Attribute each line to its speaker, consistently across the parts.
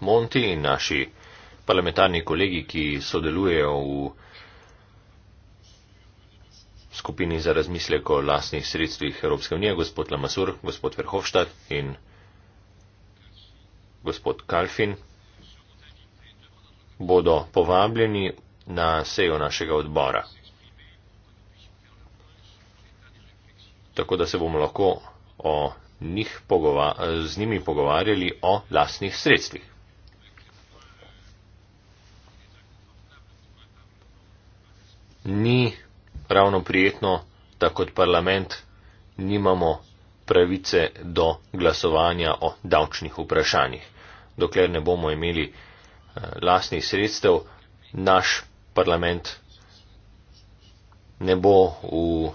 Speaker 1: Monti in naši parlamentarni kolegi, ki sodelujejo v skupini za razmislek o lastnih sredstvih Evropske unije, gospod Lamasur, gospod Verhofstadt in gospod Kalfin, bodo povabljeni na sejo našega odbora. Tako da se bomo lahko o njih pogova, z njimi pogovarjali o lastnih sredstvih. ni ravno prijetno, da kot parlament nimamo pravice do glasovanja o davčnih vprašanjih. Dokler ne bomo imeli eh, lastnih sredstev, naš parlament ne bo v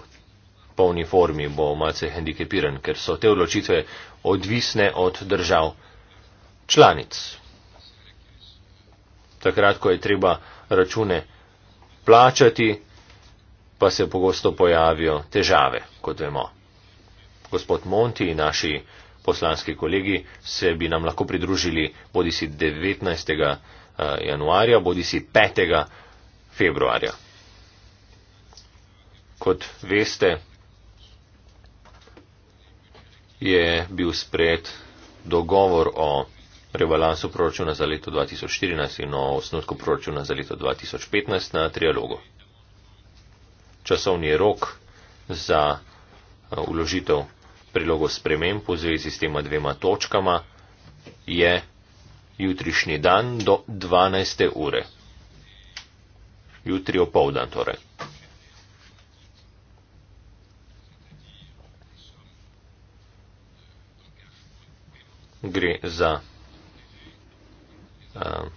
Speaker 1: polni formi, bo malce hendikepiran, ker so te odločitve odvisne od držav članic. Takrat, ko je treba račune plačati, pa se pogosto pojavijo težave, kot vemo. Gospod Monti in naši poslanski kolegi se bi nam lahko pridružili bodi si 19. januarja, bodi si 5. februarja. Kot veste, je bil sprejet dogovor o rebalansu proračuna za leto 2014 in o osnutku proračuna za leto 2015 na trialogu časovni rok za uložitev eh, prilogo sprememb v zvezi s tema dvema točkama je jutrišnji dan do 12. ure. Jutri opoldan torej. Gre za uh,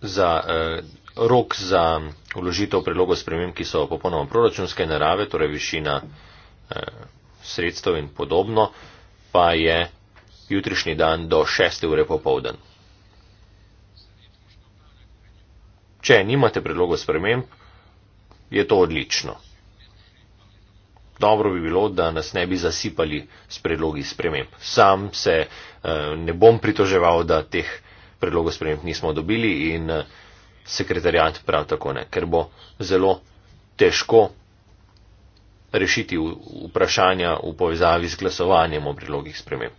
Speaker 1: za uh, rok za uložitev predlogov sprememb, ki so popolnoma proračunske narave, torej višina eh, sredstev in podobno, pa je jutrišnji dan do 6. ure popovdan. Če nimate predlogov sprememb, je to odlično. Dobro bi bilo, da nas ne bi zasipali s predlogi sprememb. Sam se eh, ne bom pritoževal, da teh predlogov sprememb nismo dobili in eh, sekretarjat prav tako ne, ker bo zelo težko rešiti vprašanja v povezavi z glasovanjem o prilogih sprememb.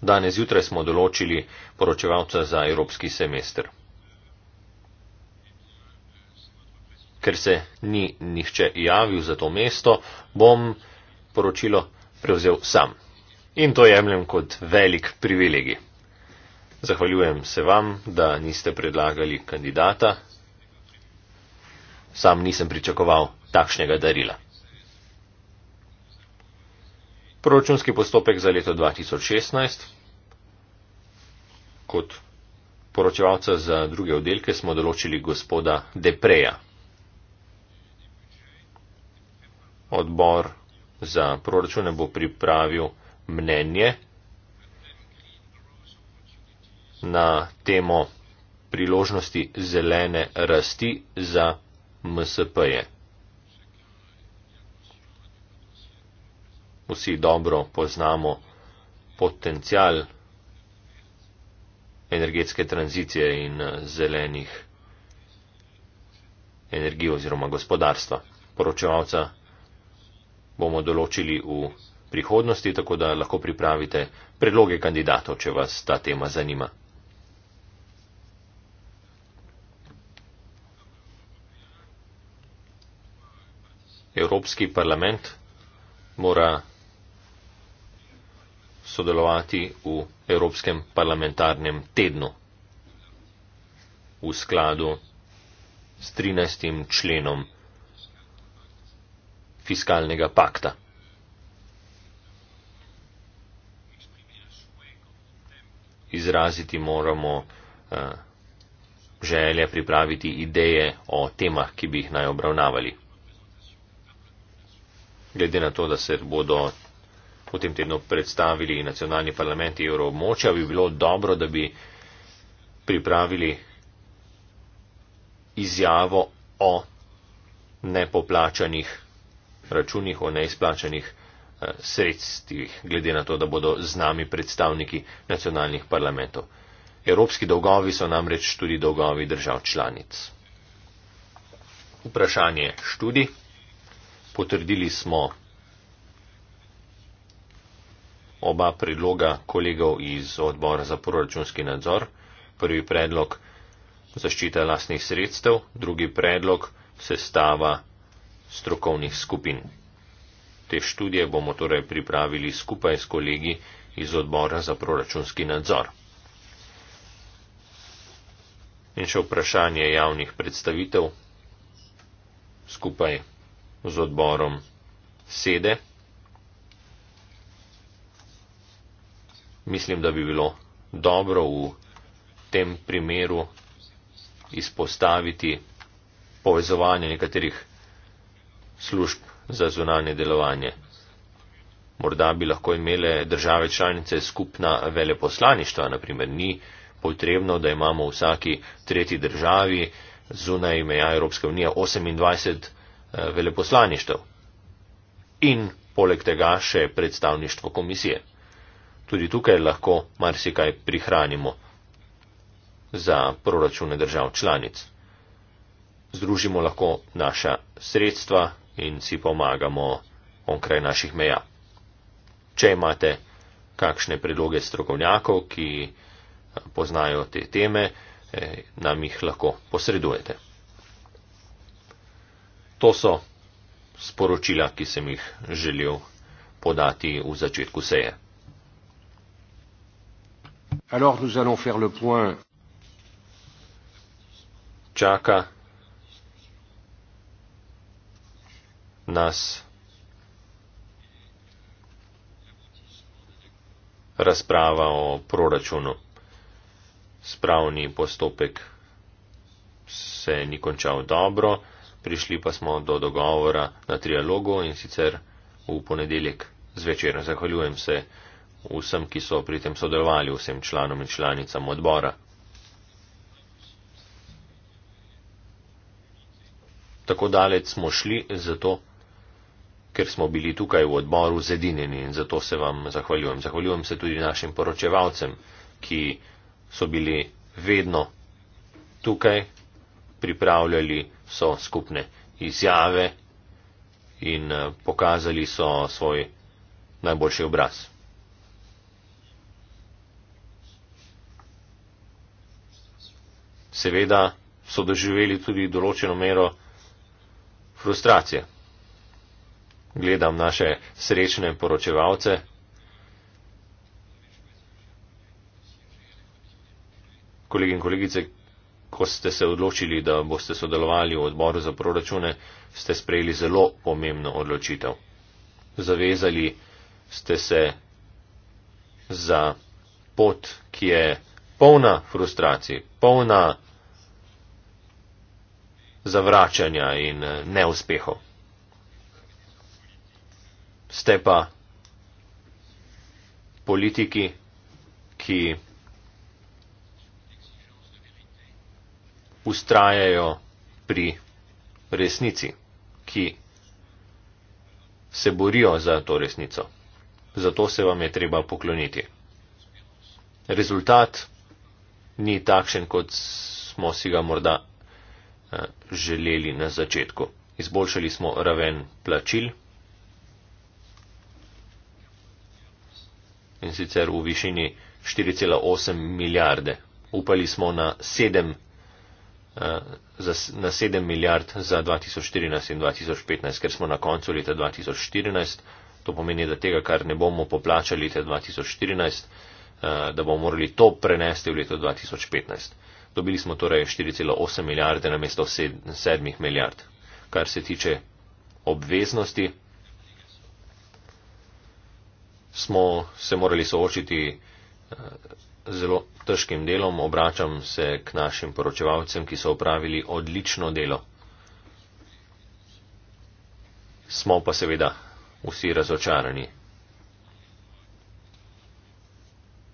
Speaker 1: Danes jutraj smo določili poročevalca za evropski semester. Ker se ni nihče javil za to mesto, bom poročilo prevzel sam. In to jemljem kot velik privilegij. Zahvaljujem se vam, da niste predlagali kandidata. Sam nisem pričakoval takšnega darila. Proračunski postopek za leto 2016. Kot poročevalca za druge oddelke smo določili gospoda Depreja. Odbor za proračune bo pripravil mnenje na temo priložnosti zelene rasti za MSP-je. Vsi dobro poznamo potencial energetske tranzicije in eh, zelenih energij oziroma gospodarstva. Poročevalca bomo določili v prihodnosti, tako da lahko pripravite predloge kandidatov, če vas ta tema zanima. Evropski parlament mora sodelovati v Evropskem parlamentarnem tednu v skladu s 13. členom fiskalnega pakta. Izraziti moramo eh, želje pripraviti ideje o temah, ki bi jih naj obravnavali glede na to, da se bodo v tem tednu predstavili nacionalni parlamenti evroobmočja, bi bilo dobro, da bi pripravili izjavo o nepoplačanih računih, o neizplačanih eh, sredstvih, glede na to, da bodo z nami predstavniki nacionalnih parlamentov. Evropski dolgovi so namreč tudi dolgovi držav članic. Vprašanje študij potrdili smo oba predloga kolegov iz odbora za proračunski nadzor. Prvi predlog zaščita lastnih sredstev, drugi predlog sestava strokovnih skupin. Te študije bomo torej pripravili skupaj s kolegi iz odbora za proračunski nadzor. In še vprašanje javnih predstavitev skupaj z odborom sede. Mislim, da bi bilo dobro v tem primeru izpostaviti povezovanje nekaterih služb za zunanje delovanje. Morda bi lahko imele države članice skupna veleposlaništva, naprimer ni potrebno, da imamo v vsaki tretji državi zunaj meja Evropske unije 28 Eh, veleposlaništev in poleg tega še predstavništvo komisije. Tudi tukaj lahko marsikaj prihranimo za proračune držav članic. Združimo lahko naša sredstva in si pomagamo onkraj naših meja. Če imate kakšne predloge strokovnjakov, ki eh, poznajo te teme, eh, nam jih lahko posredujete. To so sporočila, ki sem jih želel podati v začetku seje. Čaka nas razprava o proračunu. Spravni postopek se ni končal dobro prišli pa smo do dogovora na trialogu in sicer v ponedeljek zvečer. Zahvaljujem se vsem, ki so pri tem sodelovali, vsem članom in članicam odbora. Tako dalec smo šli zato, ker smo bili tukaj v odboru zedinjeni in zato se vam zahvaljujem. Zahvaljujem se tudi našim poročevalcem, ki so bili vedno tukaj pripravljali so skupne izjave in eh, pokazali so svoj najboljši obraz. Seveda so doživeli tudi določeno mero frustracije. Gledam naše srečne poročevalce. Kolegi in kolegice, ko ste se odločili, da boste sodelovali v odboru za proračune, ste sprejeli zelo pomembno odločitev. Zavezali ste se za pot, ki je polna frustracij, polna zavračanja in eh, neuspehov. Ste pa politiki, ki ustrajajo pri resnici, ki se borijo za to resnico. Zato se vam je treba pokloniti. Rezultat ni takšen, kot smo si ga morda eh, želeli na začetku. Izboljšali smo raven plačil in sicer v višini 4,8 milijarde. Upali smo na 7 Eh, za, na 7 milijard za 2014 in 2015, ker smo na koncu leta 2014. To pomeni, da tega, kar ne bomo poplačali leta 2014, eh, da bomo morali to prenesti v leto 2015. Dobili smo torej 4,8 milijarde na mesto 7 milijard. Kar se tiče obveznosti, smo se morali soočiti eh, zelo težkim delom, obračam se k našim poročevalcem, ki so opravili odlično delo. Smo pa seveda vsi razočarani.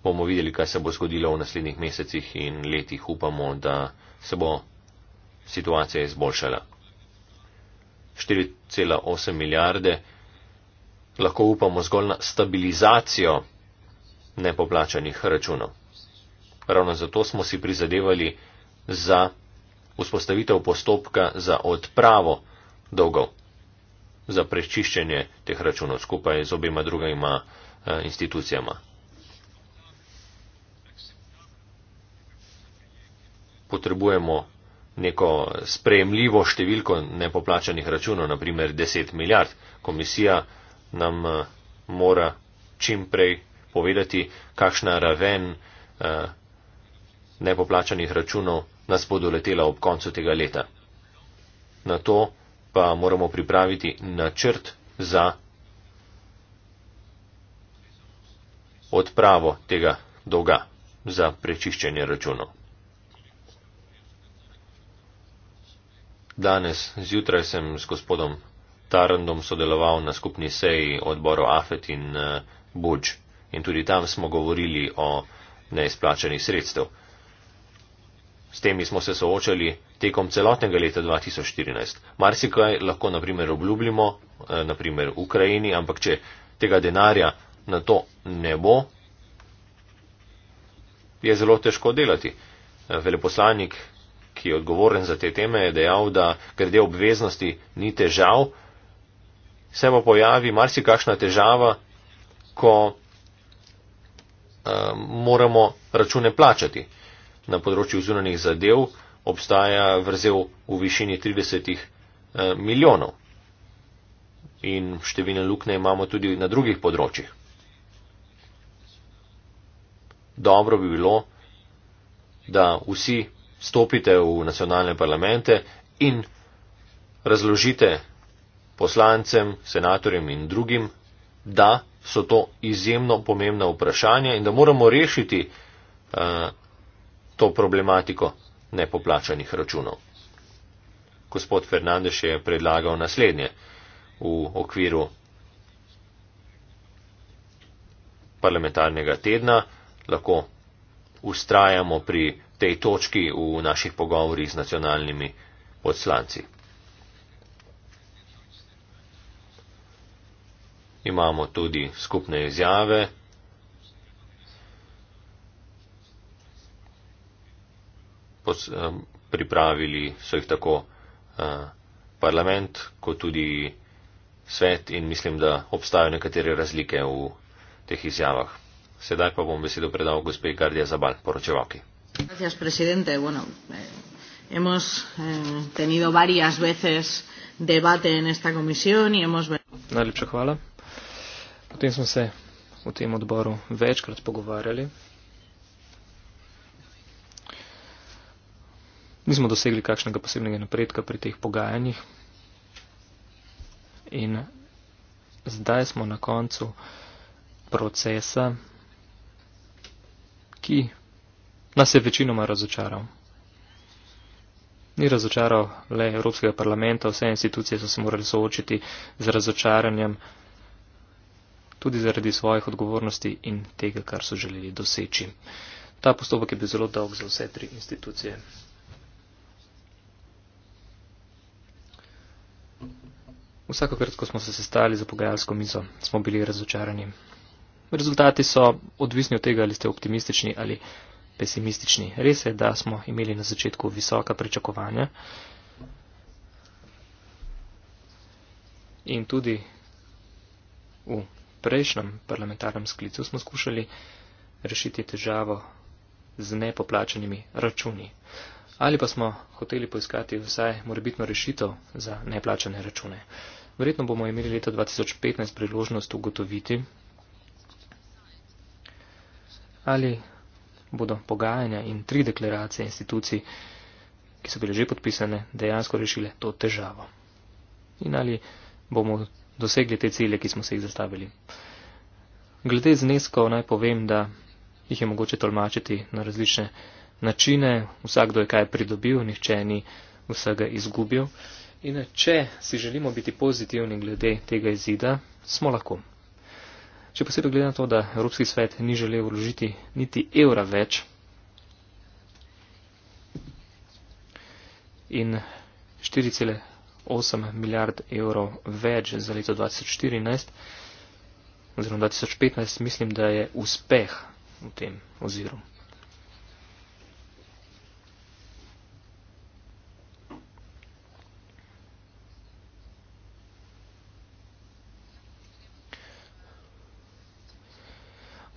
Speaker 1: Bomo videli, kaj se bo zgodilo v naslednjih mesecih in letih, upamo, da se bo situacija izboljšala. 4,8 milijarde lahko upamo zgolj na stabilizacijo nepoplačanih računov. Ravno zato smo si prizadevali za vzpostavitev postopka za odpravo dolgov, za prečiščenje teh računov skupaj z obima drugima eh, institucijama. Potrebujemo neko sprejemljivo številko nepoplačanih računov, naprimer 10 milijard. Komisija nam eh, mora čimprej povedati, kakšna raven eh, nepoplačanih računov nas bo doletela ob koncu tega leta. Na to pa moramo pripraviti načrt za odpravo tega dolga za prečiščenje računov. Danes zjutraj sem s gospodom Tarandom sodeloval na skupni seji odboru Afet in eh, Budž in tudi tam smo govorili o neizplačanih sredstev. S temi smo se soočali tekom celotnega leta 2014. Marsikaj lahko, na primer, obljubimo, eh, na primer, Ukrajini, ampak če tega denarja na to ne bo, je zelo težko delati. Eh, veleposlanik, ki je odgovoren za te teme, je dejal, da glede obveznosti ni težav, se pa pojavi marsikakšna težava, ko uh, moramo račune plačati. Uh, na področju zunanih zadev obstaja vrzel v višini 30 eh, milijonov. In številne lukne imamo tudi na drugih področjih. Dobro bi bilo, da vsi stopite v nacionalne parlamente in razložite poslancem, senatorjem in drugim, da so to izjemno pomembna vprašanja in da moramo rešiti eh, to problematiko nepoplačanih računov. Gospod Fernandez je predlagal naslednje v okviru parlamentarnega tedna. Lahko ustrajamo pri tej točki v naših pogovorih z nacionalnimi poslanci. Imamo tudi skupne izjave. pos, um, pripravili, so jih tako uh, parlament, kot tudi svet in mislim, da obstajajo nekatere razlike v teh izjavah. Sedaj pa bom besedo predal gospe Gardija Zabal,
Speaker 2: poročevalki.
Speaker 3: Eh,
Speaker 2: Najlepša hvala. Potem smo se v tem odboru večkrat pogovarjali nismo dosegli kakšnega posebnega napredka pri teh pogajanjih. In zdaj smo na koncu procesa, ki nas je večinoma razočaral. Ni razočaral le Evropskega parlamenta, vse institucije so se morali soočiti z razočaranjem tudi zaradi svojih odgovornosti in tega, kar so želeli doseči. Ta postopek je bil zelo dolg za vse tri institucije. Vsakokrat, ko smo se sestali za pogajalsko mizo, smo bili razočarani. Rezultati so odvisni od tega, ali ste optimistični ali pesimistični. Res je, da smo imeli na začetku visoka pričakovanja in tudi v prejšnjem parlamentarnem sklicu smo skušali rešiti težavo z nepoplačenimi računi ali pa smo hoteli poiskati vsaj morebitno rešitev za neplačane račune. Verjetno bomo imeli leta 2015 priložnost ugotoviti, ali bodo pogajanja in tri deklaracije institucij, ki so bile že podpisane, dejansko rešile to težavo. In ali bomo dosegli te cilje, ki smo se jih zastavili. Glede zneskov naj povem, da jih je mogoče tolmačiti na različne načine, vsakdo je kaj pridobil, nihče ni vsega izgubil. In če si želimo biti pozitivni glede tega izida, smo lahko. Če posebej glede na to, da Evropski svet ni želel vložiti niti evra več in 4,8 milijard evrov več za leto 2014 oziroma 2015, mislim, da je uspeh v tem oziru.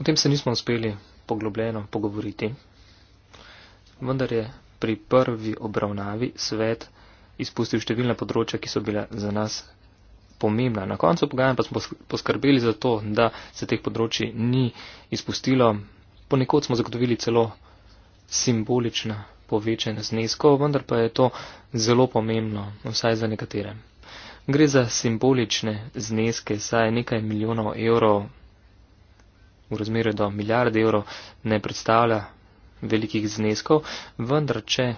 Speaker 2: tem se nismo uspeli poglobljeno pogovoriti, vendar je pri prvi obravnavi svet izpustil številne področja, ki so bile za nas pomembna. Na koncu pogajanj pa smo poskrbeli za to, da se teh področji ni izpustilo. Ponekod smo zagotovili celo simbolična povečanja zneskov, vendar pa je to zelo pomembno, vsaj za nekatere. Gre za simbolične zneske, saj nekaj milijonov evrov v razmerju do milijarde evrov ne predstavlja velikih zneskov, vendar če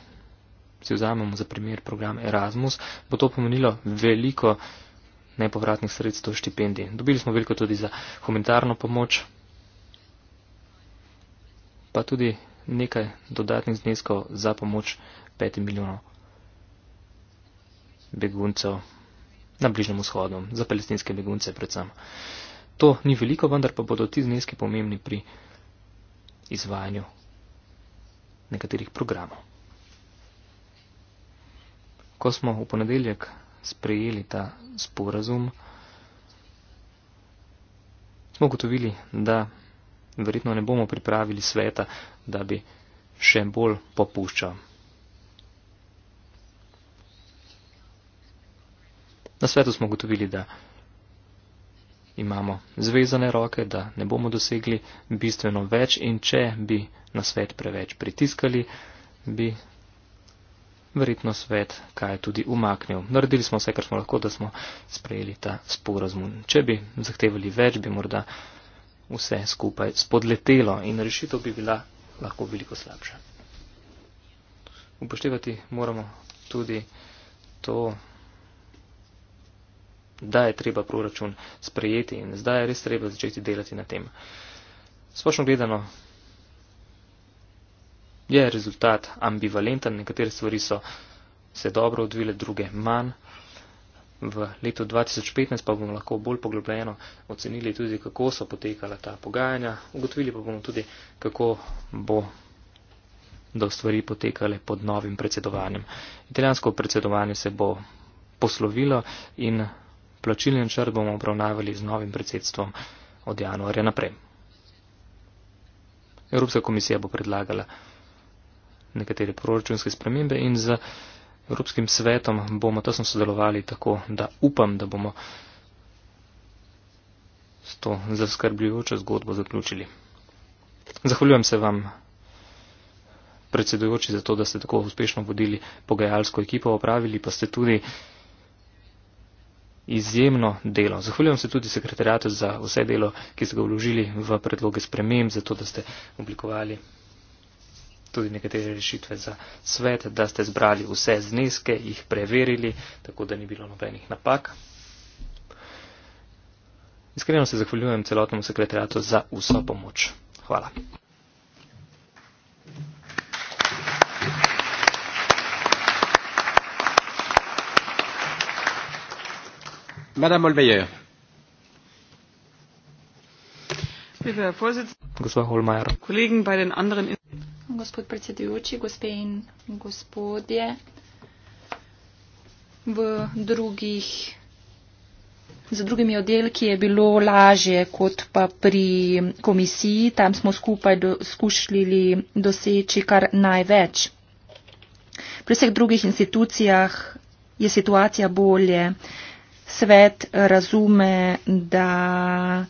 Speaker 2: si vzamemo za primer program Erasmus, bo to pomenilo veliko nepovratnih sredstev štipendij. Dobili smo veliko tudi za humanitarno pomoč, pa tudi nekaj dodatnih zneskov za pomoč 5 milijonov beguncev na Bližnjem vzhodu, za palestinske begunce predvsem. To ni veliko, vendar pa bodo ti zneski pomembni pri izvajanju nekaterih programov. Ko smo v ponedeljek sprejeli ta sporazum, smo gotovili, da verjetno ne bomo pripravili sveta, da bi še bolj popuščal. Na svetu smo gotovili, da imamo zvezane roke, da ne bomo dosegli bistveno več in če bi na svet preveč pritiskali, bi verjetno svet kaj tudi umaknil. Naredili smo vse, kar smo lahko, da smo sprejeli ta sporazum. Če bi zahtevali več, bi morda vse skupaj spodletelo in rešitev bi bila lahko veliko slabša. Upoštevati moramo tudi to, da je treba proračun sprejeti in zdaj je res treba začeti delati na tem. Splošno gledano je rezultat ambivalenten, nekatere stvari so se dobro odvile, druge manj. V letu 2015 pa bomo lahko bolj poglobljeno ocenili tudi, kako so potekala ta pogajanja, ugotovili pa bomo tudi, kako bo do stvari potekale pod novim predsedovanjem. Italijansko predsedovanje se bo poslovilo in plačilen črb bomo obravnavali z novim predsedstvom od januarja naprej. Evropska komisija bo predlagala nekatere proračunske spremembe in z Evropskim svetom bomo tesno sodelovali tako, da upam, da bomo s to zaskrbljujočo zgodbo zaključili. Zahvaljujem se vam, predsedujoči, za to, da ste tako uspešno vodili pogajalsko ekipo, opravili pa ste tudi izjemno delo. Zahvaljujem se tudi sekretarjatu za vse delo, ki ste ga vložili v predloge spremem, zato da ste oblikovali tudi nekatere rešitve za svet, da ste zbrali vse zneske, jih preverili, tako da ni bilo nobenih napak. Iskreno se zahvaljujem celotnemu sekretarjatu za vso pomoč. Hvala. Madame Holmeyer. Lieber Herr Präsident, Kollegen bei den anderen Institutionen,
Speaker 4: V drugih, z drugimi oddelki je bilo lažje kot pa pri komisiji. Tam smo skupaj do, skušali doseči kar največ. Pri vseh drugih institucijah je situacija bolje. Uh, svet razume, da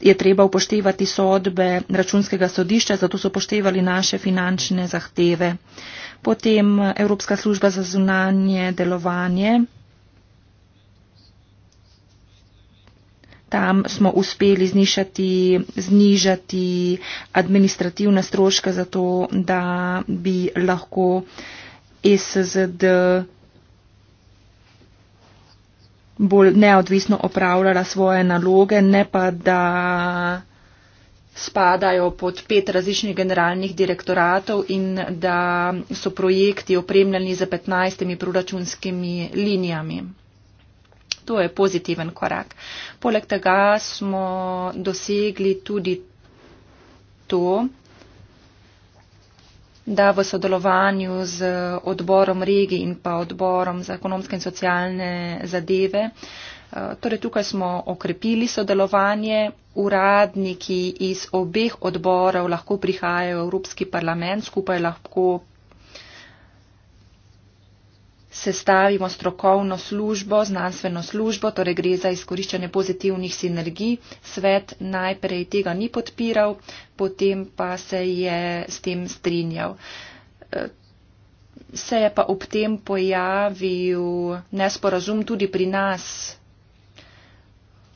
Speaker 4: je treba upoštevati sodbe računskega sodišča, zato so upoštevali naše finančne zahteve. Potem Evropska služba za zunanje delovanje. Tam smo uspeli znišati, znižati administrativne stroške, zato da bi lahko SZD bolj neodvisno opravljala svoje naloge, ne pa da spadajo pod pet različnih generalnih direktoratov in da so projekti opremljeni za 15 proračunskimi linijami. To je pozitiven korak. Poleg tega smo dosegli tudi to, da v sodelovanju z odborom regij in pa odborom za ekonomske in socialne zadeve. Eh, torej, tukaj smo okrepili sodelovanje, uradniki iz obeh odborov lahko prihajajo v Evropski parlament, skupaj lahko sestavimo strokovno službo, znanstveno službo, torej gre za izkoriščanje pozitivnih sinergij. Svet najprej tega ni podpiral, potem pa se je s tem strinjal. E, se je pa ob tem pojavil nesporazum tudi pri nas,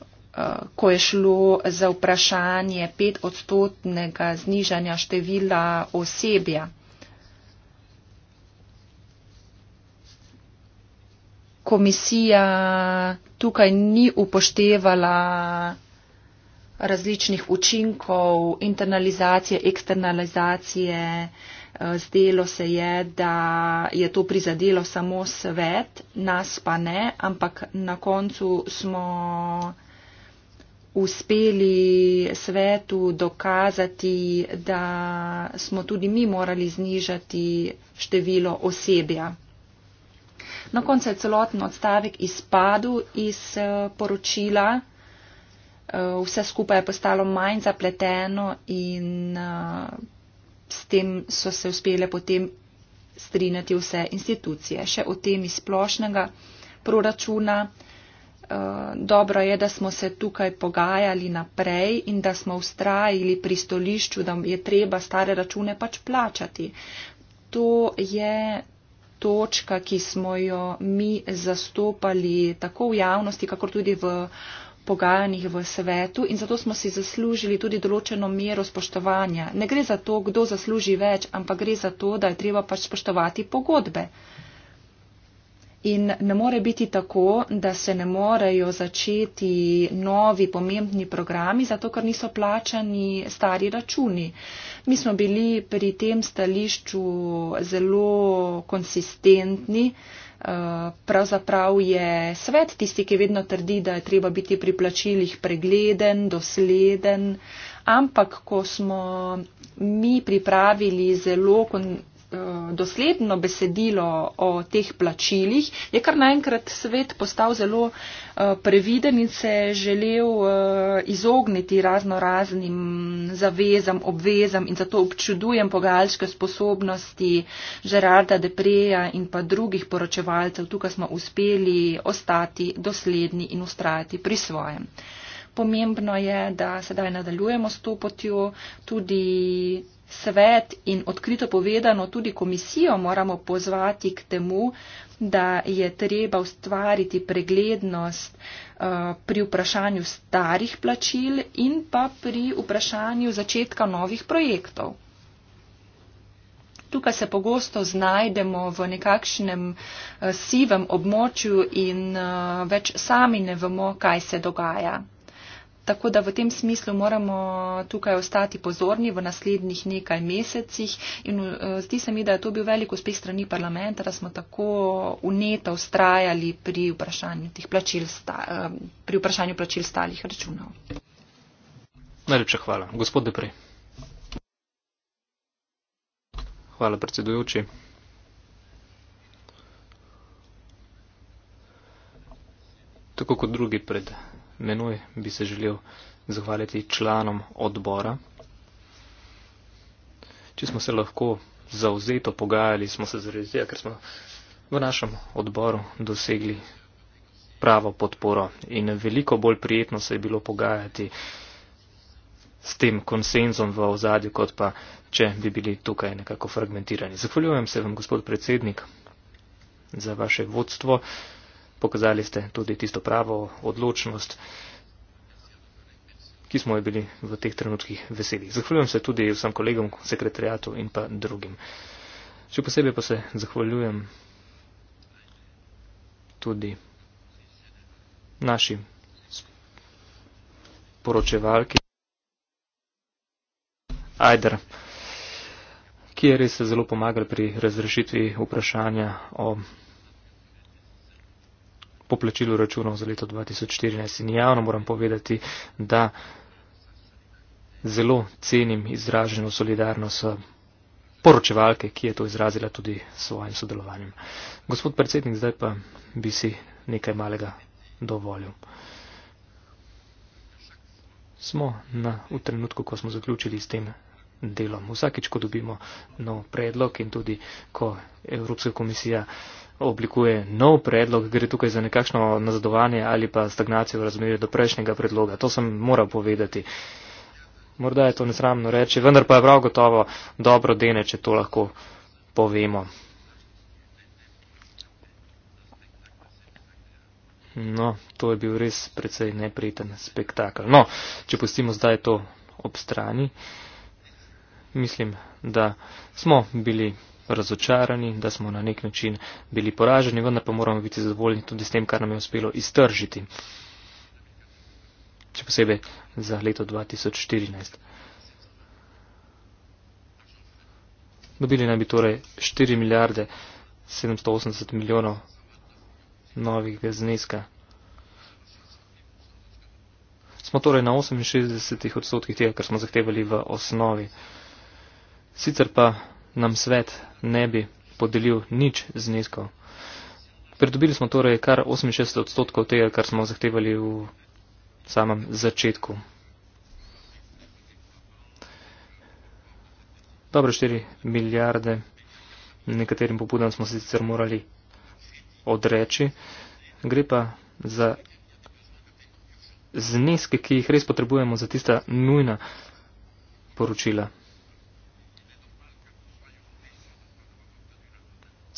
Speaker 4: e, ko je šlo za vprašanje 5-odstotnega znižanja števila osebja. komisija tukaj ni upoštevala različnih učinkov internalizacije, eksternalizacije. Eh, zdelo se je, da je to prizadelo samo svet, nas pa ne, ampak na koncu smo uspeli svetu dokazati, da smo tudi mi morali znižati število osebja. Na koncu je celoten odstavek izpadel iz eh, poročila, eh, vse skupaj je postalo manj zapleteno in eh, s tem so se uspele potem strinjati vse institucije. Še o tem iz splošnega proračuna. Dobro je, da smo se tukaj pogajali naprej in da smo ustrajili pri stolišču, da je treba stare račune pač plačati. To je točka, ki smo jo mi zastopali tako v javnosti, kakor tudi v pogajanjih v svetu in zato smo si zaslužili tudi določeno mero spoštovanja. Ne gre za to, kdo zasluži več, ampak gre za to, da je treba pač spoštovati pogodbe. In ne more biti tako, da se ne morejo začeti novi pomembni programi, zato ker niso plačani stari računi. Mi smo bili pri tem stališču zelo konsistentni. Eh, pravzaprav je svet tisti, ki vedno trdi, da je treba biti pri plačilih pregleden, dosleden. Ampak, ko smo mi pripravili zelo Eh, dosledno besedilo o teh plačilih, je kar naenkrat svet postal zelo eh, previden in se želel eh, izogniti razno raznim zavezam, obvezam in zato občudujem pogajalske sposobnosti Žerarda Depreja in pa drugih poročevalcev. Tukaj smo uspeli ostati dosledni in ustrajati pri svojem. Pomembno je, da sedaj nadaljujemo s to potjo, tudi svet in odkrito povedano tudi komisijo moramo pozvati k temu, da je treba ustvariti preglednost uh, pri vprašanju starih plačil in pa pri vprašanju začetka novih projektov. Tukaj se pogosto znajdemo v nekakšnem uh, sivem območju in uh, več sami ne vemo, kaj se dogaja. Tako da v tem smislu moramo tukaj ostati pozorni v naslednjih nekaj mesecih in eh, zdi se mi, da je to bil velik uspeh strani parlamenta, da smo tako uneta ustrajali pri vprašanju, plačil sta, eh, pri vprašanju plačil stalih računov.
Speaker 2: Najlepša hvala. Gospod Depre. Hvala, predsedujoči. Tako kot drugi pred menoj bi se želel zahvaliti članom odbora. Če smo se lahko zauzeto pogajali, smo se zarezili, ker smo v našem odboru dosegli pravo podporo in veliko bolj prijetno se je bilo pogajati s tem konsenzom v ozadju, kot pa če bi bili tukaj nekako fragmentirani. Zahvaljujem se vam, gospod predsednik, za vaše vodstvo pokazali ste tudi tisto pravo odločnost, ki smo jo bili v teh trenutkih veseli. Zahvaljujem se tudi vsem kolegom, sekretarijatu in pa drugim. Še posebej pa se zahvaljujem tudi naši poročevalki Ajder, ki je res zelo pomagal pri razrešitvi vprašanja o po plačilu računov za leto 2014. In javno moram povedati, da zelo cenim izraženo solidarnost eh, poročevalke, ki je to izrazila tudi s svojim sodelovanjem. Gospod predsednik, zdaj pa bi si nekaj malega dovolil. Smo na, v trenutku, ko smo zaključili s tem delom. Vsakič, ko dobimo nov predlog in tudi, ko Evropska komisija oblikuje nov predlog, gre tukaj za nekakšno nazadovanje ali pa stagnacijo v razmerju do prejšnjega predloga. To sem moral povedati. Morda je to nesramno reči, vendar pa je prav gotovo dobro dene, če to lahko povemo. No, to je bil res precej neprijeten spektakel. No, če pustimo zdaj to ob strani, mislim, da smo bili razočarani, da smo na nek način bili poraženi, vendar pa moramo biti zadovoljni tudi s tem, kar nam je uspelo iztržiti. Če posebej za leto 2014. Dobili naj bi torej 4 milijarde 780 milijonov novih zneska. Smo torej na 68 odstotkih tega, kar smo zahtevali v osnovi. Sicer pa nam svet ne bi podelil nič zneskov. Pridobili smo torej kar 68 odstotkov tega, kar smo zahtevali v samem začetku. Dobro 4 milijarde nekaterim pobudam smo se sicer morali odreči. Gre pa za zneske, ki jih res potrebujemo za tista nujna poročila.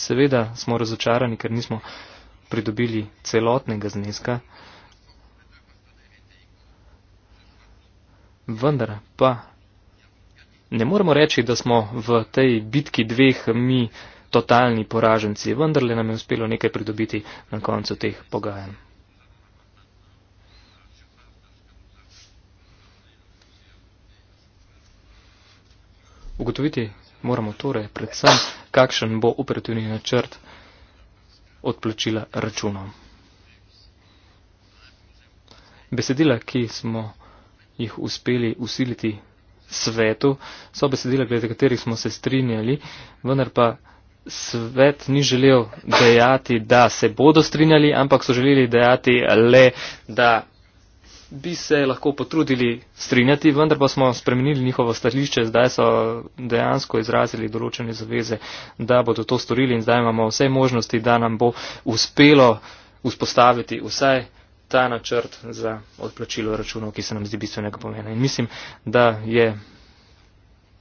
Speaker 2: Seveda smo razočarani, ker nismo pridobili celotnega zneska. Vendar pa ne moremo reči, da smo v tej bitki dveh mi totalni poraženci, vendar le nam je uspelo nekaj pridobiti na koncu teh pogajanj. Ugotoviti, Moramo torej predvsem, kakšen bo operativni načrt odplačila računov. Besedila, ki smo jih uspeli usiliti svetu, so besedila, glede katerih smo se strinjali, vendar pa svet ni želel dejati, da se bodo strinjali, ampak so želeli dejati le, da bi se lahko potrudili strinjati, vendar pa smo spremenili njihovo stališče, zdaj so dejansko izrazili določene zaveze, da bodo to storili in zdaj imamo vse možnosti, da nam bo uspelo vzpostaviti vsaj ta načrt za odplačilo računov, ki se nam zdi bistvenega pomena. In mislim, da je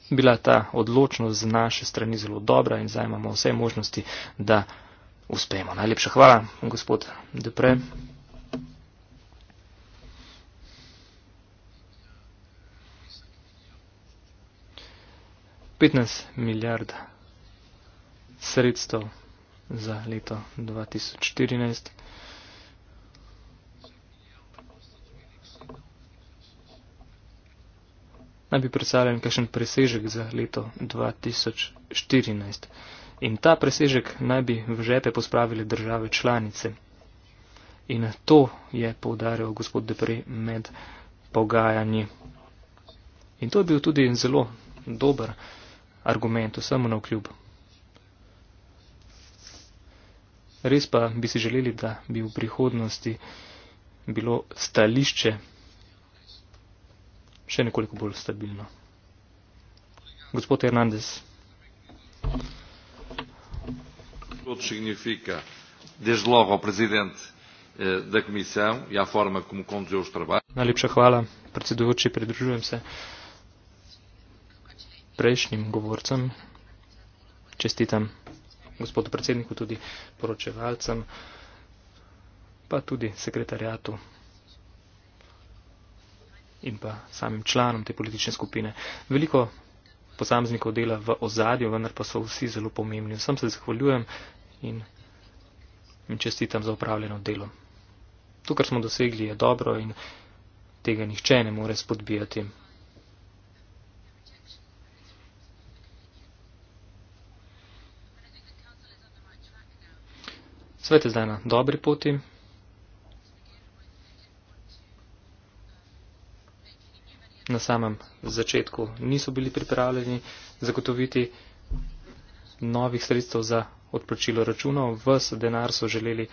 Speaker 2: bila ta odločnost z naše strani zelo dobra in zdaj imamo vse možnosti, da uspemo. Najlepša hvala, gospod Depre. Mm -hmm. 15 milijard sredstev za leto 2014. Naj bi predstavljen kakšen presežek za leto 2014. In ta presežek naj bi v žepe pospravili države članice. In to je poudaril gospod Depre med pogajanji. In to je bil tudi zelo dober argument vsemu na vkljub. Res pa bi si želeli, da bi v prihodnosti bilo stališče še nekoliko bolj stabilno. Gospod Hernandez.
Speaker 3: To significa desde logo prezident
Speaker 1: eh, da komisijo in e a forma como conduziu os trabalhos.
Speaker 2: Najlepša hvala, predsedujoči, pridružujem se prejšnjim govorcem, čestitam gospodu predsedniku, tudi poročevalcem, pa tudi sekretarjatu in pa samim članom te politične skupine. Veliko posameznikov dela v ozadju, vendar pa so vsi zelo pomembni. Vsem se zahvaljujem in, in čestitam za upravljeno delo. To, kar smo dosegli, je dobro in tega nihče ne more spodbijati. Svet je zdaj na dobri poti. Na samem začetku niso bili pripravljeni zagotoviti novih sredstev za odplačilo računov. Ves denar so želeli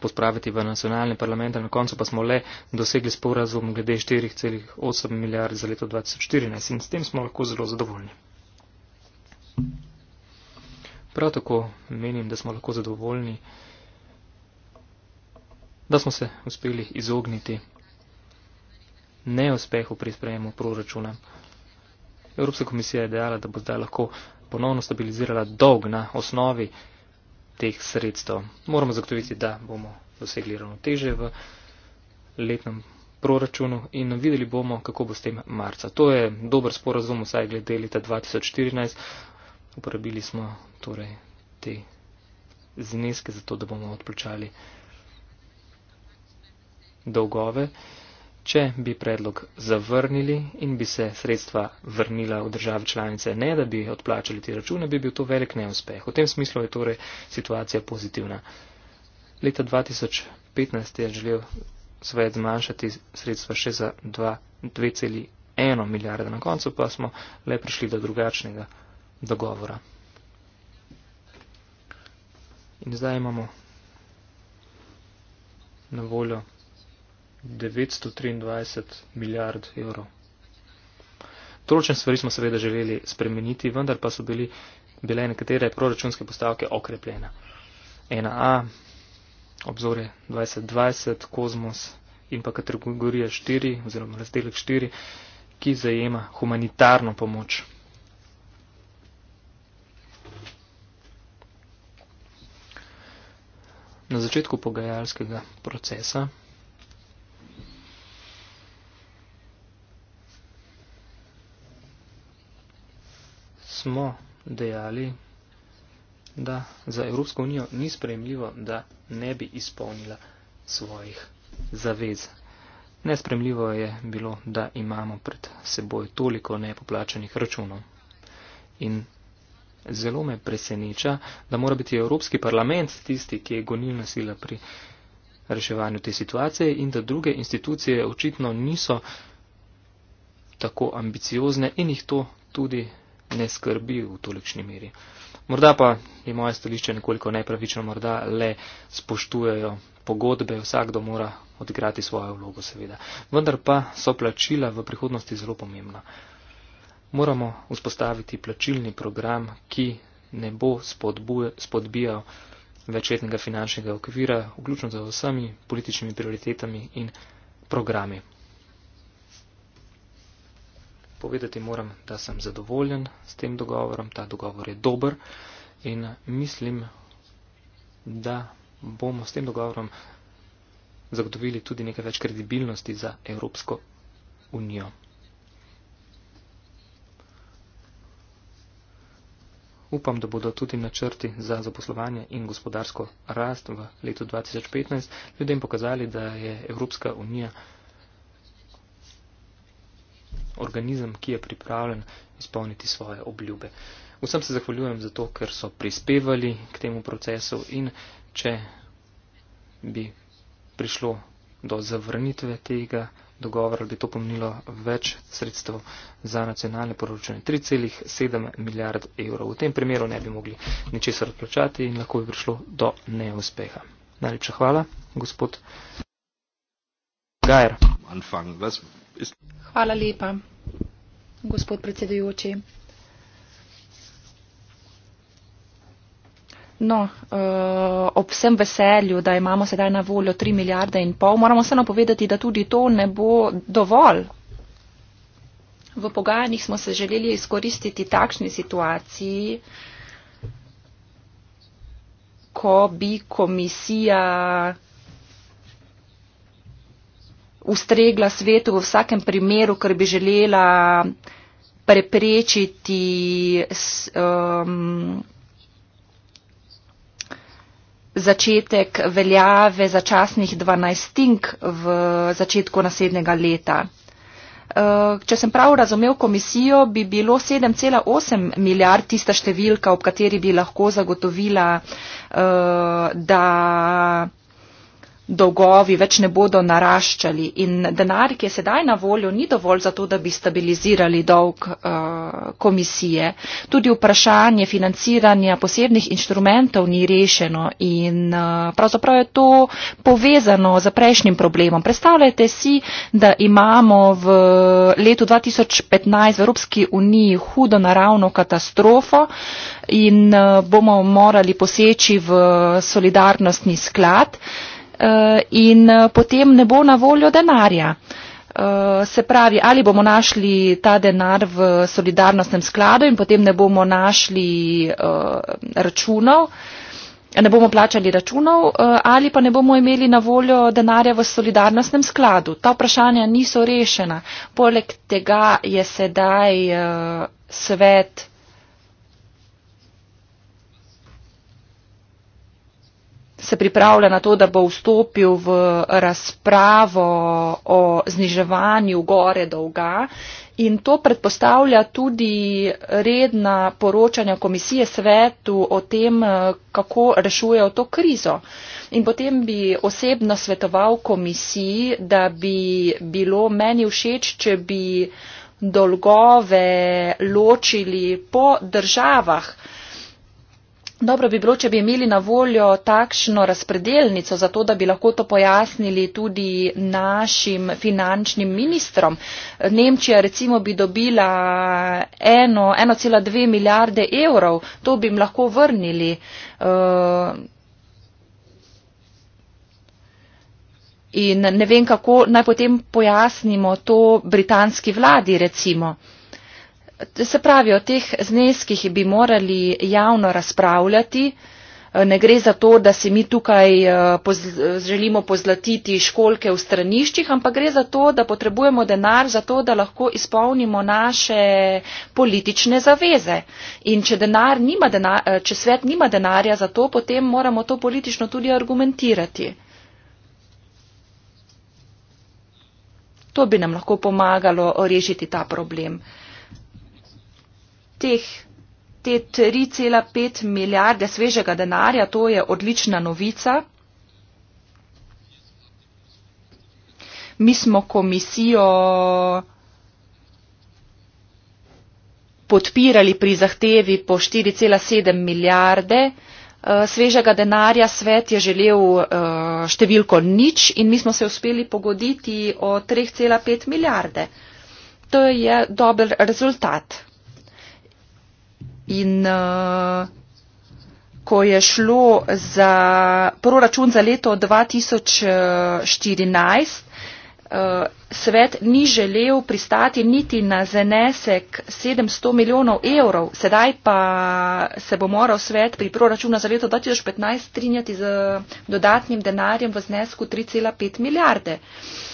Speaker 2: pospraviti v nacionalne parlamente, na koncu pa smo le dosegli sporazum glede 4,8 milijard za leto 2014 in s tem smo lahko zelo zadovoljni. Prav tako menim, da smo lahko zadovoljni, da smo se uspeli izogniti neuspehu pri sprejemu proračuna. Evropska komisija je dejala, da bo zdaj lahko ponovno stabilizirala dolg na osnovi teh sredstev. Moramo zagotoviti, da bomo dosegli ravnoteže v letnem proračunu in videli bomo, kako bo s tem marca. To je dober sporazum, vsaj glede leta 2014 uporabili smo torej te zneske za to, da bomo odplačali dolgove. Če bi predlog zavrnili in bi se sredstva vrnila v države članice, ne da bi odplačali te račune, bi bil to velik neuspeh. V tem smislu je torej situacija pozitivna. Leta 2015 je želel svet zmanjšati sredstva še za 2,1 milijarde, na koncu pa smo le prišli do drugačnega dogovora. In zdaj imamo na voljo 923 milijard evrov. Toločen stvari smo seveda želeli spremeniti, vendar pa so bili, bile nekatere proračunske postavke okrepljene. 1A, obzorje 2020, kozmos in pa kategorija 4 oziroma razdelek 4, ki zajema humanitarno pomoč na začetku pogajalskega procesa. Smo dejali, da za Evropsko unijo ni sprejemljivo, da ne bi izpolnila svojih zavez. Nespremljivo je bilo, da imamo pred seboj toliko nepoplačanih računov in zelo me preseneča, da mora biti Evropski parlament tisti, ki je gonilna sila pri reševanju te situacije in da druge institucije očitno niso tako ambiciozne in jih to tudi ne skrbi v tolikšni meri. Morda pa je moje stališče nekoliko nepravično, morda le spoštujejo pogodbe, vsakdo mora odigrati svojo vlogo seveda. Vendar pa so plačila v prihodnosti zelo pomembna moramo vzpostaviti plačilni program, ki ne bo spodbijal večletnega finančnega okvira, vključno z vsemi političnimi prioritetami in programi. Povedati moram, da sem zadovoljen s tem dogovorom, ta dogovor je dober in mislim, da bomo s tem dogovorom zagotovili tudi nekaj več kredibilnosti za Evropsko unijo. Upam, da bodo tudi načrti za zaposlovanje in gospodarsko rast v letu 2015 ljudem pokazali, da je Evropska unija organizem, ki je pripravljen izpolniti svoje obljube. Vsem se zahvaljujem za to, ker so prispevali k temu procesu in če bi prišlo do zavrnitve tega, dogovor, ali bi to pomenilo več sredstev za nacionalne proračune. 3,7 milijard evrov. V tem primeru ne bi mogli ničesar odplačati in lahko bi prišlo do neuspeha. Najlepša hvala, gospod Gajer.
Speaker 4: Hvala lepa, gospod predsedujoči. no, eh, ob vsem veselju, da imamo sedaj na voljo 3 milijarde in pol, moramo se napovedati, da tudi to ne bo dovolj. V pogajanjih smo se želeli izkoristiti takšni situaciji, ko bi komisija ustregla svetu v vsakem primeru, ker bi želela preprečiti. Um, začetek veljave začasnih dvanajstink v začetku naslednjega leta. Eh, če sem prav razumel komisijo, bi bilo 7,8 milijard tista številka, ob kateri bi lahko zagotovila, eh, da dolgovi več ne bodo naraščali in denar, ki je sedaj na voljo, ni dovolj za to, da bi stabilizirali dolg uh, komisije. Tudi vprašanje financiranja posebnih inštrumentov ni rešeno in uh, pravzaprav je to povezano z prejšnjim problemom. Predstavljajte si, da imamo v letu 2015 v Evropski uniji hudo naravno katastrofo in uh, bomo morali poseči v solidarnostni sklad. Uh, Eh, in eh, potem ne bo na voljo denarja. Eh, se pravi, ali bomo našli ta denar v solidarnostnem skladu in potem ne bomo našli računov, ne bomo plačali računov, ali pa ne bomo imeli na voljo denarja v solidarnostnem skladu. Ta vprašanja niso rešena. Poleg tega je sedaj svet se pripravlja na to, da bo vstopil v razpravo o zniževanju gore dolga in to predpostavlja tudi redna poročanja komisije svetu o tem, kako rešujejo to krizo. In potem bi osebno svetoval komisiji, da bi bilo meni všeč, če bi dolgove ločili po državah. Dobro bi bilo, če bi imeli na voljo takšno razpredelnico, zato da bi lahko to pojasnili tudi našim finančnim ministrom. Nemčija recimo bi dobila 1,2 milijarde evrov, to bi jim lahko vrnili. Uh, in ne vem, kako naj potem pojasnimo to britanski vladi recimo. Se pravi, o teh zneskih bi morali javno razpravljati. E, ne gre za to, da si mi tukaj e, pozl želimo pozlatiti školke v straniščih, ampak gre za to, da potrebujemo denar za to, da lahko izpolnimo naše politične zaveze. In če, denar nima denar, e, če svet nima denarja za to, potem moramo to politično tudi argumentirati. To bi nam lahko pomagalo rešiti ta problem teh, te 3,5 milijarde svežega denarja, to je odlična novica. Mi smo komisijo podpirali pri zahtevi po 4,7 milijarde eh, svežega denarja, svet je želel eh, številko nič in mi smo se uspeli pogoditi o 3,5 milijarde. To je dober rezultat. In uh, ko je šlo za proračun za leto 2014, uh, uh, svet ni želel pristati niti na zanesek 700 milijonov evrov, sedaj pa se bo moral svet pri proračunu za leto 2015 strinjati z dodatnim denarjem v znesku 3,5 milijarde. Uh,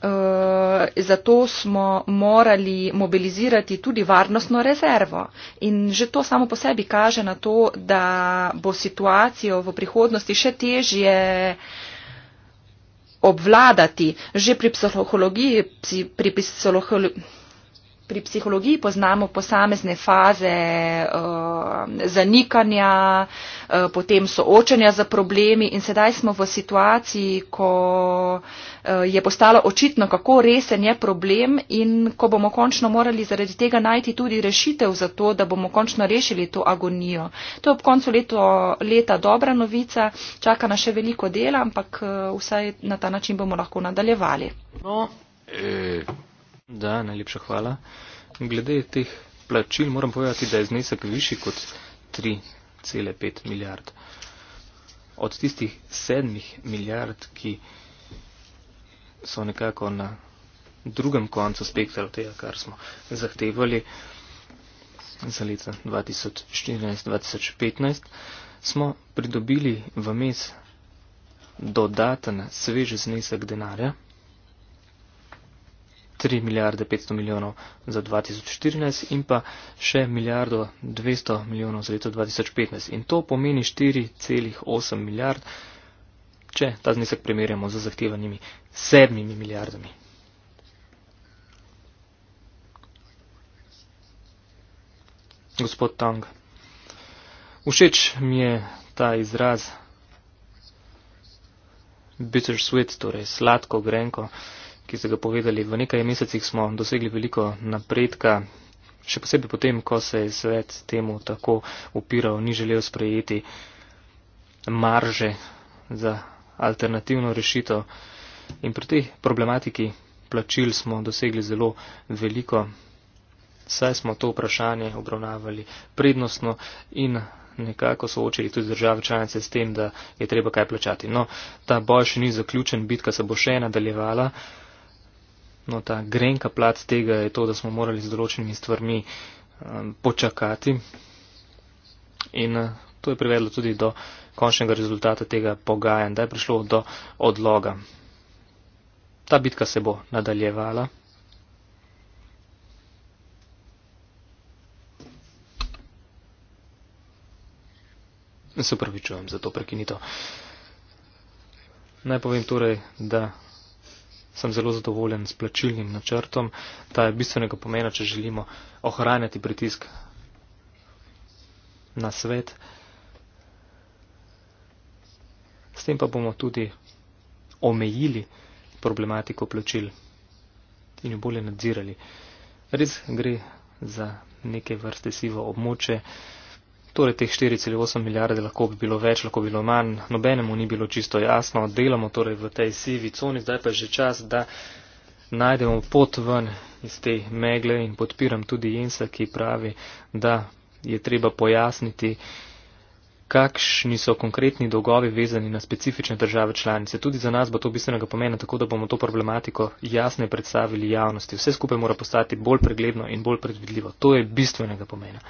Speaker 4: Eh, zato smo morali mobilizirati tudi varnostno rezervo. In že to samo po sebi kaže na to, da bo situacijo v prihodnosti še težje obvladati. Že pri psihologiji, pri psihologiji pri psihologiji poznamo posamezne faze uh, zanikanja, uh, potem soočanja z problemi in sedaj smo v situaciji, ko uh, je postalo očitno, kako resen je problem in ko bomo končno morali zaradi tega najti tudi rešitev za to, da bomo končno rešili to agonijo. To je ob koncu leto, leta dobra novica, čaka na še veliko dela, ampak uh, vsaj na ta način bomo lahko nadaljevali.
Speaker 1: No,
Speaker 2: eh. Da, najlepša hvala. Glede teh plačil moram povedati, da je znesek višji kot 3,5 milijard. Od tistih sedmih milijard, ki so nekako na drugem koncu spektra tega, kar smo zahtevali za leta 2014-2015, smo pridobili v mes dodaten svež znesek denarja 3 milijarde 500 milijonov za 2014 in pa še milijardo 200 milijonov za leto 2015. In to pomeni 4,8 milijard, če ta znesek primerjamo z zahtevanimi 7 milijardami. Gospod Tang, všeč mi je ta izraz bittersweet, torej sladko, grenko ki ste ga povedali. V nekaj mesecih smo dosegli veliko napredka, še posebej potem, ko se je svet temu tako upiral, ni želel sprejeti marže za alternativno rešitev. In pri tej problematiki plačil smo dosegli zelo veliko, saj smo to vprašanje obravnavali prednostno in nekako soočili tudi države članice s tem, da je treba kaj plačati. No, ta boj še ni zaključen, bitka se bo še nadaljevala. No, ta grenka plat tega je to, da smo morali z določenimi stvarmi um, počakati in uh, to je privedlo tudi do končnega rezultata tega pogajanja, da je prišlo do odloga. Ta bitka se bo nadaljevala. Se pravičujem za to prekinito. Naj povem torej, da sem zelo zadovoljen s plačilnim načrtom, da je bistvenega pomena, če želimo ohranjati pritisk na svet. S tem pa bomo tudi omejili problematiko plačil in jo bolje nadzirali. Res gre za neke vrste sivo območje torej teh 4,8 milijarde lahko bi bilo več, lahko bi bilo manj, nobenemu ni bilo čisto jasno, delamo torej v tej sivi coni, zdaj pa je že čas, da najdemo pot ven iz te megle in podpiram tudi Jensa, ki pravi, da je treba pojasniti, kakšni so konkretni dolgovi vezani na specifične države članice. Tudi za nas bo to bistvenega pomena, tako da bomo to problematiko jasno predstavili javnosti. Vse skupaj mora postati bolj pregledno in bolj predvidljivo. To je bistvenega pomena.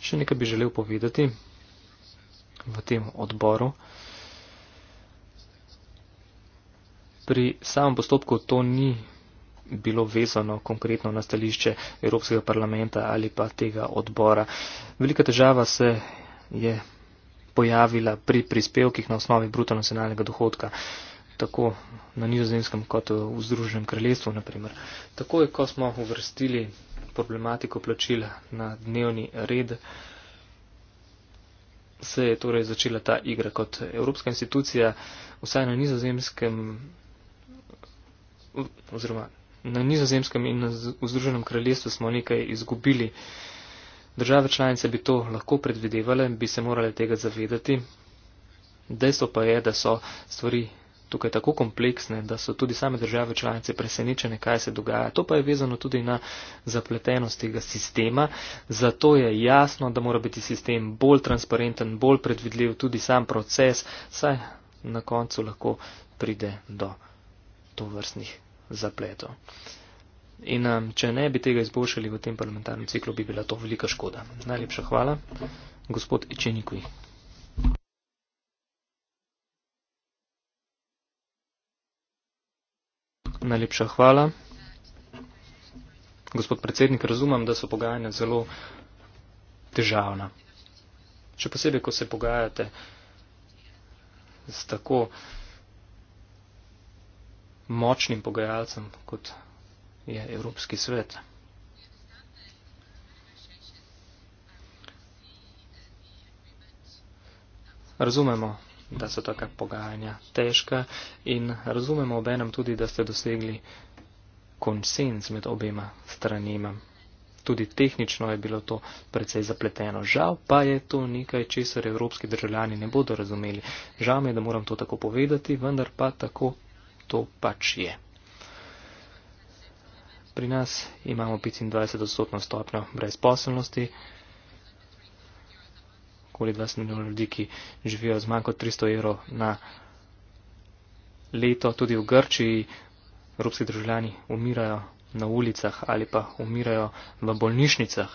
Speaker 2: Še nekaj bi želel povedati v tem odboru. Pri samem postopku to ni bilo vezano konkretno na stališče Evropskega parlamenta ali pa tega odbora. Velika težava se je pojavila pri prispevkih na osnovi bruto nacionalnega dohodka, tako na nizozemskem kot v Združenem kraljestvu, naprimer. Tako je, ko smo uvrstili problematiko plačil na dnevni red, se je torej začela ta igra kot Evropska institucija, vsaj na nizozemskem, oziroma na nizozemskem in v Združenem kraljestvu smo nekaj izgubili. Države članice bi to lahko predvidevale, bi se morale tega zavedati. Dejstvo pa je, da so stvari tukaj tako kompleksne, da so tudi same države članice presenečene, kaj se dogaja. To pa je vezano tudi na zapletenost tega sistema. Zato je jasno, da mora biti sistem bolj transparenten, bolj predvidljiv, tudi sam proces, saj na koncu lahko pride do tovrstnih zapletov. In um, če ne bi tega izboljšali v tem parlamentarnem ciklu, bi bila to velika škoda. Najlepša hvala, gospod Ečenikuj. Najlepša hvala. Gospod predsednik, razumem, da so pogajanja zelo težavna. Še posebej, ko se pogajate z tako močnim pogajalcem kot je Evropski svet. Razumemo, da so taka pogajanja težka in razumemo obenem tudi, da ste dosegli konsens med obema stranima. Tudi tehnično je bilo to precej zapleteno. Žal pa je to nekaj, česar evropski državljani ne bodo razumeli. Žal mi je, da moram to tako povedati, vendar pa tako to pač je pri nas imamo 25-odstotno stopnjo brezposobnosti, okoli 20 milijonov ljudi, ki živijo z manj kot 300 evrov na leto, tudi v Grčiji evropski državljani umirajo na ulicah ali pa umirajo v bolnišnicah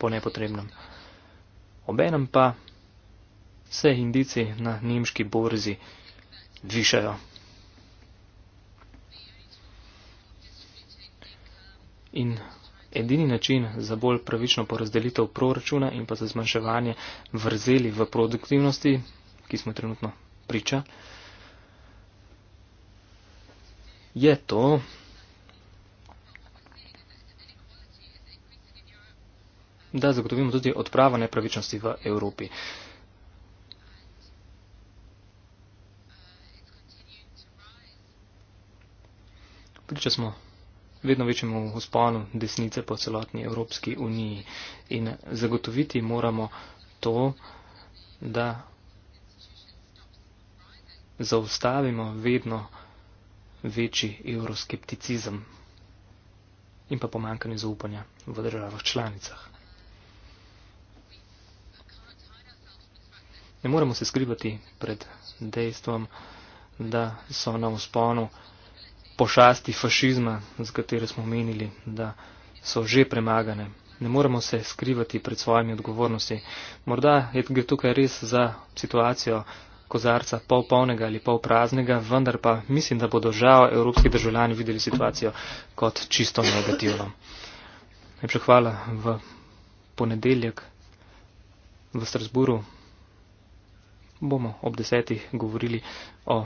Speaker 2: po nepotrebnem. Obenem pa se indici na nemški borzi višajo. in edini način za bolj pravično porazdelitev proračuna in pa za zmanjševanje vrzeli v produktivnosti, ki smo trenutno priča, je to, da zagotovimo tudi odpravo nepravičnosti v Evropi. Priča smo vedno večjemu usponu desnice po celotni Evropski uniji. In zagotoviti moramo to, da zaustavimo vedno večji euroskepticizem in pa pomankanje zaupanja v državah članicah. Ne moremo se skrivati pred dejstvom, da so na usponu pošasti fašizma, z katero smo menili, da so že premagane. Ne moramo se skrivati pred svojimi odgovornosti. Morda je gre tukaj res za situacijo kozarca pol polnega ali pol praznega, vendar pa mislim, da bodo žal evropski državljani videli situacijo kot čisto negativno. Najprej hvala v ponedeljek v Strasburu. Bomo ob desetih govorili o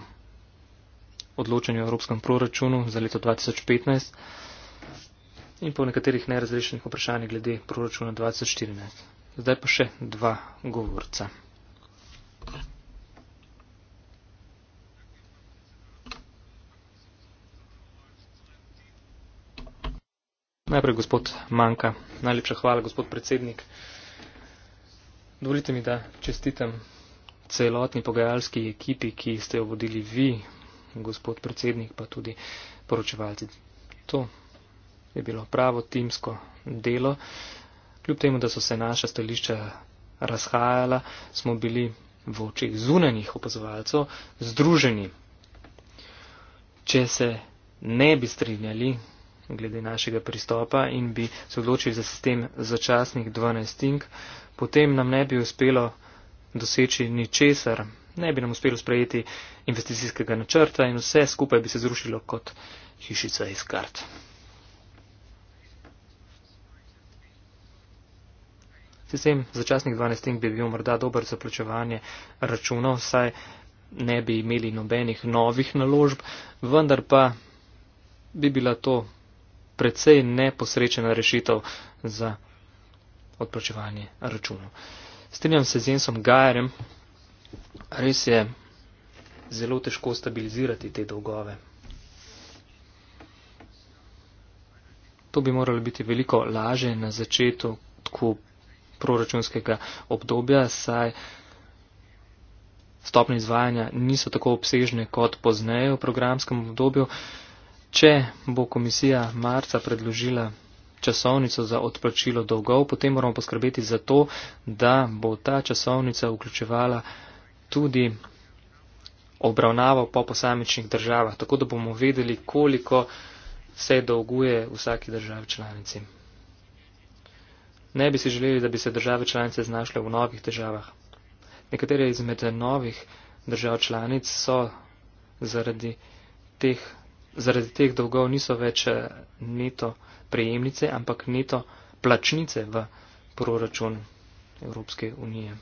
Speaker 2: odločanju o evropskem proračunu za leto 2015 in po nekaterih nerazrešenih vprašanjih glede proračuna 2014. Zdaj pa še dva govorca. Najprej gospod Manka. Najlepša hvala, gospod predsednik. Dovolite mi, da čestitam celotni pogajalski ekipi, ki ste jo vodili vi, gospod predsednik, pa tudi poročevalci. To je bilo pravo timsko delo. Kljub temu, da so se naša stališča razhajala, smo bili v očih zunanjih opazovalcev združeni. Če se ne bi strinjali glede našega pristopa in bi se odločili za sistem začasnih dvanajstink, potem nam ne bi uspelo doseči ničesar ne bi nam uspelo sprejeti investicijskega načrta in vse skupaj bi se zrušilo kot hišica iz kart. Sistem začasnih 12 bi bil morda dober za plačevanje računov, saj ne bi imeli nobenih novih naložb, vendar pa bi bila to precej neposrečena rešitev za odplačevanje računov. Strinjam se z Jensom Gajerem, Res je zelo težko stabilizirati te dolgove. To bi moralo biti veliko laže na začetku proračunskega obdobja, saj stopne izvajanja niso tako obsežne kot pozneje v programskem obdobju. Če bo komisija marca predložila časovnico za odplačilo dolgov, potem moramo poskrbeti za to, da bo ta časovnica vključevala tudi obravnaval po posamičnih državah, tako da bomo vedeli, koliko se dolguje vsaki državi članici. Ne bi si želeli, da bi se države članice znašle v novih državah. Nekatere izmed novih držav članic so zaradi teh, zaradi teh dolgov niso več eh, neto prejemnice, ampak neto plačnice v proračun Evropske unije.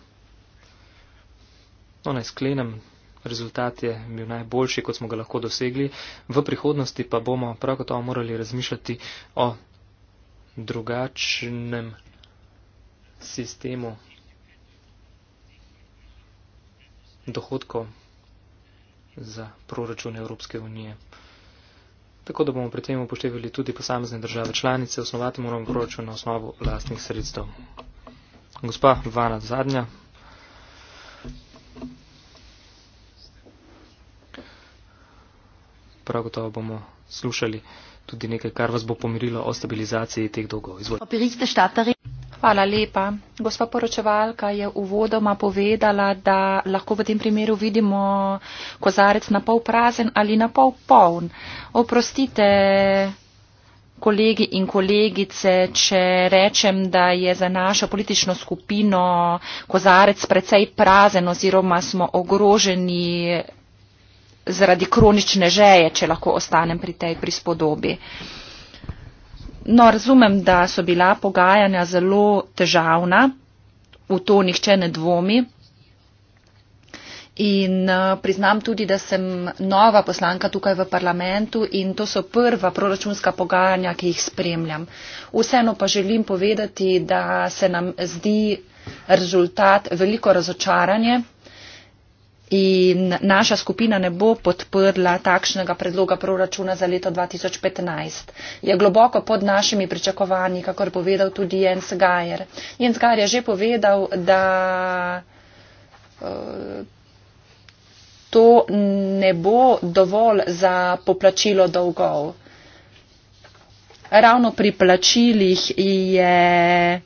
Speaker 2: No, naj sklenem, rezultat je bil najboljši, kot smo ga lahko dosegli, v prihodnosti pa bomo prav gotovo morali razmišljati o drugačnem sistemu dohodkov za proračun Evropske unije. Tako da bomo pri tem upoštevali tudi posamezne države članice, osnovati moramo proračun na osnovu lastnih sredstev. Gospa Vana Zadnja. Prav gotovo bomo slušali tudi nekaj, kar vas bo pomirilo o stabilizaciji teh dolgov.
Speaker 4: Izvolite. Hvala lepa. Gospa poročevalka je uvodoma povedala, da lahko v tem primeru vidimo kozarec na pol prazen ali na pol poln. Oprostite, kolegi in kolegice, če rečem, da je za našo politično skupino kozarec precej prazen oziroma smo ogroženi zaradi kronične žeje, če lahko ostanem pri tej prispodobi. No, razumem, da so bila pogajanja zelo težavna, v to nihče ne dvomi. In eh, priznam tudi, da sem nova poslanka tukaj v parlamentu in to so prva proračunska pogajanja, ki jih spremljam. Vseeno pa želim povedati, da se nam zdi rezultat veliko razočaranje in naša skupina ne bo podprla takšnega predloga proračuna za leto 2015. Je globoko pod našimi pričakovanji, kakor povedal tudi Jens Gajer. Jens Gajer je že povedal, da. Uh, to ne bo dovolj za poplačilo dolgov. Ravno pri plačilih je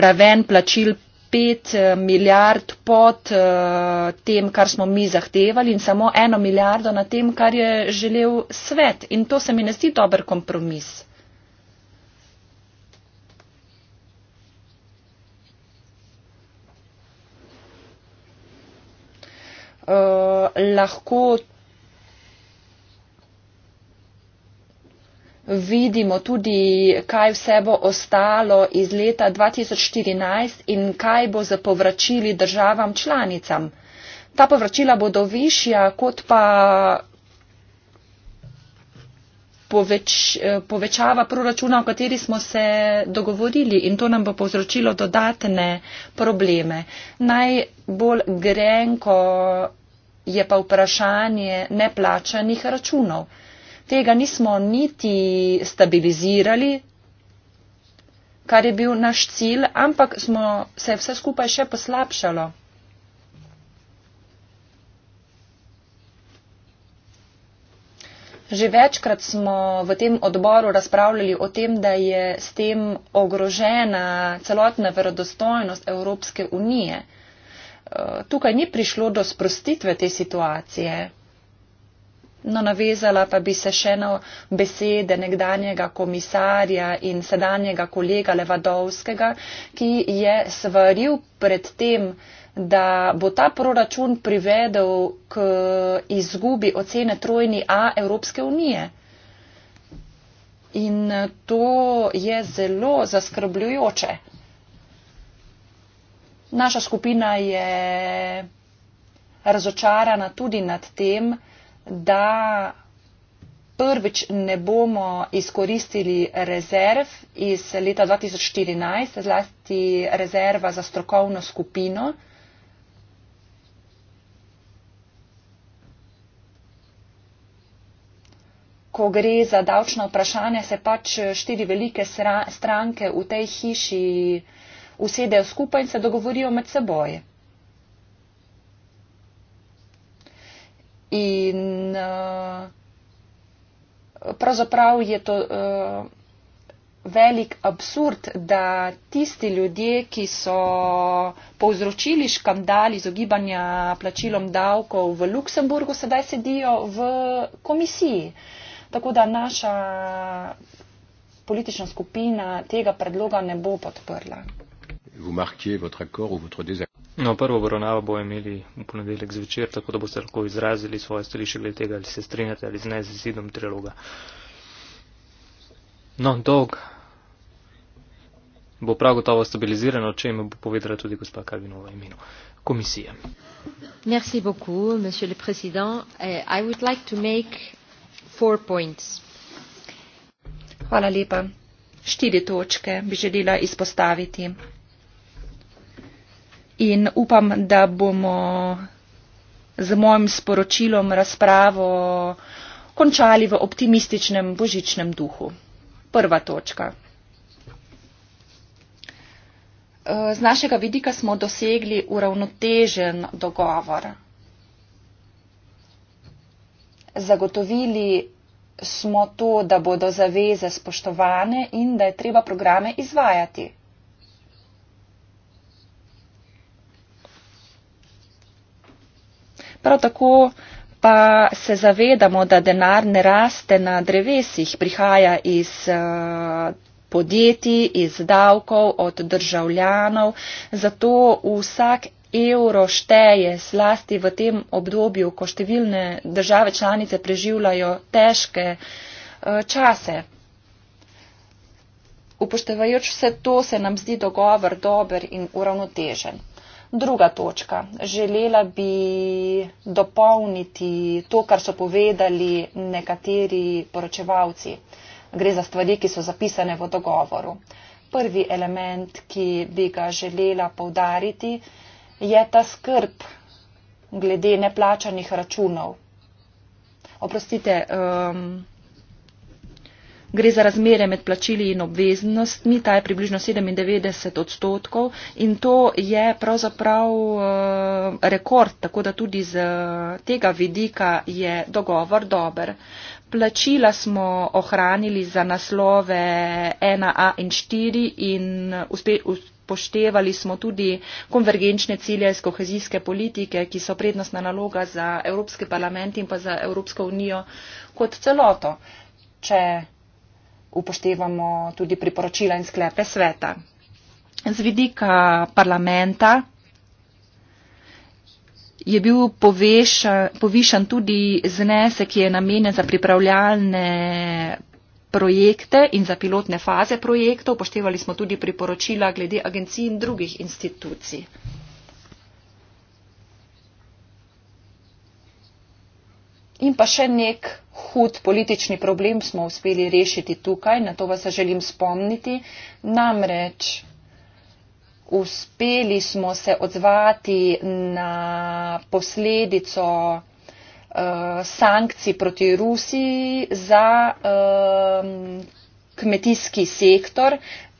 Speaker 4: raven plačil 5 eh, milijard pod uh, tem, kar smo mi zahtevali in samo eno milijardo na tem, kar je želel svet. In to se mi ne zdi dober kompromis. Eh, lahko vidimo tudi, kaj vse bo ostalo iz leta 2014 in kaj bo za povračili državam članicam. Ta povračila bodo višja, kot pa poveč, eh, povečava proračuna, o kateri smo se dogovorili in to nam bo povzročilo dodatne probleme. Najbolj grenko je pa vprašanje neplačanih računov. Tega nismo niti stabilizirali, kar je bil naš cilj, ampak smo se vse skupaj še poslabšalo. Že večkrat smo v tem odboru razpravljali o tem, da je s tem ogrožena celotna verodostojnost Evropske unije. Eh, tukaj ni prišlo do sprostitve te situacije. No, navezala pa bi se še na besede nekdanjega komisarja in sedanjega kolega Levadovskega, ki je svaril pred tem, da bo ta proračun privedel k izgubi ocene trojni A Evropske unije. In eh, to je zelo zaskrbljujoče. Naša skupina je razočarana tudi nad tem, da prvič ne bomo izkoristili rezerv iz leta 2014, zlasti rezerva za strokovno skupino, ko gre za davčno vprašanje, se pač eh, štiri velike stranke v tej hiši usedejo skupaj in se dogovorijo med seboj. In uh, pravzaprav je to uh, velik absurd, da tisti ljudje, ki so povzročili škandal izogibanja plačilom davkov v Luksemburgu, sedaj sedijo v komisiji. Uh, Tako da naša politična skupina tega predloga ne bo podprla.
Speaker 2: No, prvo obravnavo bo imeli v ponedeljek zvečer, tako da boste lahko izrazili svoje stališče glede tega, ali se strinjate ali ne z izidom triloga. No, dolg bo prav gotovo stabiliziran, o čem bo povedala tudi gospa Kalvinova imenu komisije.
Speaker 4: Merci beaucoup, monsieur le président. Uh, I would like to make Hvala lepa. Štiri točke bi želela izpostaviti. In upam, da bomo z mojim sporočilom razpravo končali v optimističnem božičnem duhu. Prva točka. Z našega vidika smo dosegli uravnotežen dogovor zagotovili smo to, da bodo zaveze spoštovane in da je treba programe izvajati. Prav tako pa se zavedamo, da denar ne raste na drevesih, prihaja iz podjetij, iz davkov, od državljanov, zato vsak evro šteje zlasti v tem obdobju, ko številne države članice preživljajo težke eh, čase. Upoštevajoč vse to, se nam zdi dogovor dober in uravnotežen. Druga točka. Želela bi dopolniti to, kar so povedali nekateri poročevalci. Gre za stvari, ki so zapisane v dogovoru. Prvi element, ki bi ga želela povdariti, je ta skrb glede neplačanih računov. Oprostite, um, gre za razmere med plačili in obveznostmi, ta je približno 97 odstotkov in to je pravzaprav uh, rekord, tako da tudi z tega vidika je dogovor dober. Plačila smo ohranili za naslove 1A in 4 in poštevali smo tudi konvergenčne cilje iz kohezijske politike, ki so prednostna naloga za Evropski parlament in pa za Evropsko unijo kot celoto, če upoštevamo tudi priporočila in sklepe sveta. Z vidika parlamenta je bil poveša, povišan tudi znesek, ki je namenjen za pripravljalne projekte in za pilotne faze projektov. Poštevali smo tudi priporočila glede agencij in drugih institucij. In pa še nek hud politični problem smo uspeli rešiti tukaj, na to vas želim spomniti. Namreč uspeli smo se odzvati na posledico eh, sankcij proti Rusiji za um, kmetijski sektor,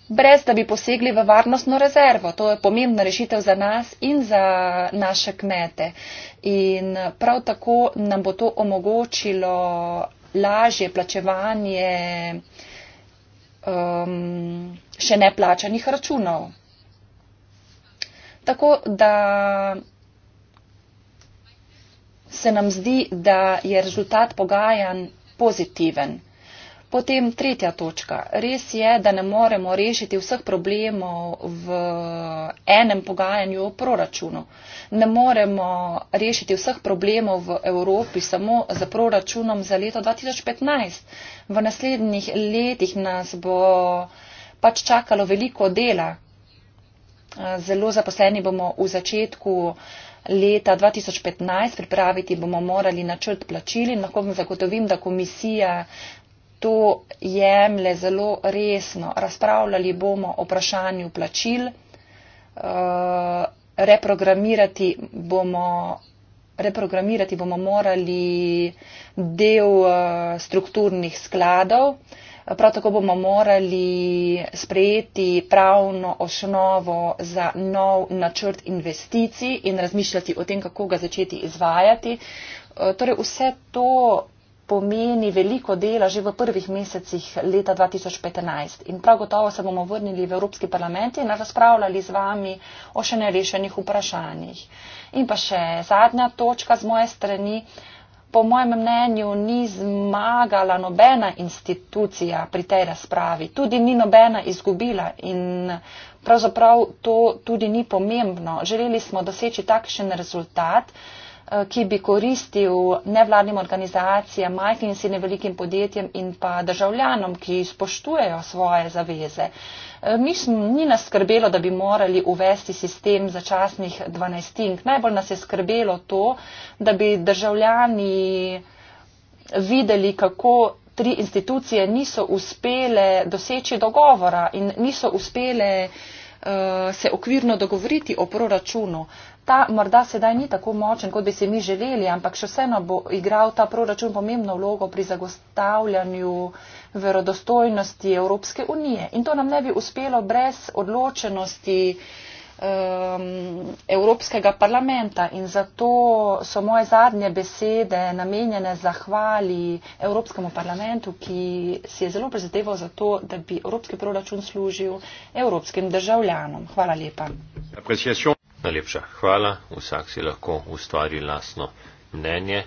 Speaker 4: brez da bi posegli v varnostno rezervo. To je pomembna rešitev za nas in za naše kmete. In prav tako nam bo to omogočilo lažje plačevanje um, še neplačanih računov. Tako da se nam zdi, da je rezultat pogajanj pozitiven. Potem tretja točka. Res je, da ne moremo rešiti vseh problemov v enem pogajanju o proračunu. Ne moremo rešiti vseh problemov v Evropi samo z proračunom za leto 2015. V naslednjih letih nas bo pač čakalo veliko dela, zelo zaposleni bomo v začetku leta 2015, pripraviti bomo morali načrt plačili in lahko vam zagotovim, da komisija to jemlje zelo resno. Razpravljali bomo o vprašanju plačil, eh, reprogramirati bomo. Reprogramirati bomo morali del eh, strukturnih skladov. Prav tako bomo morali sprejeti pravno osnovo za nov načrt investicij in razmišljati o tem, kako ga začeti izvajati. E, torej vse to pomeni veliko dela že v prvih mesecih leta 2015. In prav gotovo se bomo vrnili v Evropski parlament in razpravljali z vami o še nerešenih vprašanjih. In pa še zadnja točka z moje strani po mojem mnenju ni zmagala nobena institucija pri tej razpravi, tudi ni nobena izgubila in pravzaprav to tudi ni pomembno. Želeli smo doseči takšen rezultat, eh, ki bi koristil nevladnim organizacijam, majhnim in srednjim velikim podjetjem in pa državljanom, ki spoštujejo svoje zaveze. Eh, Mislim, ni nas skrbelo, da bi morali uvesti sistem začasnih dvanajstink. Najbolj nas je skrbelo to, da bi državljani videli, kako tri institucije niso uspele doseči dogovora in niso uspele uh, se okvirno dogovoriti o proračunu. Ta morda sedaj ni tako močen, kot bi si mi želeli, ampak še vseeno bo igral ta proračun pomembno vlogo pri zagostavljanju verodostojnosti Evropske unije. In to nam ne bi uspelo brez odločenosti um, Evropskega parlamenta. In zato so moje zadnje besede namenjene zahvali Evropskemu parlamentu, ki si je zelo prizadeval za to, da bi Evropski proračun služil evropskim državljanom. Hvala lepa.
Speaker 1: Najlepša hvala. Vsak si lahko ustvari lasno mnenje.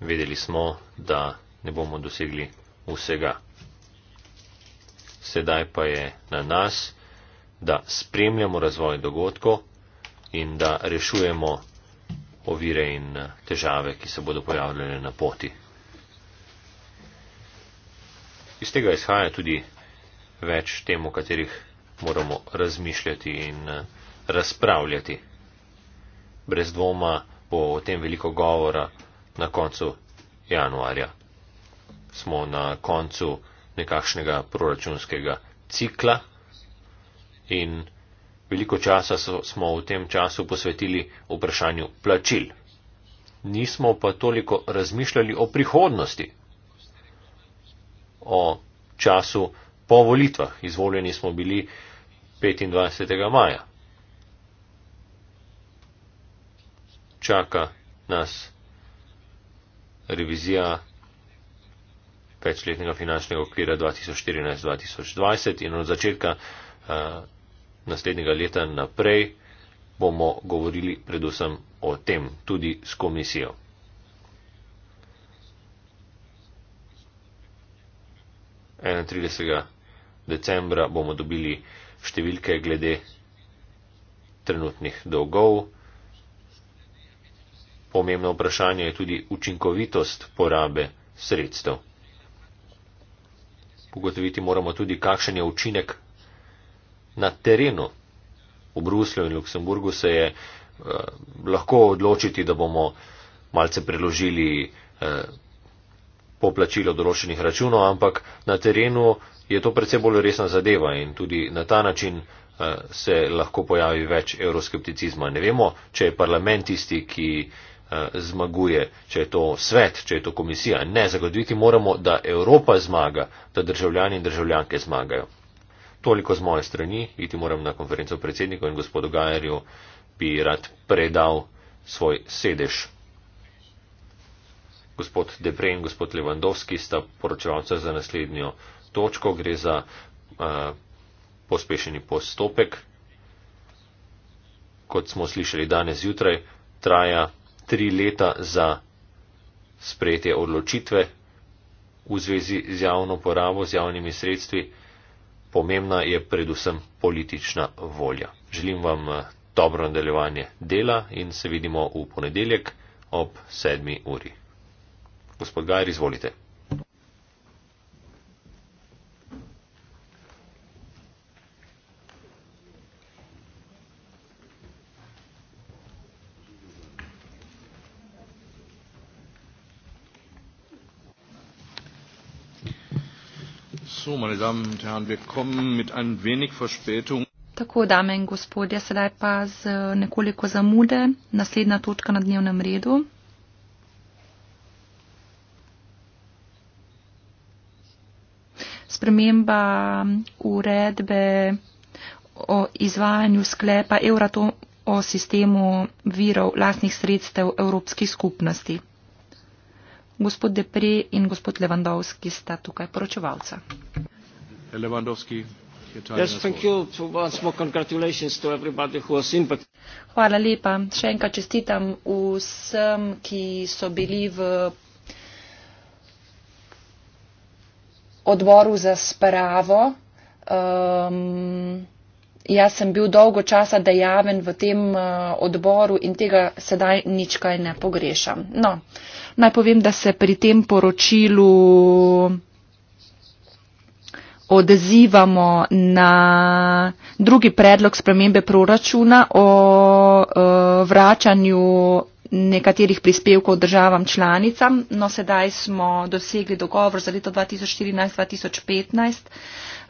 Speaker 1: Vedeli smo, da ne bomo dosegli vsega. Sedaj pa je na nas, da spremljamo razvoj dogodkov in da rešujemo ovire in težave, ki se bodo pojavljale na poti. Iz tega izhaja tudi več tem, o katerih moramo razmišljati in eh, razpravljati. Brez dvoma bo o tem veliko govora na koncu januarja smo na koncu nekakšnega proračunskega cikla in veliko časa smo v tem času posvetili vprašanju plačil. Nismo pa toliko razmišljali o prihodnosti, o času po volitvah. Izvoljeni smo bili 25. maja. Čaka nas revizija večletnega finančnega okvira 2014-2020 in od začetka eh, naslednjega leta naprej bomo govorili predvsem o tem, tudi s komisijo. decembra bomo dobili številke glede trenutnih dolgov. Pomembno vprašanje je tudi učinkovitost porabe sredstev. Ugotoviti moramo tudi, kakšen je učinek na terenu. V Bruslju in Luksemburgu se je eh, lahko odločiti, da bomo malce preložili eh, poplačilo določenih računov, ampak na terenu je to predvsem bolj resna zadeva in tudi na ta način eh, se lahko pojavi več euroskepticizma. Ne vemo, če je parlament tisti, ki eh, Eh, zmaguje, če je to svet, če je to komisija. Ne, zagotoviti moramo, da Evropa zmaga, da državljani in državljanke zmagajo. Toliko z moje strani, iti moram na konferenco predsednikov in gospodu Gajerju bi rad predal svoj sedež. Gospod Debre in gospod Levandovski sta poročevalca za naslednjo točko, gre za uh, pospešeni postopek. Kot smo slišali danes zjutraj, traja tri leta za sprejetje odločitve v zvezi z javno porabo, z javnimi sredstvi. Pomembna je predvsem politična volja. Želim vam eh, dobro nadaljevanje dela in se vidimo v ponedeljek ob sedmi uri. Gospod Gajer, izvolite.
Speaker 4: Tako, dame in gospodje, sedaj pa z nekoliko zamude naslednja točka na dnevnem redu. Sprememba uredbe o izvajanju sklepa Euratom o sistemu virov lastnih sredstev Evropskih skupnosti. Gospod Depre in gospod Levandovski sta tukaj poročevalca.
Speaker 1: Lewandowski. Yes, thank you to once more congratulations to everybody who was in but
Speaker 4: Hvala lepa. Še enkrat čestitam vsem, ki so bili v odboru za spravo. Um, jaz sem bil dolgo časa dejaven v tem uh, odboru in tega sedaj ničkaj ne pogrešam. No, naj povem, da se pri tem poročilu odzivamo na drugi predlog spremembe proračuna o uh, vračanju nekaterih prispevkov državam članicam. No, sedaj smo dosegli dogovor za leto 2014-2015.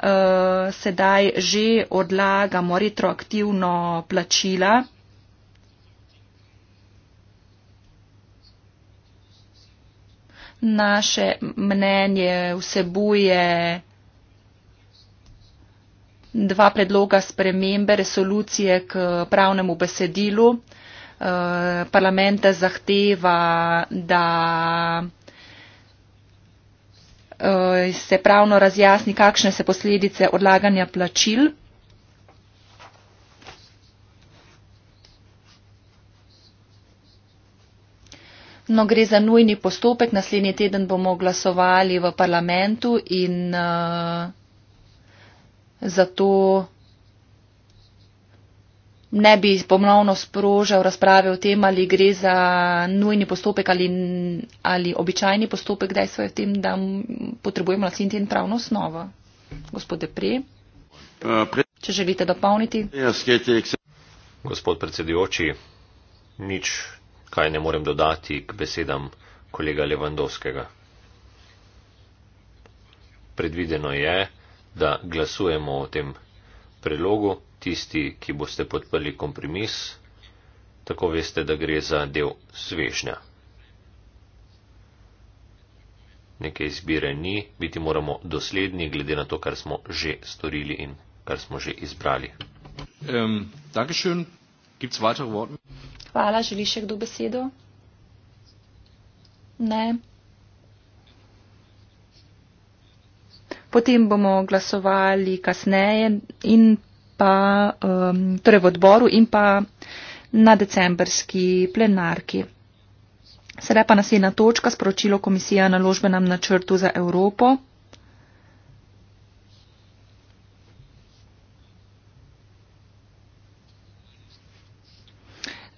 Speaker 4: Uh, e, sedaj že odlagamo retroaktivno plačila. Naše mnenje vsebuje dva predloga spremembe resolucije k pravnemu besedilu. Eh, Parlamenta zahteva, da eh, se pravno razjasni, kakšne se posledice odlaganja plačil. No, gre za nujni postopek. Naslednji teden bomo glasovali v parlamentu in uh, zato ne bi ponovno sprožal razprave o tem, ali gre za nujni postopek ali, ali običajni postopek, kdaj so v tem, da potrebujemo naslednji teden pravno osnovo. Gospod Depre, če želite dopolniti.
Speaker 1: Gospod predsedujoči, nič, kaj ne morem dodati k besedam kolega Levandovskega. Predvideno je, da glasujemo o tem prilogu. Tisti, ki boste podprli kompromis, tako veste, da gre za del svežnja. Neke izbire ni, biti moramo dosledni glede na to, kar smo že storili in kar smo že izbrali.
Speaker 3: Um,
Speaker 4: Hvala, želi še kdo besedo? Ne. Potem bomo glasovali kasneje in pa, um, torej v odboru in pa na decembrski plenarki. Sedaj pa naslednja točka, sporočilo Komisije na ložbenem načrtu za Evropo.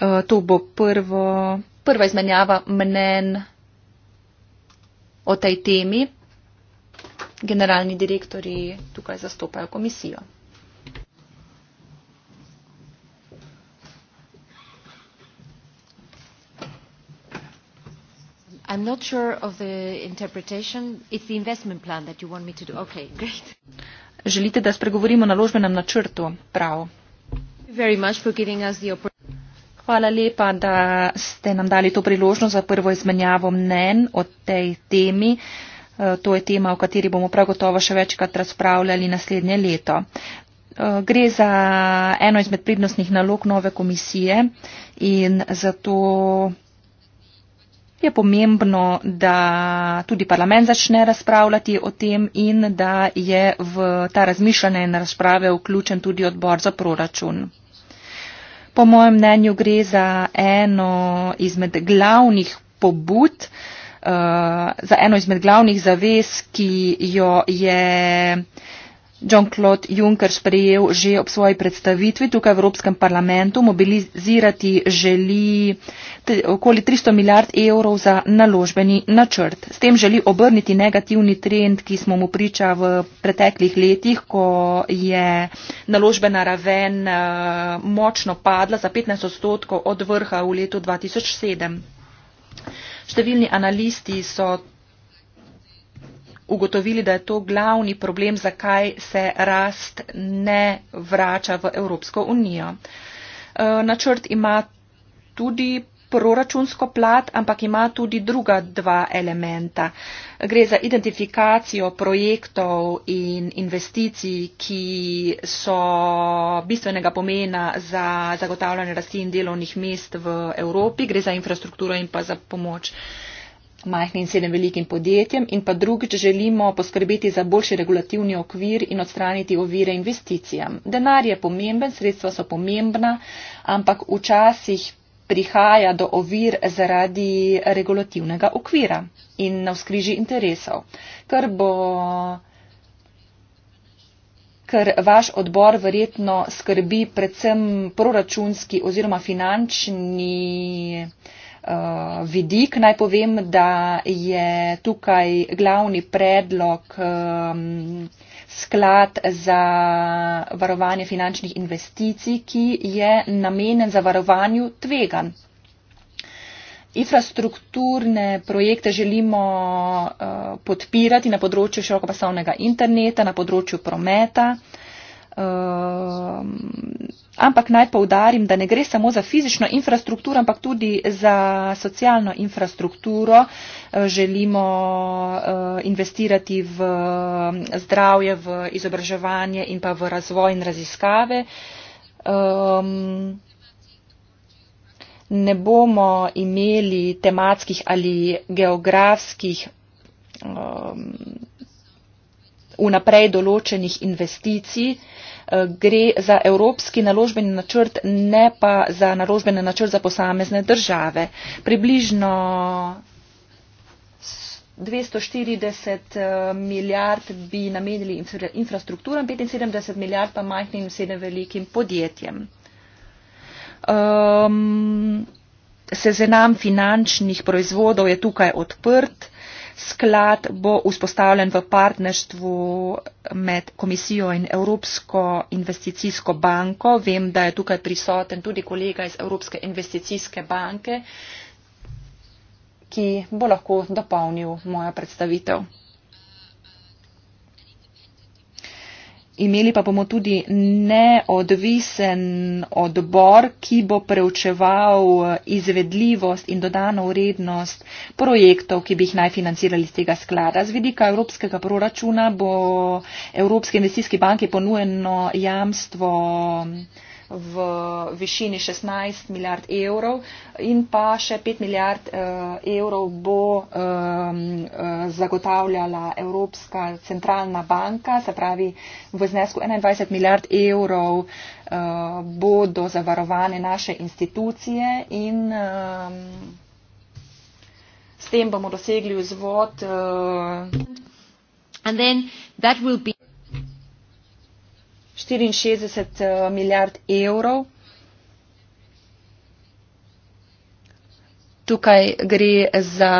Speaker 4: Uh, to bo prvo, prva izmenjava mnen o tej temi generalni direktori tukaj zastopajo komisijo. I'm not sure of the interpretation. It's the investment plan that you want me to do. Okay, great. Želite, da spregovorimo na ložbenem načrtu? Prav. Very much for giving us the Hvala lepa, da ste nam dali to priložnost za prvo izmenjavo mnen o tej temi. Uh, Eh, to je tema, o kateri bomo prav gotovo še večkrat razpravljali naslednje leto. Eh, gre za eno izmed prednostnih nalog nove komisije in zato je pomembno, da tudi parlament začne razpravljati o tem in da je v ta razmišljanje in razprave vključen tudi odbor za proračun. Po mojem mnenju gre za eno izmed glavnih pobud uh, Eh, za eno izmed glavnih zavez, ki jo je Jean-Claude Juncker sprejel že ob svoji predstavitvi tukaj v Evropskem parlamentu, mobilizirati želi okoli 300 milijard evrov za naložbeni načrt. S tem želi obrniti negativni trend, ki smo mu priča v preteklih letih, ko je naložbena raven eh, močno padla za 15 odstotkov od vrha v letu 2007. Številni analisti so ugotovili, da je to glavni problem, zakaj se rast ne vrača v Evropsko unijo. E, načrt ima tudi proračunsko plat, ampak ima tudi druga dva elementa. Gre za identifikacijo projektov in investicij, ki so bistvenega pomena za zagotavljanje rasti in delovnih mest v Evropi. Gre za infrastrukturo in pa za pomoč majhnim in sedem velikim podjetjem. In pa drugič želimo poskrbeti za boljši regulativni okvir in odstraniti ovire investicijam. Denar je pomemben, sredstva so pomembna, ampak včasih prihaja do ovir zaradi regulativnega okvira in na vzkriži interesov, ker bo ker vaš odbor verjetno skrbi predvsem proračunski oziroma finančni uh, vidik. Naj povem, da je tukaj glavni predlog um, sklad za varovanje finančnih investicij, ki je namenjen za varovanju tvegan. Infrastrukturne projekte želimo uh, podpirati na področju širokopasovnega interneta, na področju prometa. Uh, Ehm, ampak naj povdarim, da ne gre samo za fizično infrastrukturo, ampak tudi za socialno infrastrukturo. Eh, želimo eh, investirati v eh, zdravje, v izobraževanje in pa v razvoj in raziskave. Ehm, ne bomo imeli tematskih ali geografskih ehm, vnaprej določenih investicij, eh, gre za evropski naložbeni načrt, ne pa za naložbeni načrt za posamezne države. Približno 240 eh, milijard bi namenili infrastrukturam, 75 milijard pa majhnim in sedem velikim podjetjem. Um, ehm, Sezenam finančnih proizvodov je tukaj odprt. Sklad bo vzpostavljen v partnerstvu med komisijo in Evropsko investicijsko banko. Vem, da je tukaj prisoten tudi kolega iz Evropske investicijske banke, ki bo lahko dopolnil mojo predstavitev. Imeli pa bomo tudi neodvisen odbor, ki bo preučeval eh, izvedljivost in dodano vrednost projektov, ki bi jih naj financirali z tega sklada. Z vidika evropskega proračuna bo Evropske investicijske banke ponujeno jamstvo v višini 16 milijard evrov in pa še 5 milijard eh, evrov bo eh, zagotavljala Evropska centralna banka, se pravi v znesku 21 milijard evrov eh, bodo zavarovane naše institucije in s tem bomo dosegli vzvod. And then that will be 64 eh, milijard evrov. Tukaj gre za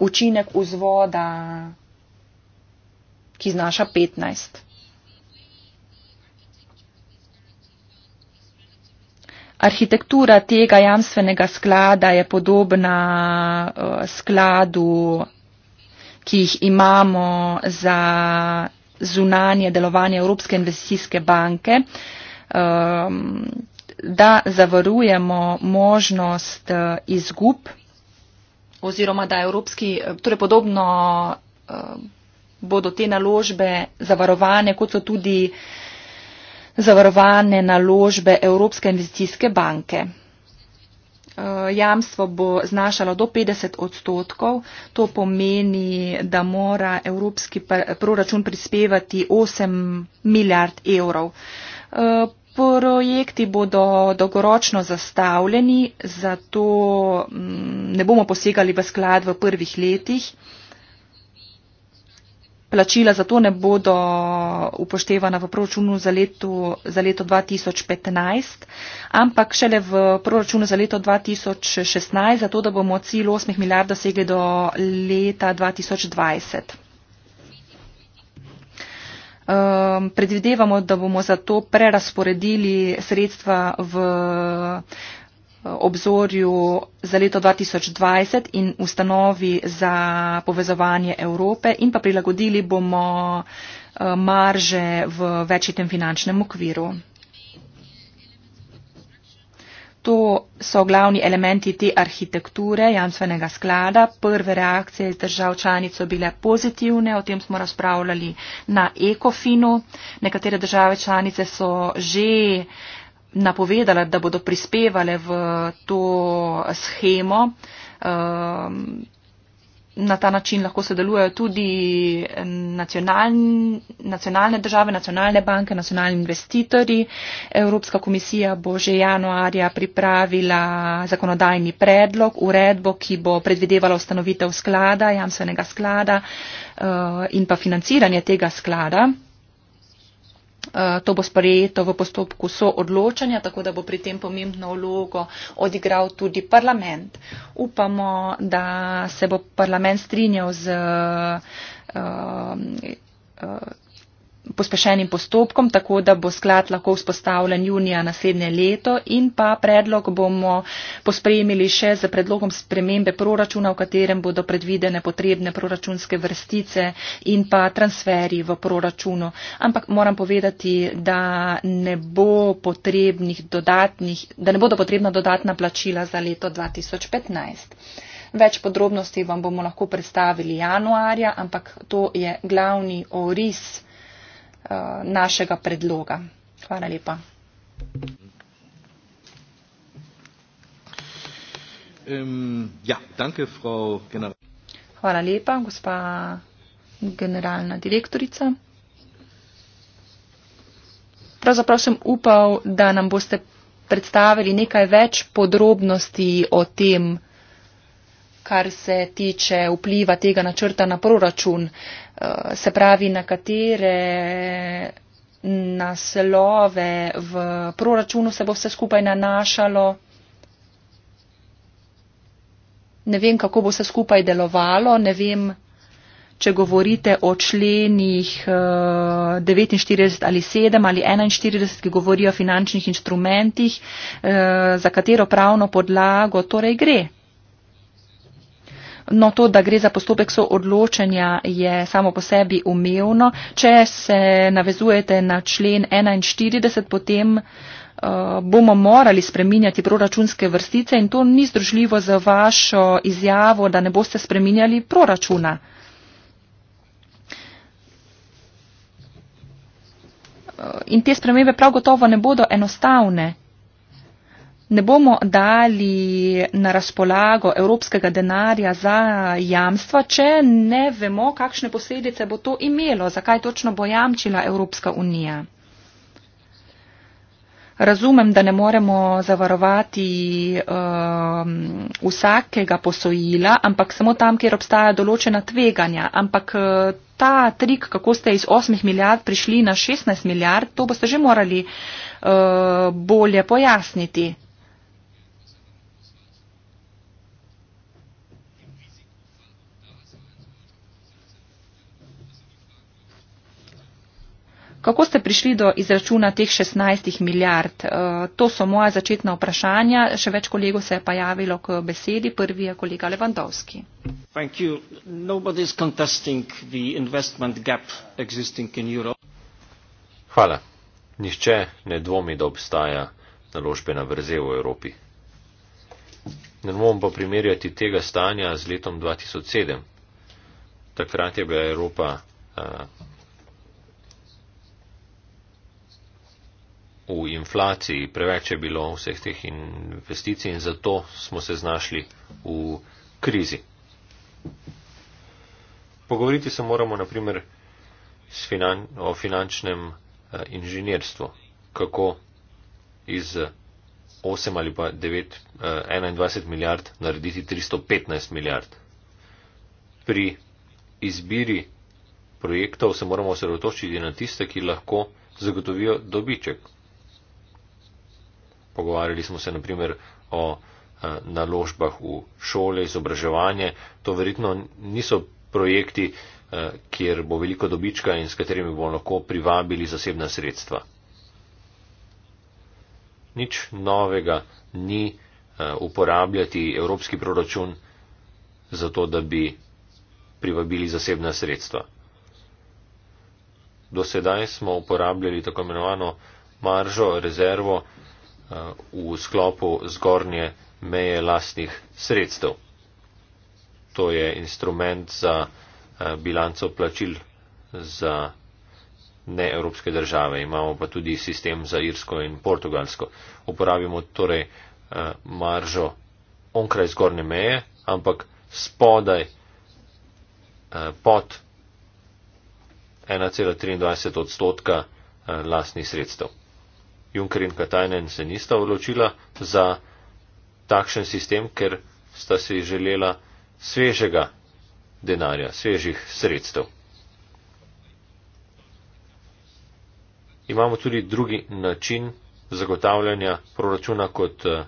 Speaker 4: učinek vzvoda, ki znaša 15. Arhitektura tega jamstvenega sklada je podobna eh, skladu, ki jih imamo za zunanje delovanje Evropske investicijske banke, um, da zavarujemo možnost uh, izgub oziroma da evropski, torej podobno uh, bodo te naložbe zavarovane, kot so tudi zavarovane naložbe Evropske investicijske banke. Eh, jamstvo bo znašalo do 50 odstotkov. To pomeni, da mora evropski proračun prispevati 8 milijard evrov. Eh, projekti bodo dolgoročno zastavljeni, zato mm, ne bomo posegali v sklad v prvih letih plačila za to ne bodo upoštevana v proračunu za leto, za leto 2015, ampak šele v proračunu za leto 2016, zato da bomo cilj 8 milijard dosegli do leta 2020. Um, ehm, predvidevamo, da bomo zato prerasporedili sredstva v obzorju za leto 2020 in ustanovi za povezovanje Evrope in pa prilagodili bomo eh, marže v večjem finančnem okviru. To so glavni elementi te arhitekture jamstvenega sklada. Prve reakcije iz držav članic so bile pozitivne, o tem smo razpravljali na ECOFINu. Nekatere države članice so že uh, napovedala, da bodo prispevale v to schemo. Ehm, na ta način lahko sodelujejo tudi nacionalne, nacionalne države, nacionalne banke, nacionalni investitorji. Evropska komisija bo že januarja pripravila zakonodajni predlog, uredbo, ki bo predvidevala ustanovitev sklada, jamstvenega sklada eh, in pa financiranje tega sklada. Eh, to bo sprejeto v postopku soodločanja, tako da bo pri tem pomembno vlogo odigral tudi parlament. Upamo, da se bo parlament strinjal z eh, eh, pospešenim postopkom, tako da bo sklad lahko vzpostavljen junija naslednje leto in pa predlog bomo pospremili še z predlogom spremembe proračuna, v katerem bodo predvidene potrebne proračunske vrstice in pa transferi v proračunu. Ampak moram povedati, da ne, bo dodatnih, da ne bodo potrebna dodatna plačila za leto 2015. Več podrobnosti vam bomo lahko predstavili januarja, ampak to je glavni oris Eh, našega predloga. Hvala lepa. Ja, Hvala lepa, gospa generalna direktorica. Pravzaprav sem upal, da nam boste predstavili nekaj več podrobnosti o tem, kar se tiče vpliva tega načrta na proračun, eh, se pravi, na katere naslove v proračunu se bo vse skupaj nanašalo. Ne vem, kako bo se skupaj delovalo, ne vem, če govorite o členih 49 eh, ali 7 ali 41, ki govorijo o finančnih inštrumentih, eh, za katero pravno podlago torej gre. No, to, da gre za postopek soodločanja, je samo po sebi umevno. Če se navezujete na člen 41, potem eh, bomo morali spreminjati proračunske vrstice in to ni združljivo z vašo izjavo, da ne boste spreminjali proračuna. Eh, in te spremembe prav gotovo ne bodo enostavne ne bomo dali na razpolago evropskega denarja za jamstva, če ne vemo, kakšne posledice bo to imelo, zakaj točno bo jamčila Evropska unija. Razumem, da ne moremo zavarovati um, vsakega posojila, ampak samo tam, kjer obstaja določena tveganja. Ampak uh, ta trik, kako ste iz 8 milijard prišli na 16 milijard, to boste že morali uh, bolje pojasniti. Kako ste prišli do izračuna teh 16 milijard? Eh, to so moja začetna vprašanja. Še več kolegov se je pa javilo k besedi. Prvi je kolega Levandovski.
Speaker 1: Hvala. Nihče ne dvomi, da obstaja naložbena vrzel v Evropi. Ne bom pa primerjati tega stanja z letom 2007. Takrat je bila Evropa. Uh, v inflaciji, preveč je bilo vseh teh investicij in zato smo se znašli v krizi. Pogovoriti se moramo naprimer finan o finančnem eh, inženirstvu, kako iz 8 ali pa 9, 21 eh, milijard narediti 315 milijard. Pri izbiri projektov se moramo osredotočiti na tiste, ki lahko zagotovijo dobiček, Pogovarjali smo se naprimer o eh, naložbah v šole, izobraževanje. To verjetno niso projekti, eh, kjer bo veliko dobička in s katerimi bomo lahko privabili zasebna sredstva. Nič novega ni eh, uporabljati evropski proračun zato, da bi privabili zasebna sredstva. Do sedaj smo uporabljali tako imenovano maržo, rezervo, v sklopu zgornje meje lastnih sredstev. To je instrument za eh, bilanco plačil za neevropske države. Imamo pa tudi sistem za Irsko in Portugalsko. Uporabimo torej eh, maržo onkraj zgornje meje, ampak spodaj eh, pod 1,23 odstotka lastnih sredstev. Junker in Katajnen se nista odločila za takšen sistem, ker sta si želela svežega denarja, svežih sredstev. Imamo tudi drugi način zagotavljanja proračuna kot eh,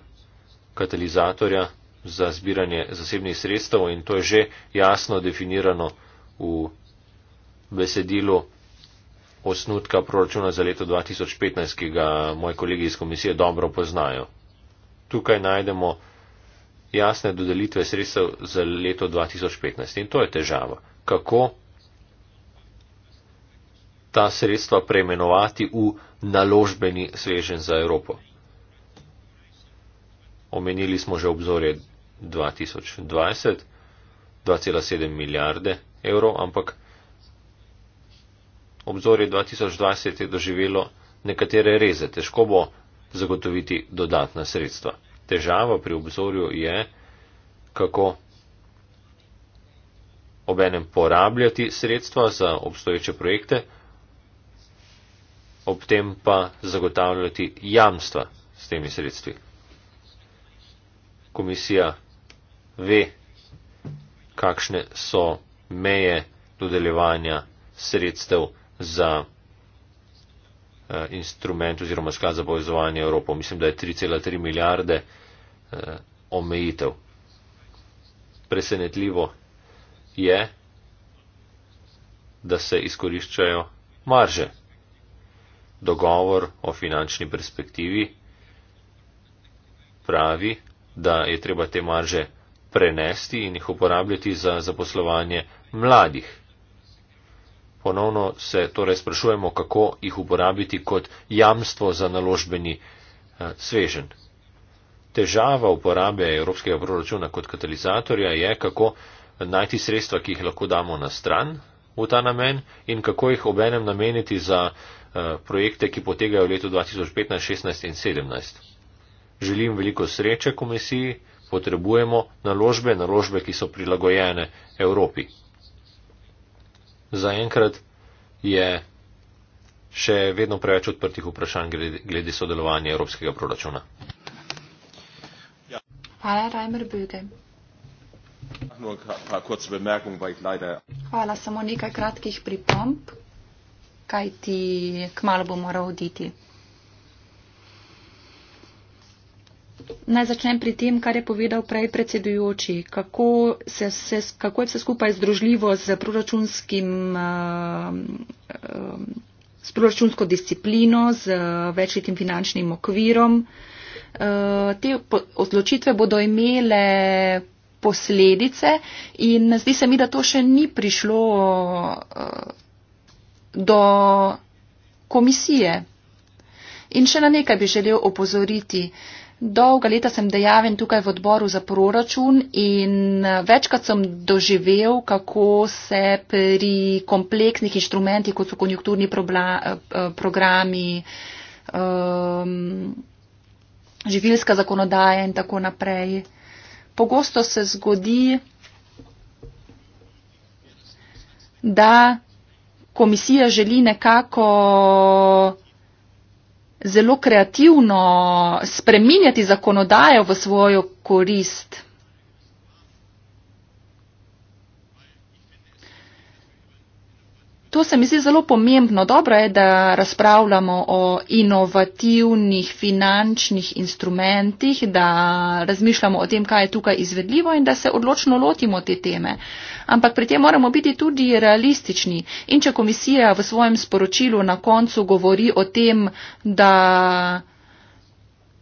Speaker 1: katalizatorja za zbiranje zasebnih sredstev in to je že jasno definirano v besedilu osnutka proračuna za leto 2015, ki ga moji kolegi iz komisije dobro poznajo. Tukaj najdemo jasne dodelitve sredstev za leto 2015 in to je težava. Kako ta sredstva preimenovati v naložbeni svežen za Evropo? Omenili smo že obzorje 2020, 2,7 milijarde evrov, ampak obzorje 2020 je doživelo nekatere reze, težko bo zagotoviti dodatna sredstva. Težava pri obzorju je, kako obenem porabljati sredstva za obstoječe projekte, ob tem pa zagotavljati jamstva s temi sredstvi. Komisija ve, kakšne so meje dodeljevanja sredstev za eh, instrument oziroma sklad za povezovanje Evropo. Mislim, da je 3,3 milijarde eh, omejitev. Presenetljivo je, da se izkoriščajo marže. Dogovor o finančni perspektivi pravi, da je treba te marže prenesti in jih uporabljati za zaposlovanje mladih. Ponovno se torej sprašujemo, kako jih uporabiti kot jamstvo za naložbeni eh, svežen. Težava uporabe evropskega proračuna kot katalizatorja je, kako najti sredstva, ki jih lahko damo na stran v ta namen in kako jih obenem nameniti za eh, projekte, ki potegajo v letu 2015, 16 in 17. Želim veliko sreče komisiji, potrebujemo naložbe, naložbe, ki so prilagojene Evropi zaenkrat je še vedno preveč odprtih vprašanj glede, glede sodelovanja evropskega proračuna.
Speaker 4: Ja. Hvala, Reimer Böge. Hvala, samo nekaj kratkih pripomp, kaj ti kmalo bo moral oditi. Naj začnem pri tem, kar je povedal prej predsedujoči, kako, se, se, kako je vse skupaj združljivo z, proračunskim, z eh, eh, proračunsko disciplino, z večletnim finančnim okvirom. Eh, te odločitve bodo imele posledice in zdi se mi, da to še ni prišlo do komisije. In še na nekaj bi želel opozoriti. Uh, Dolga leta sem dejaven tukaj v odboru za proračun in eh, večkrat sem doživel, kako se pri kompleksnih inštrumentih, kot so konjunkturni eh, eh, programi, um, živilska zakonodaja in tako naprej, pogosto se zgodi, da komisija želi nekako zelo kreativno spreminjati zakonodajo v svojo korist. To se mi zdi zelo pomembno. Dobro je, da razpravljamo o inovativnih finančnih instrumentih, da razmišljamo o tem, kaj je tukaj izvedljivo in da se odločno lotimo te teme. Ampak pri tem moramo biti tudi realistični. In če komisija v svojem sporočilu na koncu govori o tem, da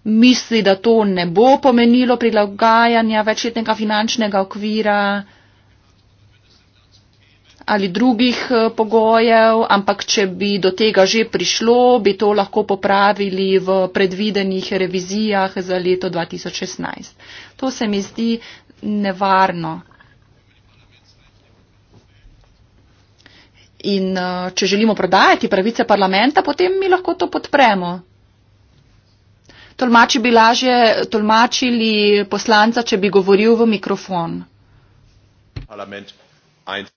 Speaker 4: misli, da to ne bo pomenilo prilagajanja večletnega finančnega okvira, ali drugih eh, pogojev, ampak če bi do tega že prišlo, bi to lahko popravili v predvidenih revizijah za leto 2016. To se mi zdi nevarno. In eh, če želimo prodajati pravice parlamenta, potem mi lahko to podpremo. Tolmači bi lažje tolmačili poslanca, če bi govoril v mikrofon.
Speaker 3: Parlament. Eins.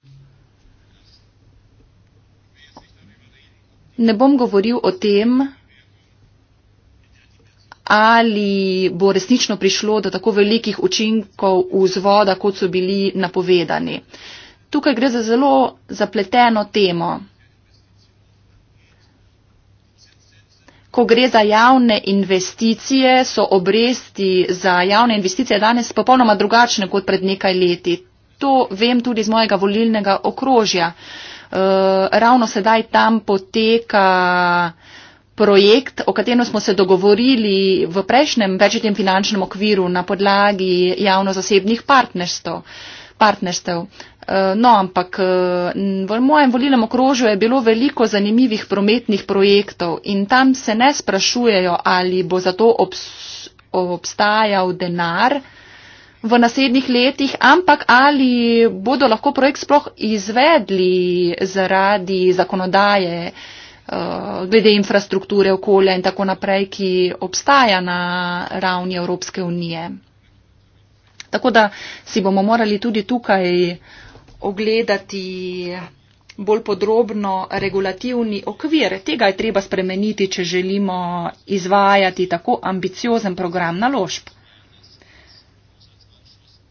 Speaker 4: ne bom govoril o tem, ali bo resnično prišlo do tako velikih učinkov vzvoda, kot so bili napovedani. Tukaj gre za zelo zapleteno temo. Ko gre za javne investicije, so obresti za javne investicije danes popolnoma drugačne kot pred nekaj leti. To vem tudi iz mojega volilnega okrožja. Uh, Eh, ravno sedaj tam poteka projekt, o katerem smo se dogovorili v prejšnjem večjem finančnem okviru na podlagi javno-zasebnih partnerstv. partnerstv. Eh, no, ampak eh, v mojem volilnem okrožju je bilo veliko zanimivih prometnih projektov in tam se ne sprašujejo, ali bo za to obs, obstajal denar, v naslednjih letih, ampak ali bodo lahko projekt sploh izvedli zaradi zakonodaje eh, glede infrastrukture, okolja in tako naprej, ki obstaja na ravni Evropske unije. Tako da si bomo morali tudi tukaj ogledati bolj podrobno regulativni okvir. Tega je treba spremeniti, če želimo izvajati tako ambiciozen program naložb.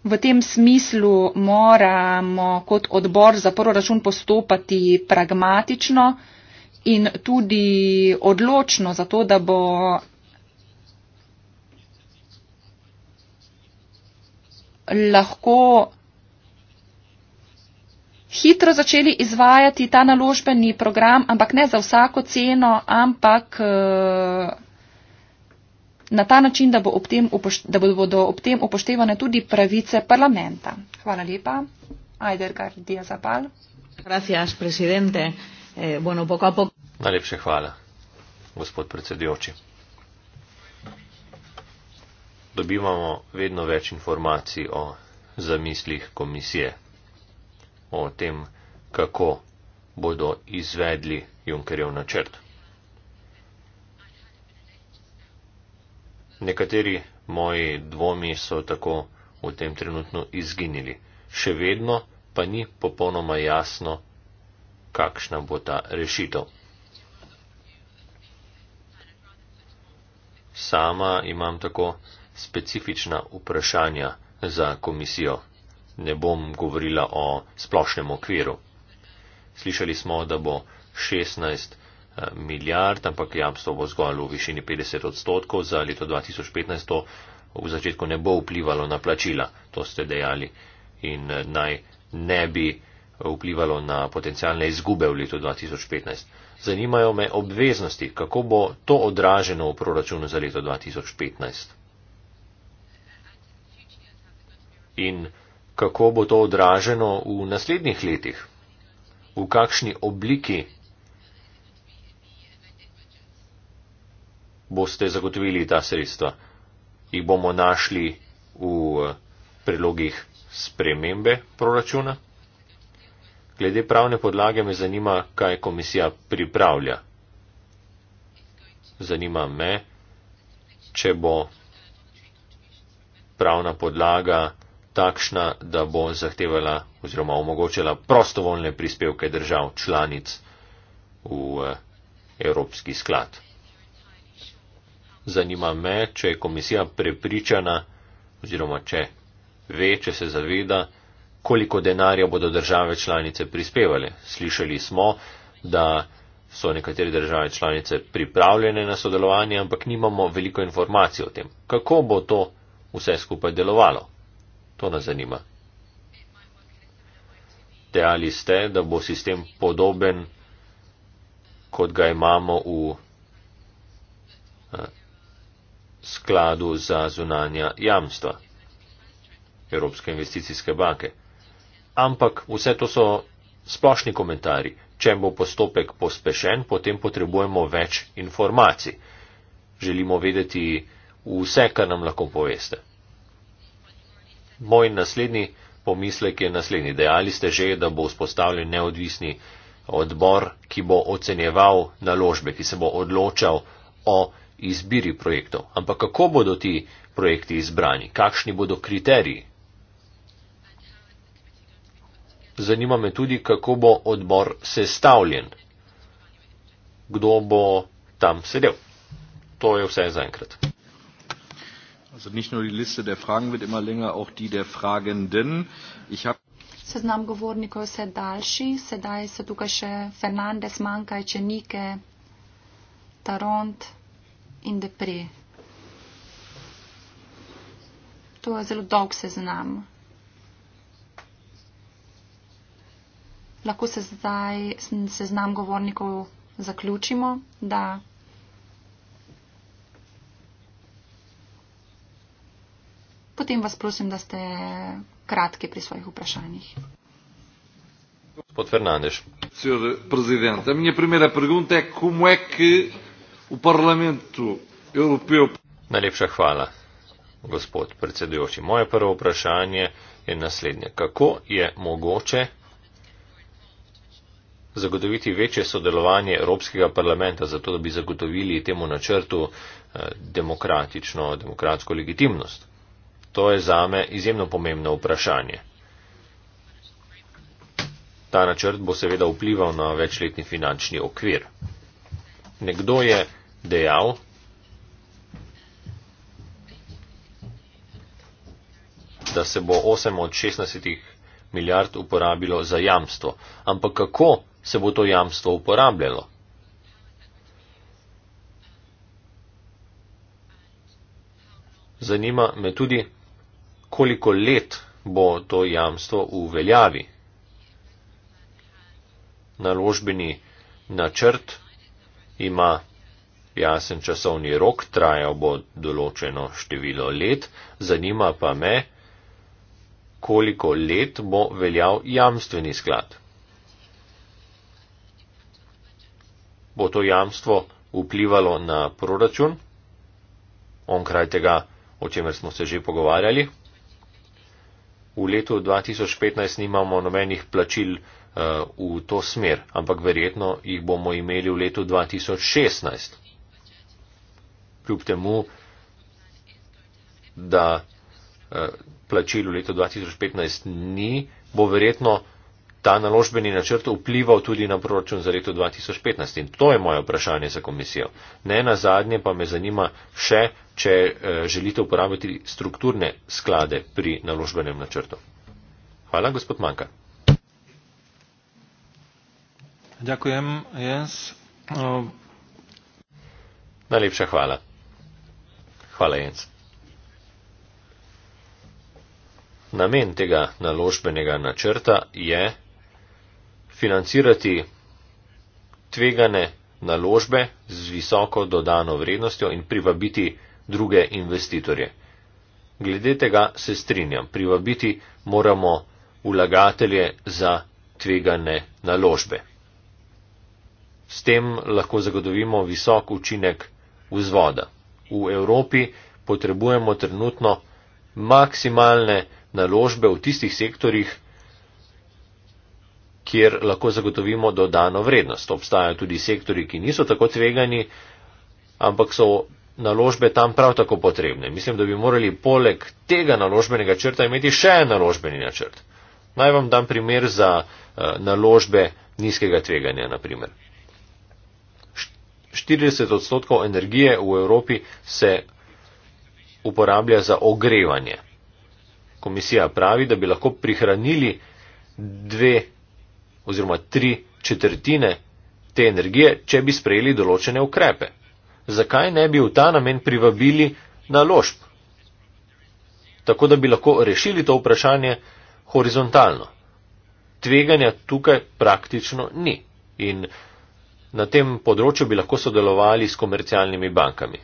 Speaker 4: V tem smislu moramo kot odbor za proračun postopati pragmatično in tudi odločno, zato da bo lahko hitro začeli izvajati ta naložbeni program, ampak ne za vsako ceno, ampak eh, na ta način, da, bo tem, da bodo ob tem upoštevane tudi pravice parlamenta. Hvala lepa. Ajdergar Diazapal. Gracias, presidente. Eh, bueno, poco poco.
Speaker 1: Najlepše hvala, gospod predsedujoči. Dobivamo vedno več informacij o zamislih komisije, o tem, kako bodo izvedli Junkerjev načrt. nekateri moji dvomi so tako v tem trenutku izginili. Še vedno pa ni popolnoma jasno, kakšna bo ta rešitev. Sama imam tako specifična vprašanja za komisijo. Ne bom govorila o splošnem okviru. Slišali smo, da bo 16 milijard, ampak jamstvo bo zgolj v višini 50 odstotkov za leto 2015. V začetku ne bo vplivalo na plačila, to ste dejali, in naj ne bi vplivalo na potencijalne izgube v letu 2015. Zanimajo me obveznosti, kako bo to odraženo v proračunu za leto 2015. In kako bo to odraženo v naslednjih letih? V kakšni obliki boste zagotovili ta sredstva. Jih bomo našli v eh, prilogih spremembe proračuna. Glede pravne podlage me zanima, kaj komisija pripravlja. Zanima me, če bo pravna podlaga takšna, da bo zahtevala oziroma omogočala prostovoljne prispevke držav članic v eh, Evropski sklad zanima me, če je komisija prepričana oziroma če ve, če se zaveda, koliko denarja bodo države članice prispevali. Slišali smo, da so nekatere države članice pripravljene na sodelovanje, ampak nimamo veliko informacij o tem. Kako bo to vse skupaj delovalo? To nas zanima. Dejali ste, da bo sistem podoben, kot ga imamo v eh, skladu za zunanja jamstva Evropske investicijske banke. Ampak vse to so splošni komentarji. Če bo postopek pospešen, potem potrebujemo več informacij. Želimo vedeti vse, kar nam lahko poveste. Moj naslednji pomislek je naslednji. Dejali ste že, da bo vzpostavljen neodvisni odbor, ki bo ocenjeval naložbe, ki se bo odločal o izbiri projektov. Ampak kako bodo ti projekti izbrani? Kakšni bodo kriteriji? Zanima me tudi, kako bo odbor sestavljen. Kdo bo tam sedel? To je vse za enkrat.
Speaker 4: Seznam govornikov je daljši, sedaj so tukaj še Fernandez, Manka, Čenike, Taront in depre. To je zelo dolg seznam. Lahko se zdaj seznam govornikov zaključimo, da potem vas prosim, da ste kratki pri svojih vprašanjih.
Speaker 1: Gospod Fernandez. Sr. predsednik, a minha primeira pergunta é como é que v parlamentu evropejo. Najlepša hvala, gospod predsedujoči. Moje prvo vprašanje je naslednje. Kako je mogoče zagotoviti večje sodelovanje Evropskega parlamenta, zato da bi zagotovili temu načrtu eh, demokratično, demokratsko legitimnost? To je zame izjemno pomembno vprašanje. Ta načrt bo seveda vplival na večletni finančni okvir. Nekdo je dejal, da se bo 8 od 16 milijard uporabilo za jamstvo. Ampak kako se bo to jamstvo uporabljalo? Zanima me tudi, koliko let bo to jamstvo v veljavi. Naložbeni načrt ima Jasen časovni rok trajal bo določeno število let, zanima pa me, koliko let bo veljal jamstveni sklad. Bo to jamstvo vplivalo na proračun, onkraj tega, o čemer smo se že pogovarjali? V letu 2015 nimamo nobenih plačil uh, v to smer, ampak verjetno jih bomo imeli v letu 2016 kljub temu, da eh, plačil v letu 2015 ni, bo verjetno ta naložbeni načrt vplival tudi na proračun za leto 2015. In to je moje vprašanje za komisijo. Ne na zadnje pa me zanima še, če eh, želite uporabiti strukturne sklade pri naložbenem načrtu. Hvala, gospod Manka. Ďakujem, Jens. Najlepša hvala. Hvala, Jens. Namen tega naložbenega načrta je financirati tvegane naložbe z visoko dodano vrednostjo in privabiti druge investitorje. Glede tega se strinjam. Privabiti moramo vlagatelje za tvegane naložbe. S tem lahko zagotovimo visok učinek vzvoda v Evropi potrebujemo trenutno maksimalne naložbe v tistih sektorjih, kjer lahko zagotovimo dodano vrednost. Obstajajo tudi sektori, ki niso tako tvegani, ampak so naložbe tam prav tako potrebne. Mislim, da bi morali poleg tega naložbenega črta imeti še en naložbeni načrt. Naj vam dam primer za uh, naložbe nizkega tveganja, na primer. 40 odstotkov energije v Evropi se uporablja za ogrevanje. Komisija pravi, da bi lahko prihranili dve oziroma tri četrtine te energije, če bi sprejeli določene ukrepe. Zakaj ne bi v ta namen privabili naložb? Tako da bi lahko rešili to vprašanje horizontalno. Tveganja tukaj praktično ni. In Na tem področju bi lahko sodelovali s komercialnimi bankami.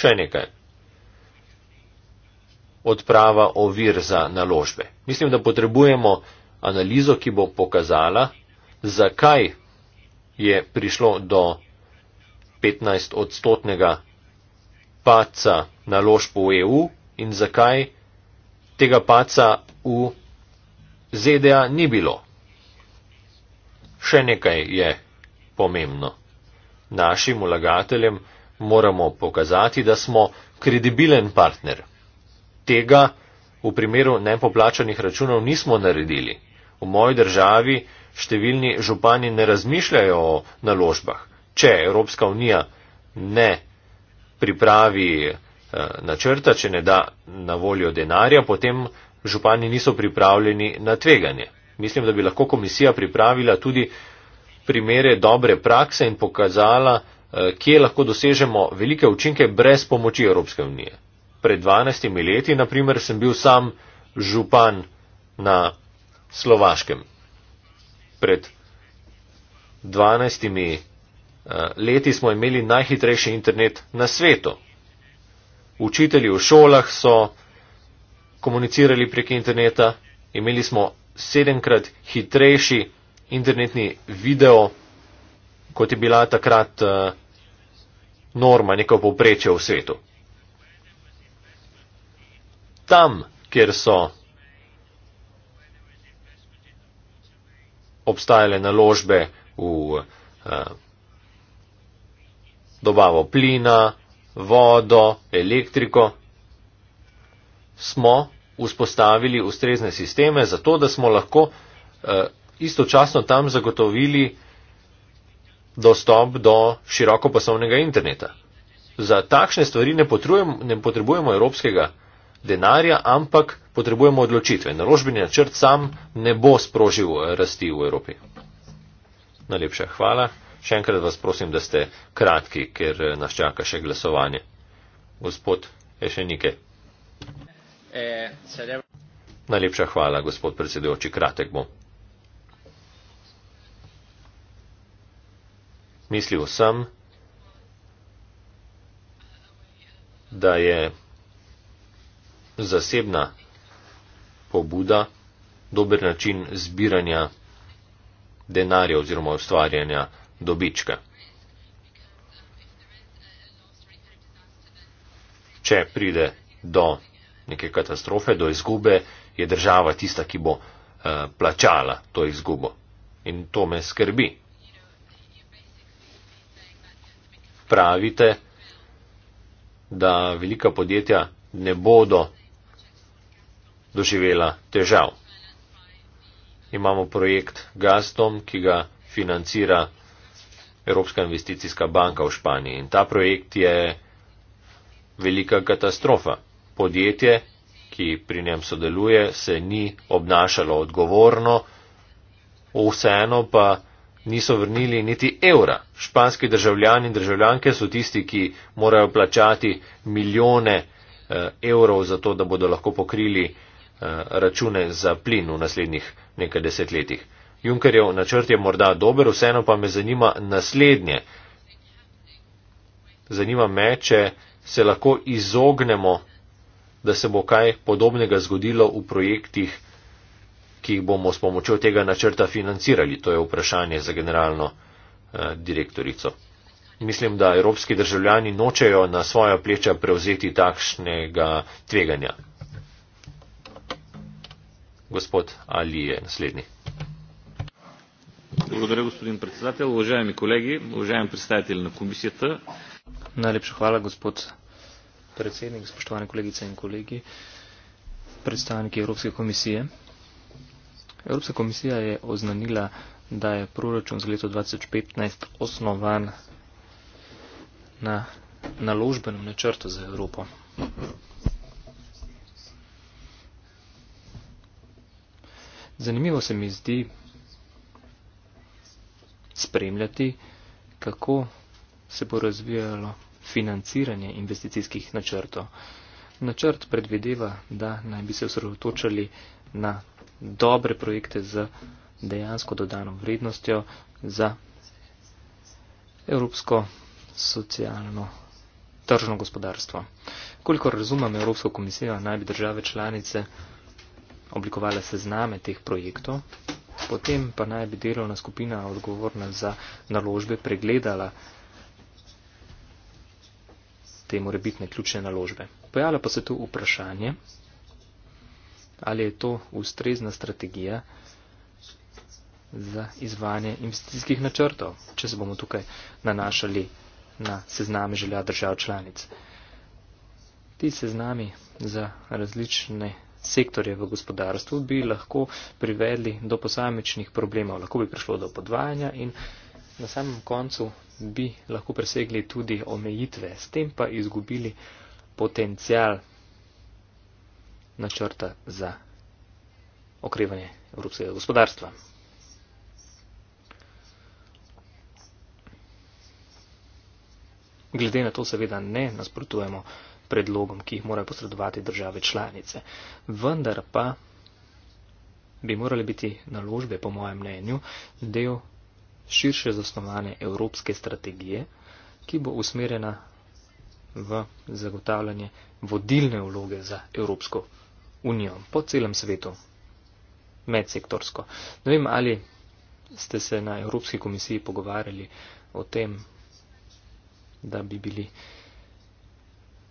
Speaker 1: Še nekaj. Odprava ovir za naložbe. Mislim, da potrebujemo analizo, ki bo pokazala, zakaj je prišlo do 15 odstotnega paca naložb v EU in zakaj tega paca v ZDA ni bilo. Še nekaj je pomembno. Našim ulagateljem moramo pokazati, da smo kredibilen partner. Tega v primeru nepoplačanih računov nismo naredili. V moji državi številni župani ne razmišljajo o naložbah. Če Evropska unija ne pripravi eh, načrta, če ne da na voljo denarja, potem župani niso pripravljeni na tveganje. Mislim, da bi lahko komisija pripravila tudi primere dobre prakse in pokazala, eh, kje lahko dosežemo velike učinke brez pomoči Evropske unije. Pred 12 leti, na primer, sem bil sam župan na Slovaškem. Pred 12 eh, leti smo imeli najhitrejši internet na svetu. Učitelji v šolah so komunicirali prek interneta, imeli smo sedemkrat hitrejši internet internetni video, kot je bila takrat eh, norma, neko povprečje v svetu. Tam, kjer so obstajale naložbe v eh, dobavo plina, vodo, elektriko, smo vzpostavili ustrezne sisteme, zato da smo lahko eh, istočasno tam zagotovili dostop do širokopasovnega interneta. Za takšne stvari ne potrebujemo, ne potrebujemo evropskega denarja, ampak potrebujemo odločitve. Naložbeni načrt sam ne bo sprožil eh, rasti v Evropi. Najlepša hvala. Še enkrat vas prosim, da ste kratki, ker eh, nas čaka še glasovanje. Gospod Ešenike. E, Najlepša hvala, gospod predsedujoči, kratek bom. Mislil sem, da je zasebna pobuda dober način zbiranja denarja oziroma ustvarjanja dobička. Če pride do neke katastrofe, do izgube, je država tista, ki bo uh, plačala to izgubo. In to me skrbi. pravite, da velika podjetja ne bodo doživela težav. Imamo projekt Gazdom, ki ga financira Evropska investicijska banka v Španiji. In ta projekt je velika katastrofa. Podjetje, ki pri njem sodeluje, se ni obnašalo odgovorno, vseeno pa niso vrnili niti evra. Španski državljani in državljanke so tisti, ki morajo plačati milijone eh, evrov za to, da bodo lahko pokrili eh, račune za plin v naslednjih nekaj desetletjih. Junkerjev načrt je morda dober, vseeno pa me zanima naslednje. Zanima me, če se lahko izognemo, da se bo kaj podobnega zgodilo v projektih ki jih bomo s pomočjo tega načrta financirali? To je vprašanje za generalno eh, direktorico. Mislim, da evropski državljani nočejo na svoja pleča prevzeti takšnega tveganja. Gospod Ali je naslednji. Благодаря,
Speaker 2: господин председател. Уважаеми колеги, уважаеми представители на комисията. Най-лепша хвала, господ председник, спощовани колегица и колеги, представники Европска комисия. Evropska komisija je oznanila, da je proračun za leto 2015 osnovan na naložbenem načrtu za Evropo. Zanimivo se mi zdi spremljati, kako se bo razvijalo financiranje investicijskih načrtov. Načrt predvideva, da naj bi se osredotočali na dobre projekte z dejansko dodano vrednostjo za evropsko socialno tržno gospodarstvo. Koliko razumem, Evropsko komisijo naj bi države članice oblikovale sezname teh projektov, potem pa naj bi delovna skupina odgovorna za naložbe pregledala te morebitne ključne naložbe. Pojavlja pa se tu vprašanje, ali je to ustrezna strategija za izvajanje investicijskih načrtov, če se bomo tukaj nanašali na sezname želja držav članic. Ti seznami za različne sektorje v gospodarstvu bi lahko privedli do posamičnih problemov. Lahko bi prišlo do podvajanja in na samem koncu bi lahko presegli tudi omejitve, s tem pa izgubili potencial načrta za okrevanje evropskega gospodarstva. Glede na to seveda ne nasprotujemo predlogom, ki jih morajo posredovati države članice, vendar pa bi morali biti naložbe, po mojem mnenju, del širše zasnovane evropske strategije, ki bo usmerjena v zagotavljanje vodilne vloge za evropsko unijo po celem svetu, medsektorsko. Ne vem, ali ste se na Evropski komisiji pogovarjali o tem, da bi bili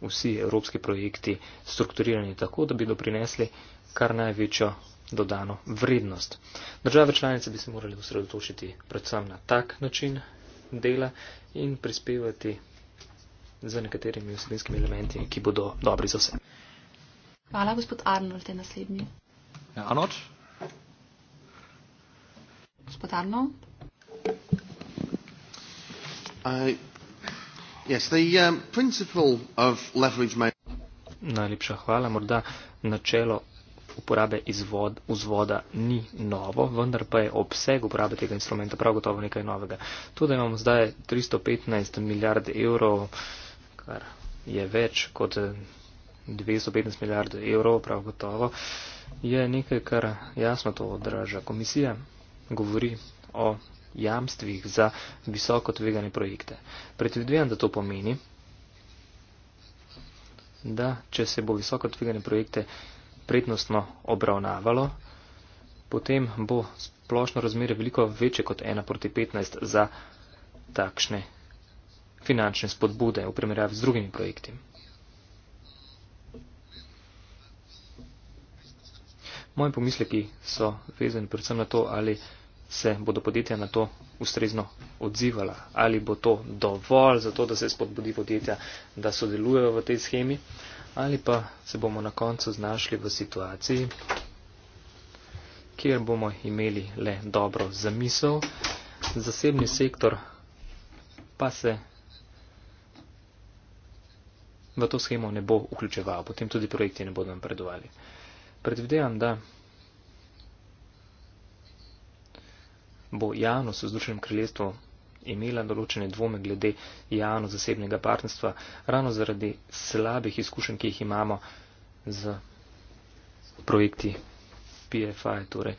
Speaker 2: vsi evropski projekti strukturirani tako, da bi doprinesli kar največjo dodano vrednost. Države članice bi se morali osredotočiti predvsem na tak način dela in prispevati z nekaterimi vsebinskimi elementi, ki bodo dobri za vse.
Speaker 4: Hvala, gospod Arnold, je naslednji. Ja, Arnold? Gospod Arnold?
Speaker 2: Uh, yes, the, um, of Najlepša hvala. Morda načelo uporabe izvod, vzvoda ni novo, vendar pa je obseg uporabe tega instrumenta prav gotovo nekaj novega. To, da imamo zdaj 315 milijard evrov, kar je več kot eh, 215 milijard evrov, prav gotovo, je nekaj, kar jasno to odraža. Komisija govori o jamstvih za visoko tvegane projekte. Predvidujem, da to pomeni, da če se bo visoko tvegane projekte prednostno obravnavalo, potem bo splošno razmerje veliko večje kot 1 proti 15 za takšne finančne spodbude v primerjavi z drugimi projekti. Moji pomisleki so vezani predvsem na to, ali se bodo podjetja na to ustrezno odzivala, ali bo to dovolj za to, da se spodbudi podjetja, da sodelujejo v tej schemi, ali pa se bomo na koncu znašli v situaciji, kjer bomo imeli le dobro zamisel, zasebni sektor pa se v to schemo ne bo vključeval, potem tudi projekti ne bodo napredovali. Predvidevam, da bo javnost v Združenem kraljestvu imela določene dvome glede javno zasebnega partnerstva, ravno zaradi slabih izkušenj, ki jih imamo z projekti PFI, torej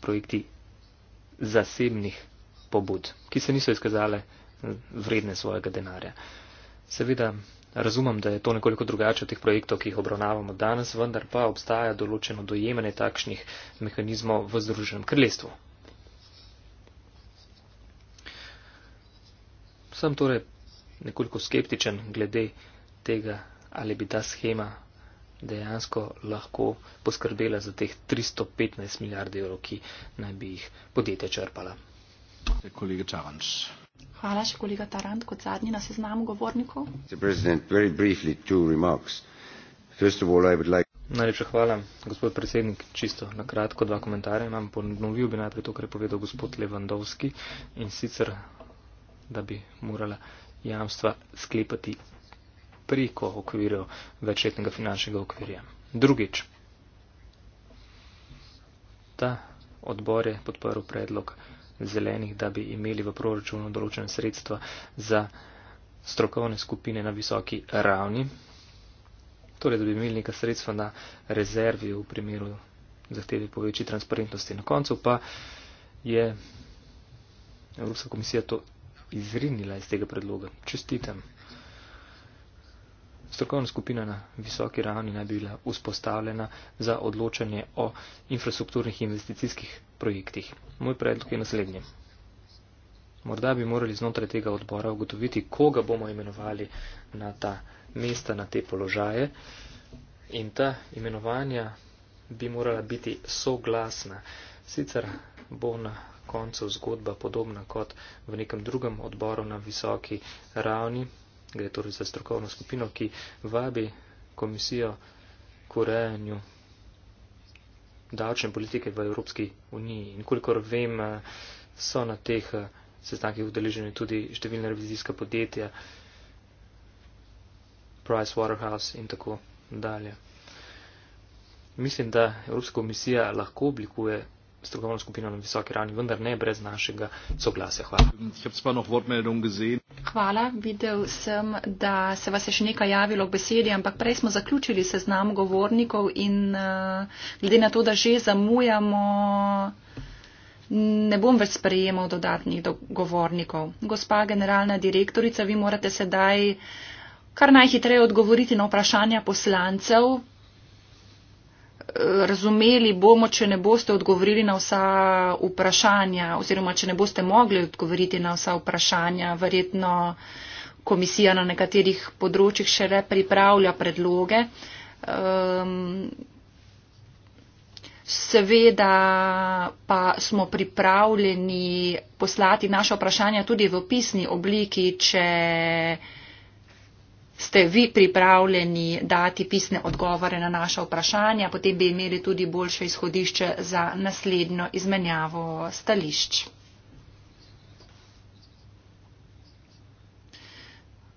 Speaker 2: projekti zasebnih pobud, ki se niso izkazale vredne svojega denarja. Seveda, Razumem, da je to nekoliko drugače od teh projektov, ki jih obravnavamo danes, vendar pa obstaja določeno dojemanje takšnih mehanizmov v Združenem krljestvu. Sem torej nekoliko skeptičen glede tega, ali bi ta schema dejansko lahko poskrbela za teh 315 milijard evrov, ki naj bi jih podjetja črpala. Kolega Čavanš.
Speaker 4: Hvala še kolega Tarant kot zadnji na seznamu govornikov.
Speaker 2: Najlepša hvala, gospod predsednik. Čisto na kratko dva komentarja. Imam ponovil bi najprej to, kar je povedal gospod Levandovski in sicer, da bi morala jamstva sklepati preko okvirov večletnega finančnega okvirja. Drugič, ta odbor je podporil predlog zelenih, da bi imeli v proračunu določene sredstva za strokovne skupine na visoki ravni, torej da bi imeli nekaj sredstva na rezervi v primeru zahteve po večji transparentnosti. Na koncu pa je Evropska komisija to izrinila iz tega predloga. Čestitam strokovna skupina na visoki ravni naj bi bila vzpostavljena za odločanje o infrastrukturnih investicijskih projektih. Moj predlog je naslednji. Morda bi morali znotraj tega odbora ugotoviti, koga bomo imenovali na ta mesta, na te položaje in ta imenovanja bi morala biti soglasna. Sicer bo na koncu zgodba podobna kot v nekem drugem odboru na visoki ravni, gre torej za strokovno skupino, ki vabi komisijo k urejanju davčne politike v Evropski uniji. In kolikor vem, so na teh eh, sestankih udeleženi tudi številna revizijska podjetja, Price Waterhouse in tako dalje. Mislim, da Evropska komisija lahko oblikuje strokovno skupino na visoki ravni, vendar ne brez našega soglasja. Hvala.
Speaker 4: Hvala. Videl sem, da se vas je še nekaj javilo k besedi, ampak prej smo zaključili seznam govornikov in eh, glede na to, da že zamujamo, ne bom več sprejemal dodatnih govornikov. Gospa generalna direktorica, vi morate sedaj kar najhitreje odgovoriti na vprašanja poslancev razumeli bomo, če ne boste odgovorili na vsa vprašanja oziroma če ne boste mogli odgovoriti na vsa vprašanja. Verjetno komisija na nekaterih področjih šele pripravlja predloge. Um, Seveda pa smo pripravljeni poslati naše vprašanja tudi v pisni obliki, če ste vi pripravljeni dati pisne odgovore na naša vprašanja, potem bi imeli tudi boljše izhodišče za naslednjo izmenjavo stališč.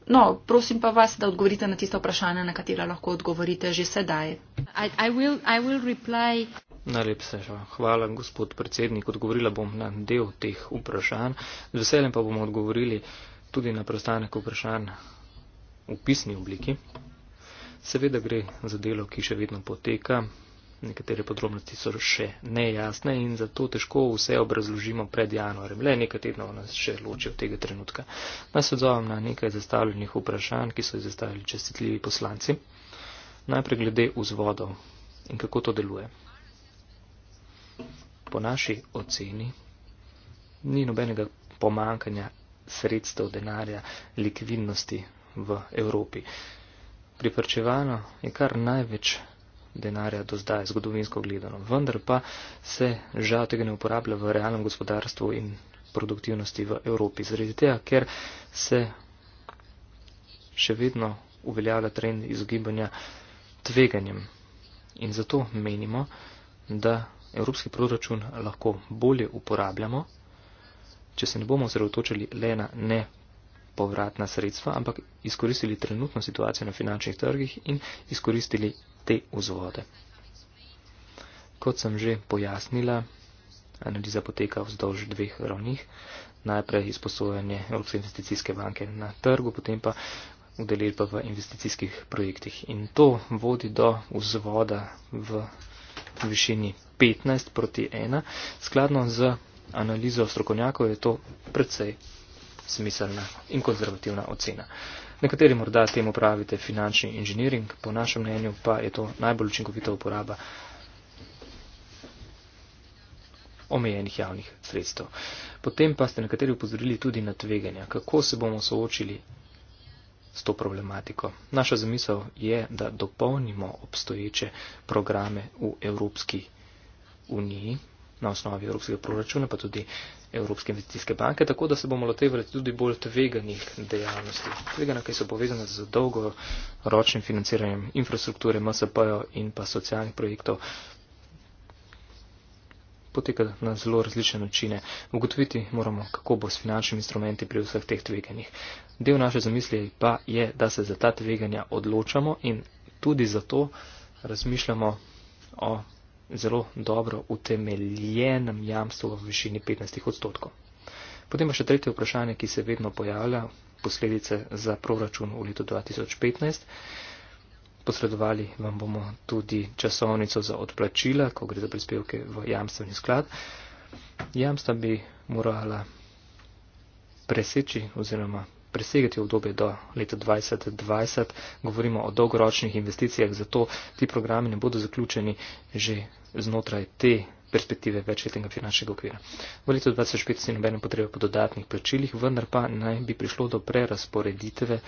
Speaker 4: No, prosim pa vas, da odgovorite na tisto vprašanje, na katero lahko odgovorite že sedaj. I, I will, I will
Speaker 2: Najlepša hvala, gospod predsednik. Odgovorila bom na del teh vprašanj. Z veseljem pa bomo odgovorili tudi na prostanek vprašanj v pisni obliki. Seveda gre za delo, ki še vedno poteka, nekatere podrobnosti so še nejasne in zato težko vse obrazložimo pred januarjem. Le nekaj tednov nas še loči od tega trenutka. Naj se odzovem na nekaj zastavljenih vprašanj, ki so jih zastavili čestitljivi poslanci. Najprej glede vzvodov in kako to deluje. Po naši oceni ni nobenega pomankanja sredstev, denarja, likvidnosti v Evropi. Priprčevano je kar največ denarja do zdaj, zgodovinsko gledano, vendar pa se žal tega ne uporablja v realnem gospodarstvu in produktivnosti v Evropi, zaradi tega, ker se še vedno uveljavlja trend izogibanja tveganjem. In zato menimo, da evropski proračun lahko bolje uporabljamo, če se ne bomo zredotočili le na ne povratna sredstva, ampak izkoristili trenutno situacijo na finančnih trgih in izkoristili te vzvode. Kot sem že pojasnila, analiza poteka vzdolž dveh ravni. Najprej izposojanje Evropske investicijske banke na trgu, potem pa udeležba v investicijskih projektih. In to vodi do vzvoda v višini 15 proti 1. Skladno z analizo strokovnjakov je to precej smiselna in konzervativna ocena. Nekateri morda temu pravite finančni inženiring, po našem mnenju pa je to najbolj učinkovita uporaba omejenih javnih sredstev. Potem pa ste nekateri upozorili tudi na tveganja, kako se bomo soočili s to problematiko. Naša zamisel je, da dopolnimo obstoječe programe v Evropski uniji na osnovi Evropskega proračuna, pa tudi Evropske investicijske banke, tako da se bomo lotevali tudi bolj tveganih dejavnosti. Tvegana, ki so povezane z dolgoročnim financiranjem infrastrukture, MSP-jo in pa socialnih projektov, poteka na zelo različne načine. Ugotoviti moramo, kako bo s finančnimi instrumenti pri vseh teh tveganjih. Del naše zamisli pa je, da se za ta tveganja odločamo in tudi zato razmišljamo o zelo dobro utemeljenem jamstvu v višini 15 odstotkov. Potem pa še tretje vprašanje, ki se vedno pojavlja, posledice za proračun v letu 2015. Posredovali vam bomo tudi časovnico za odplačila, ko gre za prispevke v jamstveni sklad. Jamstva bi morala preseči oziroma presegati obdobje do leta 2020. Govorimo o dolgoročnih investicijah, zato ti programi ne bodo zaključeni že znotraj te perspektive večletnega finančnega okvira. V letu 2005 si nobene potrebe po dodatnih plačilih, vendar pa naj bi prišlo do prerasporeditve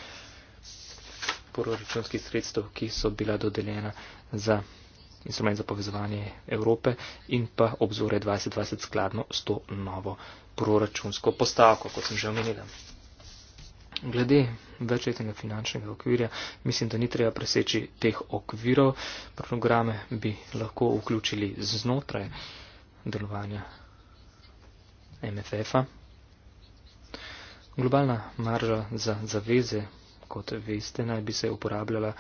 Speaker 2: proračunskih sredstev, ki so bila dodeljena za instrument za povezovanje Evrope in pa obzore 2020 skladno s to novo proračunsko postavko, kot sem že omenila. Glede večletnega finančnega okvirja, mislim, da ni treba preseči teh okvirov. Programe bi lahko vključili znotraj delovanja MFF-a. Globalna marža za zaveze, kot veste, naj bi se uporabljala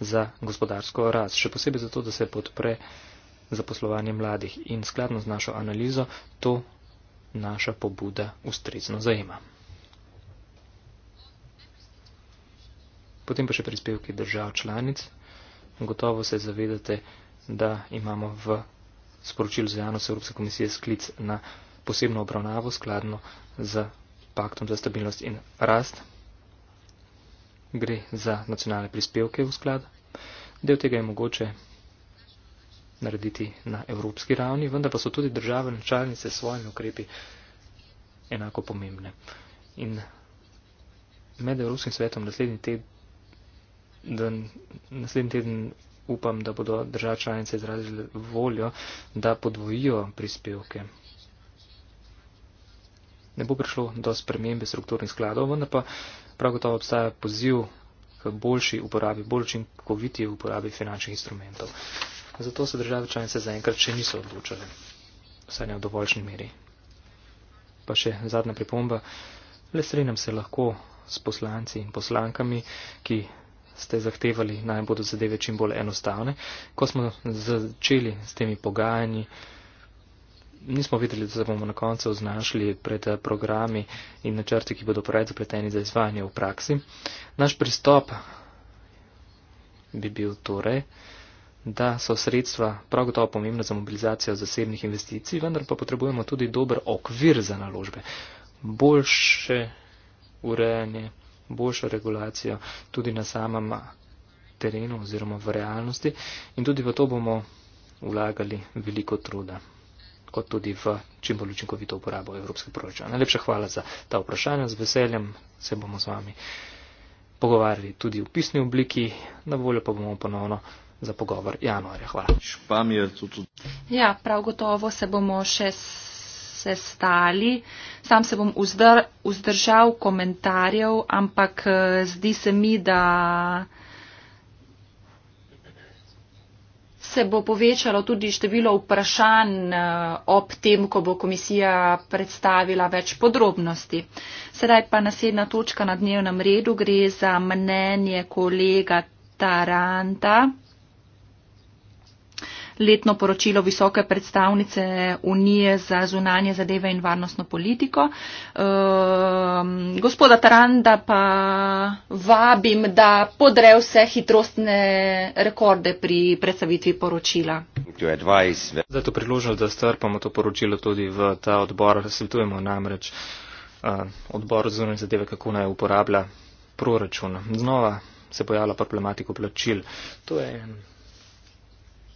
Speaker 2: za gospodarsko rast, še posebej zato, da se podpre zaposlovanje mladih in skladno z našo analizo to naša pobuda ustrezno zajema. potem pa še prispevki držav članic. Gotovo se zavedate, da imamo v sporočilu za javnost Evropske komisije sklic na posebno obravnavo skladno z paktom za stabilnost in rast. Gre za nacionalne prispevke v sklad. Del tega je mogoče narediti na evropski ravni, vendar pa so tudi države načalnice s svojimi ukrepi enako pomembne. In med Evropskim svetom naslednji teden da naslednji teden upam, da bodo države članice izrazile voljo, da podvojijo prispevke. Ne bo prišlo do spremembe strukturnih skladov, vendar pa prav gotovo obstaja poziv k boljši uporabi, bolj učinkoviti uporabi finančnih instrumentov. Zato se države članice zaenkrat še niso odločile, vsaj ne v dovoljšni meri. Pa še zadnja pripomba. Le strinjam se lahko s poslanci in poslankami, ki ste zahtevali, naj bodo zadeve čim bolj enostavne. Ko smo začeli s temi pogajanji, nismo videli, da se bomo na koncu označili pred eh, programi in načrti, ki bodo pravi zapleteni za izvajanje v praksi. Naš pristop bi bil torej, da so sredstva prav gotovo pomembna za mobilizacijo zasebnih investicij, vendar pa potrebujemo tudi dober okvir za naložbe. Boljše urejanje boljšo regulacijo tudi na samem terenu oziroma v realnosti in tudi v to bomo vlagali veliko truda, kot tudi v čim bolj učinkovito uporabo evropskih proračuna. Najlepša hvala za ta vprašanja, z veseljem se bomo z vami pogovarjali tudi v pisni obliki, na voljo pa bomo ponovno za pogovor januarja. Hvala.
Speaker 4: Ja, prav gotovo se bomo še s sestali. Sam se bom vzdr vzdržal komentarjev, ampak eh, zdi se mi, da se bo povečalo tudi število vprašanj eh, ob tem, ko bo komisija predstavila več podrobnosti. Sedaj pa naslednja točka na dnevnem redu gre za mnenje kolega Taranta letno poročilo visoke predstavnice Unije za zunanje zadeve in varnostno politiko. Um, gospoda Taranda pa vabim, da podre vse hitrostne rekorde pri predstavitvi poročila.
Speaker 2: Zato priložnost, da strpamo to poročilo tudi v ta odbor, svetujemo namreč uh, odbor zunanje zadeve, kako naj uporablja proračun. Znova se pojavlja problematiko plačil. To je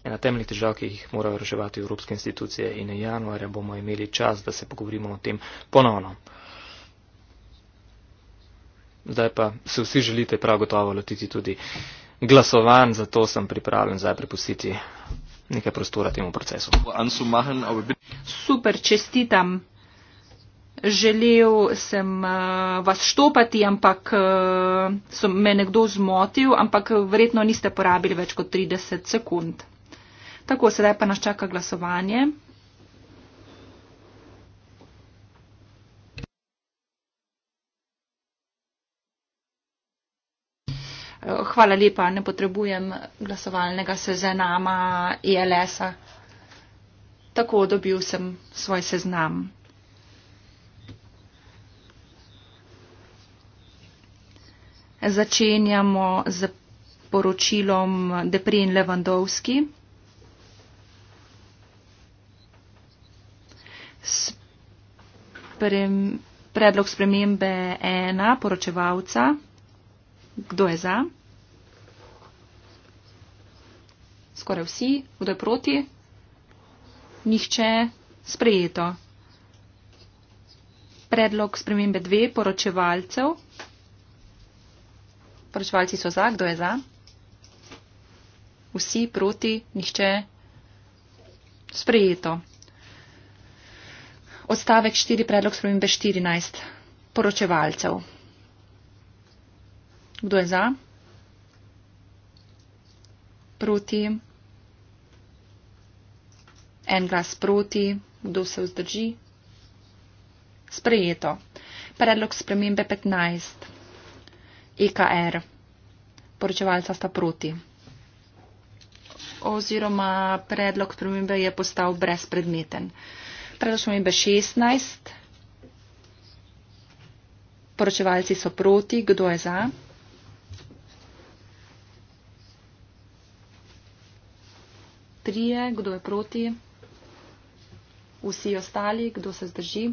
Speaker 2: ena temeljnih težav, ki jih morajo reševati evropske institucije in januarja bomo imeli čas, da se pogovorimo o tem ponovno. Zdaj pa se vsi želite prav gotovo lotiti tudi glasovanj, zato sem pripravljen zdaj prepustiti nekaj prostora temu procesu.
Speaker 4: Super, čestitam. Želel sem uh, vas štopati, ampak uh, me nekdo zmotil, ampak verjetno niste porabili več kot 30 sekund. Tako, sedaj pa nas čaka glasovanje. Hvala lepa, ne potrebujem glasovalnega seznama ILS-a. E Tako dobil sem svoj seznam. Začenjamo z poročilom Deprin Levandovski. sprem, predlog spremembe ena poročevalca. Kdo je za? Skoraj vsi. Kdo je proti? Nihče. Sprejeto. Predlog spremembe dve poročevalcev. Poročevalci so za. Kdo je za? Vsi proti? Nihče. Sprejeto odstavek 4 predlog spremembe 14 poročevalcev. Kdo je za? Proti. En glas proti. Kdo se vzdrži? Sprejeto. Predlog spremembe 15. EKR. Poročevalca sta proti. Oziroma predlog spremembe je postal brezpredmeten predlog spremembe 16. Poročevalci so proti. Kdo je za? Trije. Kdo je proti? Vsi ostali. Kdo se zdrži?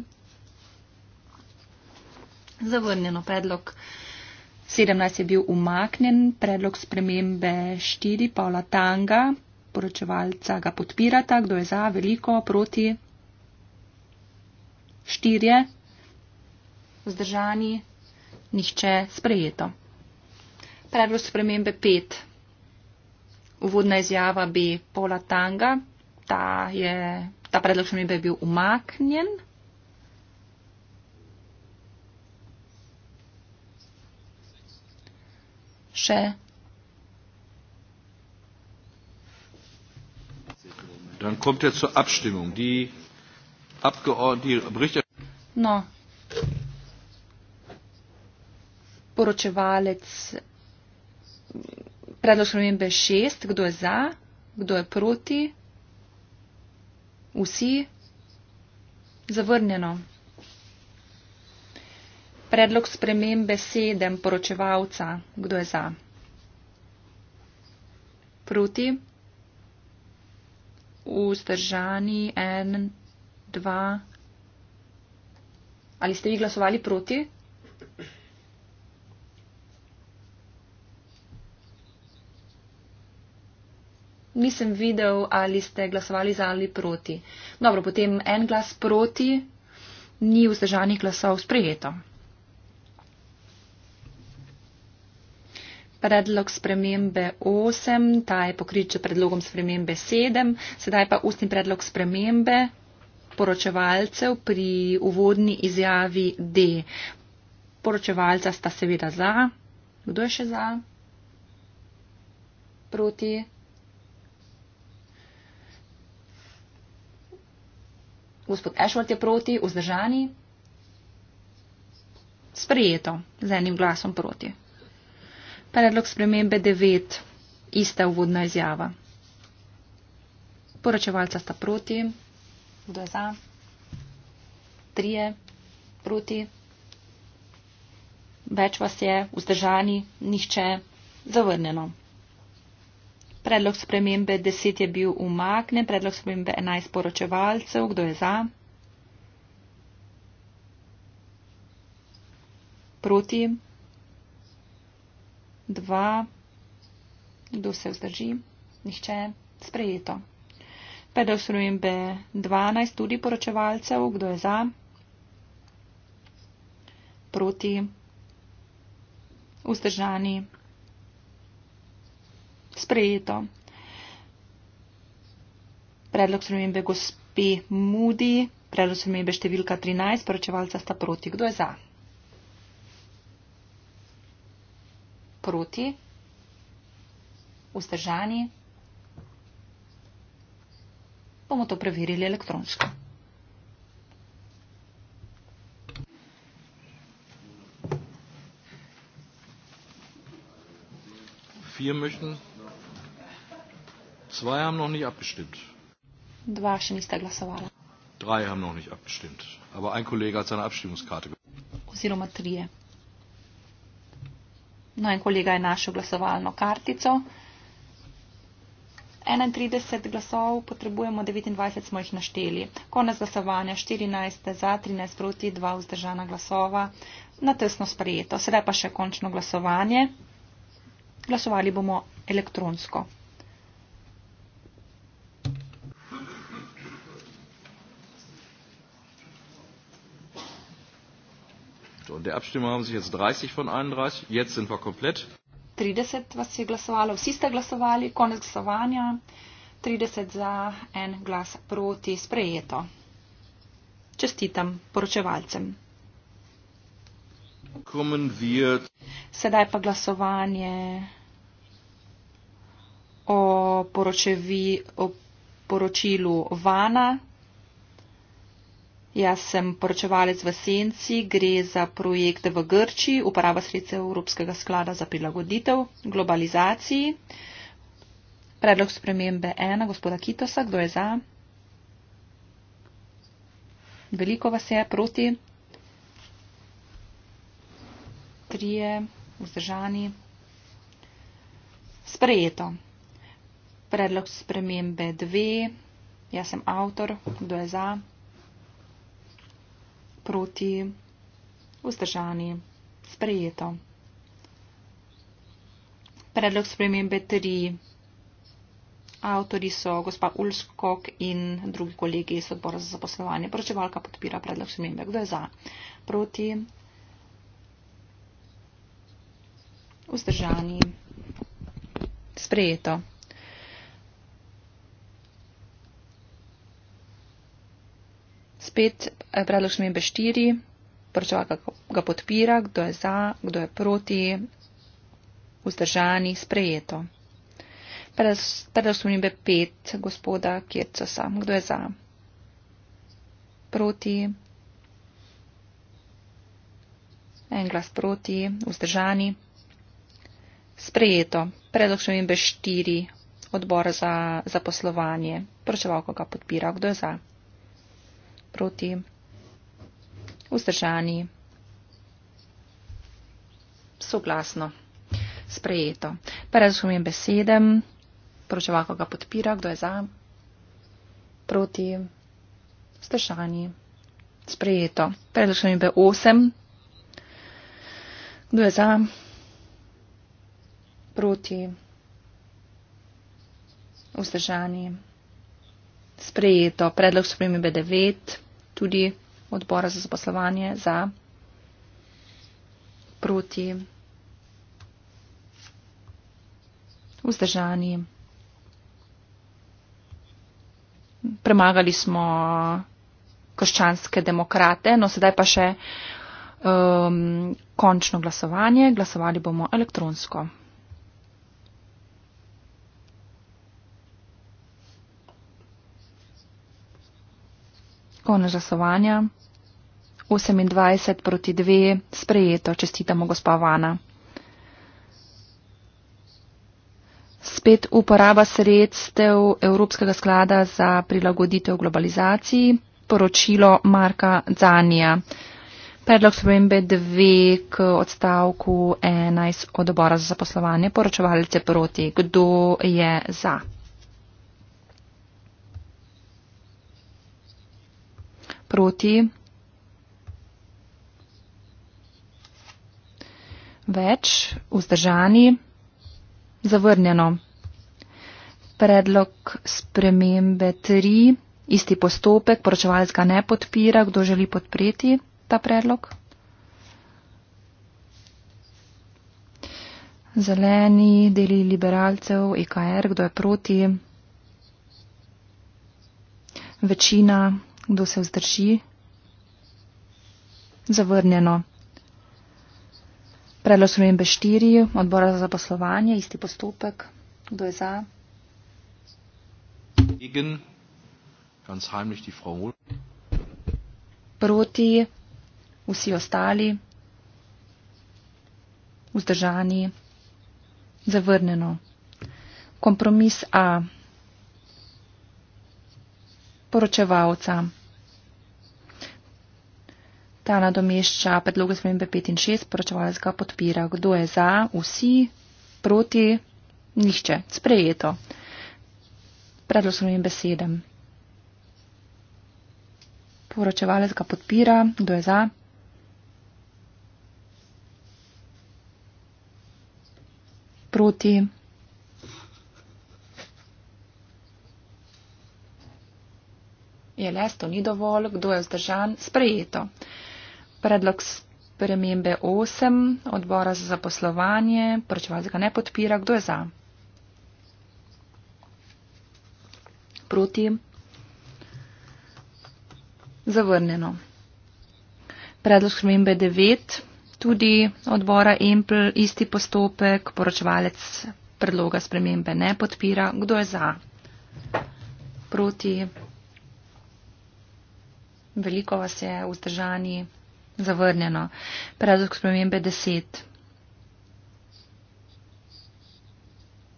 Speaker 4: Zavrnjeno predlog. 17 je bil umaknjen. Predlog spremembe 4. Paula Tanga. Poročevalca ga podpirata. Kdo je za? Veliko. Proti štirje vzdržani, nihče sprejeto. Predlog spremembe pet. Uvodna izjava bi pola tanga. Ta, je, ta predlog spremembe je bil umaknjen. Še. Dann kommt
Speaker 3: er zur Abstimmung. Die
Speaker 4: No, poročevalec predlog spremembe šest, kdo je za, kdo je proti, vsi, zavrnjeno. Predlog spremembe sedem, poročevalca, kdo je za, proti, vzdržani en dva. Ali ste vi glasovali proti? Nisem videl, ali ste glasovali za ali proti. Dobro, potem en glas proti, ni vzdržanih glasov sprejeto. Predlog spremembe 8, ta je pokrit predlogom spremembe 7, sedaj pa ustni predlog spremembe poročevalcev pri uvodni izjavi D. Poročevalca sta seveda za. Kdo je še za? Proti? Gospod Ešvart je proti, vzdržani. Sprejeto, z enim glasom proti. Predlog spremembe 9, ista uvodna izjava. Poročevalca sta proti. Kdo je za? Trije proti. Več vas je vzdržani, nihče zavrnjeno. Predlog spremembe 10 je bil umaknen, predlog spremembe 11 poročevalcev. Kdo je za? Proti. Dva. Kdo se vzdrži? Nihče. Sprejeto. Pedosrujim B12 tudi poročevalcev, kdo je za, proti, vzdržani, sprejeto. Predlog spremembe gospe Mudi, predlog spremembe številka 13, poročevalca sta proti. Kdo je za? Proti. Vzdržani bomo to preverili elektronsko. Dva še niste glasovala.
Speaker 3: Drei haben noch nicht abgestimmt. Aber ein Kollege hat seine Abstimmungskarte gebracht.
Speaker 4: Oziroma trije. No, ein Kollege hat našo glasovalno kartico. 31 glasov potrebujemo, 29 smo jih našteli. Konec glasovanja 14 za, 13 proti, 2 vzdržana glasova. Na tesno sprejeto. Sedaj pa še končno glasovanje. Glasovali bomo elektronsko.
Speaker 3: Der Abstimmung haben sich jetzt 30 von 31. Jetzt sind wir komplett.
Speaker 4: 30 vas je glasovalo, vsi ste glasovali, konec glasovanja, 30 za, en glas proti, sprejeto. Čestitam poročevalcem. Sedaj pa glasovanje o, poročevi, o poročilu Vana. Jaz sem poročevalec v Senci, gre za projekt v Grči, uporaba sredstev Evropskega sklada za prilagoditev globalizaciji. Predlog spremembe ena, gospoda Kitosa, kdo je za? Veliko vas je proti. Trije, vzdržani. Sprejeto. Predlog spremembe dve, jaz sem avtor, kdo je za? proti, vzdržani, sprejeto. Predlog spremembe 3. Avtori so gospa Ulskok in drugi kolegi iz odbora za zaposlovanje. Poročevalka podpira predlog spremembe. Kdo je za? Proti. Vzdržani. Sprejeto. spet eh, predlog smembe 4, poročava, kako ga podpira, kdo je za, kdo je proti, vzdržani, sprejeto. Predlog smembe 5, gospoda Kircosa, kdo je za, proti, en glas proti, vzdržani, sprejeto. Predlog smembe 4, odbor za zaposlovanje, poročava, kako ga podpira, kdo je za proti vzdržani soglasno sprejeto. Prerazumem besede, poročevalko ga podpira, kdo je za, proti vzdržani sprejeto. Prerazumem B8, kdo je za, proti vzdržani sprejeto sprejeto. Predlog spremembe 9 tudi odbora za zaposlovanje za proti vzdržani. Premagali smo krščanske demokrate, no sedaj pa še um, končno glasovanje. Glasovali bomo elektronsko. Konec glasovanja. 28 proti 2 sprejeto. Čestitamo, gospa Vana. Spet uporaba sredstev Evropskega sklada za prilagoditev globalizaciji. Poročilo Marka Zanija. Predlog spremembe 2 k odstavku 11 od obora za zaposlovanje. Poročevalce proti. Kdo je za? proti več, vzdržani, zavrnjeno. Predlog spremembe 3, isti postopek, poročevalec ga ne podpira, kdo želi podpreti ta predlog. Zeleni, deli liberalcev, IKR, e kdo je proti? Večina, Kdo se vzdrži? Zavrnjeno. Predlog spremembe 4, odbora za zaposlovanje, isti postopek. Kdo je za?
Speaker 3: Gegen, ganz heimlich die Frau Mohl.
Speaker 4: Proti, vsi ostali, vzdržani, zavrnjeno. Kompromis A poročevalca. Ta nadomešča predlog spremembe 5 in 6, poročevalec ga podpira. Kdo je za, vsi, proti, nihče. Sprejeto. Predlog spremembe 7. Poročevalec ga podpira, kdo je za. Proti, je le, to ni dovolj, kdo je vzdržan, sprejeto. Predlog spremembe 8 odbora za zaposlovanje, poročevalce ga ne podpira, kdo je za. Proti. Zavrnjeno. Predlog spremembe 9, tudi odbora Empl, isti postopek, poročevalec predloga spremembe ne podpira, kdo je za. Proti veliko vas je v zdržani zavrnjeno. Predlog spremembe 10.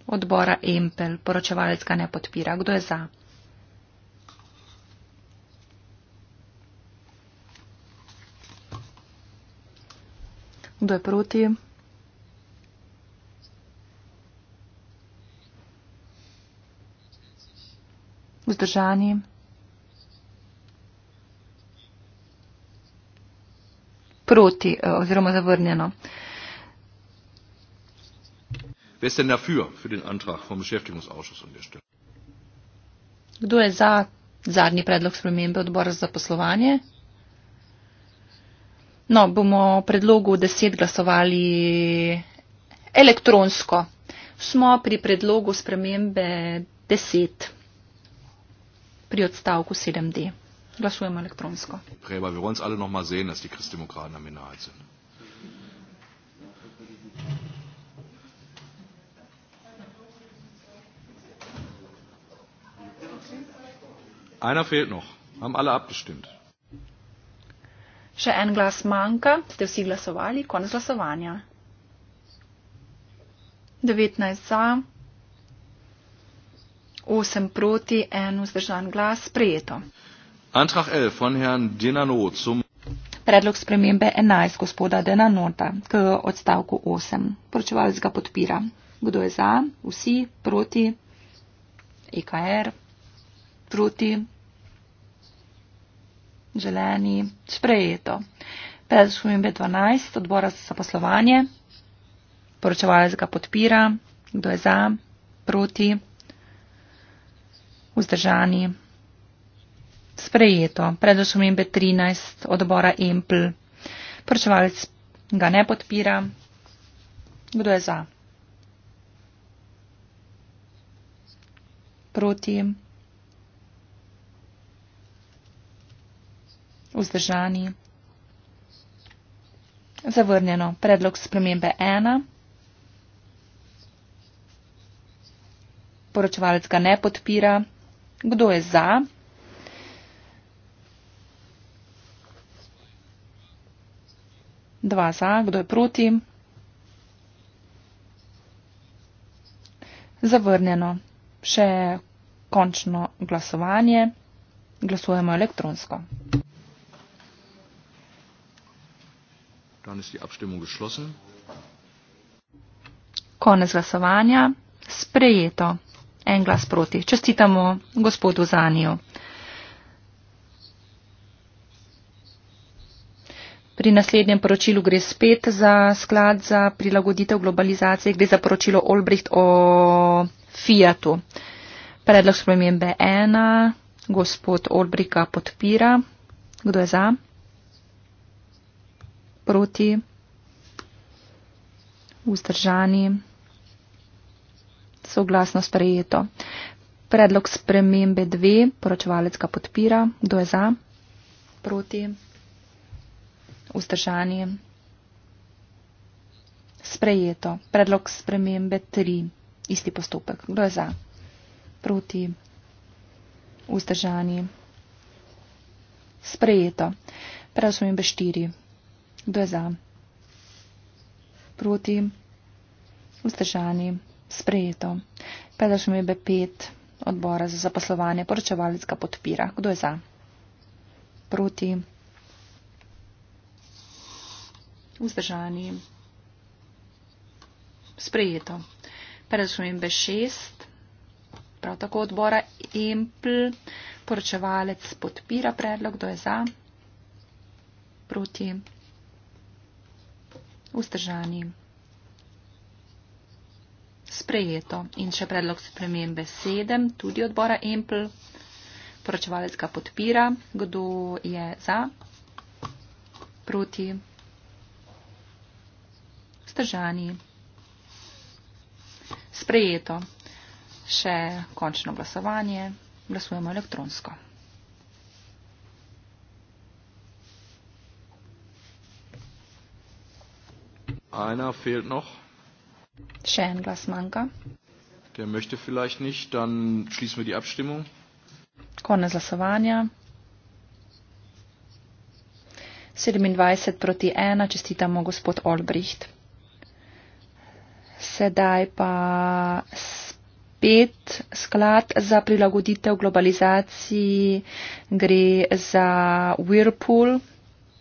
Speaker 4: Odbora Empel, poročevalec ga ne podpira. Kdo je za? Kdo je proti? Vzdržani. proti eh, oziroma zavrnjeno. Kdo je za zadnji predlog spremembe odbora za poslovanje? No, bomo o predlogu 10 glasovali elektronsko. Smo pri predlogu spremembe 10 pri odstavku 7D. Glasujemo elektronsko.
Speaker 3: Treba bi vsi še enkrat videti, da so kristdemokrati na minoriteti. Einer fehlt noch. Haben alle abgestimmt.
Speaker 4: Še en glas manjka, ste vsi glasovali, konec glasovanja. 19 za, 8 proti, 1 vzdržan glas, sprejeto.
Speaker 3: Antrag 11 von Herrn Denano zum
Speaker 4: Predlog spremembe 11 gospoda Denanota k odstavku 8. Poročevalec ga podpira. Kdo je za? Vsi? Proti? EKR? Er? Proti? Želeni? Sprejeto. Predlog spremembe 12 odbora za zaposlovanje. Poročevalec ga podpira. Kdo je za? Proti? Vzdržani? sprejeto, predvsem omembe 13 odbora EMPL. Prčevalec ga ne podpira. Kdo je za? Proti? Vzdržani? Zavrnjeno. Predlog spremembe 1. Poročevalec ga ne podpira. Kdo je za? 2 za, kdo je proti? Zavrnjeno. Še končno glasovanje. Glasujemo elektronsko. Konec glasovanja. Sprejeto. En glas proti. Čestitamo gospodu Zaniju. Pri naslednjem poročilu gre spet za sklad za prilagoditev globalizacije, gre za poročilo Olbricht o Fiatu. Predlog spremembe ena, gospod Olbrika podpira. Kdo je za? Proti? Vzdržani? Soglasno sprejeto. Predlog spremembe dve, poročevalec ga podpira. Kdo je za? Proti? vzdržani. Sprejeto. Predlog spremembe 3. Isti postopek. Kdo je za? Proti. Vzdržani. Sprejeto. Predlog spremembe 4. Kdo je za? Proti. Vzdržani. Sprejeto. Predlog spremembe 5. Odbora za zaposlovanje poročevalec ga podpira. Kdo je za? Proti vzdržani. Sprejeto. Preračunim B6, prav tako odbora EMPL. Poročevalec podpira predlog, kdo je za, proti, vzdržani. Sprejeto. In še predlog spremembe 7, tudi odbora EMPL. Poročevalec ga podpira, kdo je za, proti, vzdržani vzdržani. Sprejeto. Še končno glasovanje. Glasujemo elektronsko.
Speaker 3: Einer fehlt noch.
Speaker 4: Še en glas manjka.
Speaker 3: Der möchte vielleicht nicht, dann schließen wir die Abstimmung.
Speaker 4: Konec glasovanja. 27 proti 1, čestitamo gospod Olbricht sedaj pa spet sklad za prilagoditev globalizaciji gre za Whirlpool,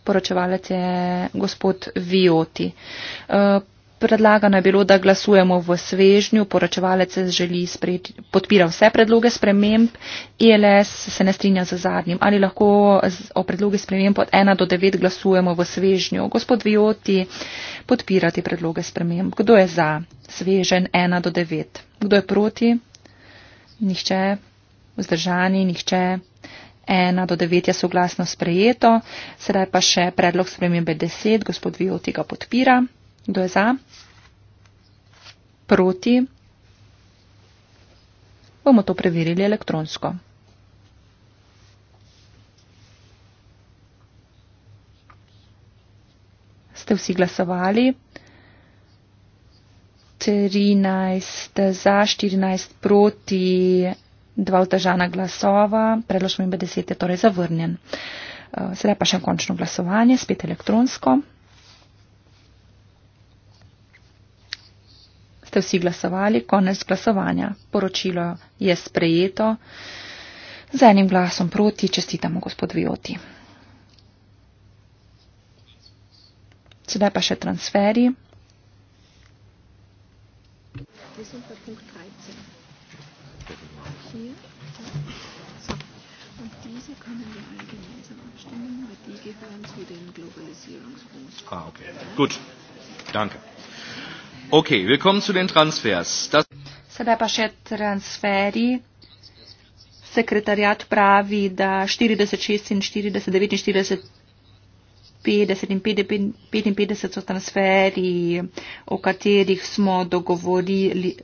Speaker 4: poročevalec je gospod Vioti. Eh, predlagano je bilo, da glasujemo v svežnju, poročevalec želi sprejeti, podpira vse predloge sprememb, ILS e se ne strinja z zadnjim. Ali lahko o predloge sprememb od 1 do 9 glasujemo v svežnju? Gospod Vioti, podpirati predloge sprememb. Kdo je za svežen 1 do 9? Kdo je proti? Nihče. Vzdržani, nihče. 1 do 9 je soglasno sprejeto, sedaj pa še predlog spremembe 10, gospod Vijoti ga podpira. Kdo je za? Proti? Bomo to preverili elektronsko. Ste vsi glasovali? 13 za, 14 proti, 2 vzdržana glasova, predložen mi je 10, torej zavrnjen. Uh, sedaj pa še končno glasovanje, spet elektronsko. ste vsi glasovali, konec glasovanja. Poročilo je sprejeto. Z enim glasom proti čestitamo gospod Vioti. Sedaj pa še transferi. Ah, okay. Gut,
Speaker 3: danke. Ok, willkommen zu den Transfers. Das
Speaker 4: Sedaj pa še transferi. Sekretariat pravi, da 46 in 49 in 49 50 in 55 so transferi, o katerih smo,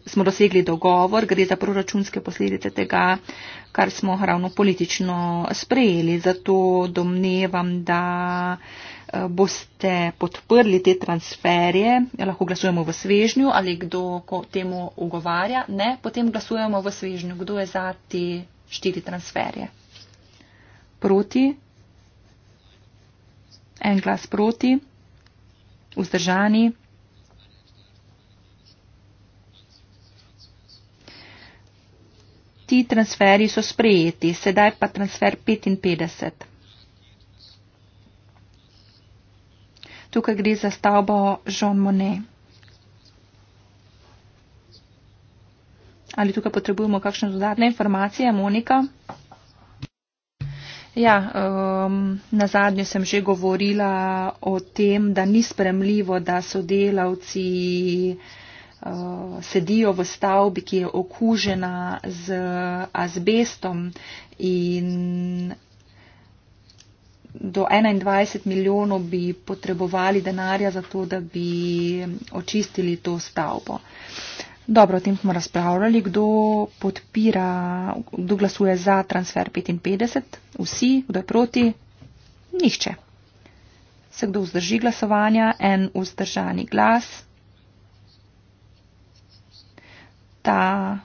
Speaker 4: smo dosegli dogovor. Gre za proračunske posledice tega, kar smo ravno politično sprejeli. Zato domnevam, da eh, boste podprli te transferje. Lahko glasujemo v svežnju ali kdo temu ugovarja. Ne, potem glasujemo v svežnju. Kdo je za te štiri transferje? Proti en glas proti, vzdržani. Ti transferi so sprejeti, sedaj pa transfer 55. Tukaj gre za stavbo Jean Monnet. Ali tukaj potrebujemo kakšne dodatne informacije, Monika? Ja, um, na zadnje sem že govorila o tem, da ni spremljivo, da so delavci uh, sedijo v stavbi, ki je okužena z azbestom in do 21 milijonov bi potrebovali denarja za to, da bi očistili to stavbo. Uh, Dobro, o tem smo razpravljali, kdo podpira, kdo glasuje za transfer 55, vsi, kdo je proti, nihče. Se kdo vzdrži glasovanja, en vzdržani glas. Ta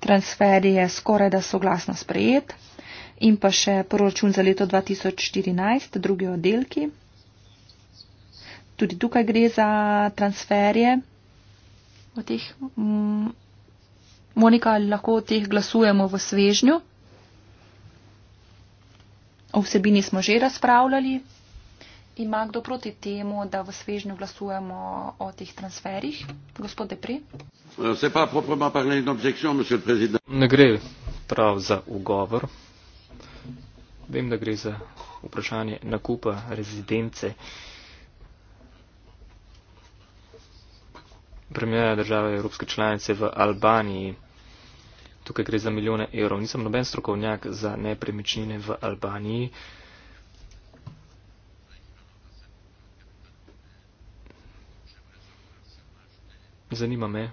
Speaker 4: transfer je skoraj da soglasno sprejet in pa še poročun za leto 2014, drugi oddelki. Tudi tukaj gre za transferje v teh, mm, Monika, ali lahko o teh glasujemo v svežnju. O vsebini smo že razpravljali. Ima kdo proti temu, da v svežnju glasujemo o teh transferjih? Gospod Depri?
Speaker 1: Euh, ne gre prav za ugovor.
Speaker 2: Vem, da gre za vprašanje nakupa rezidence. Uh, premjera države Evropske članice v Albaniji. Tukaj gre za milijone evrov. Nisem noben strokovnjak za nepremičnine v Albaniji. Zanima me,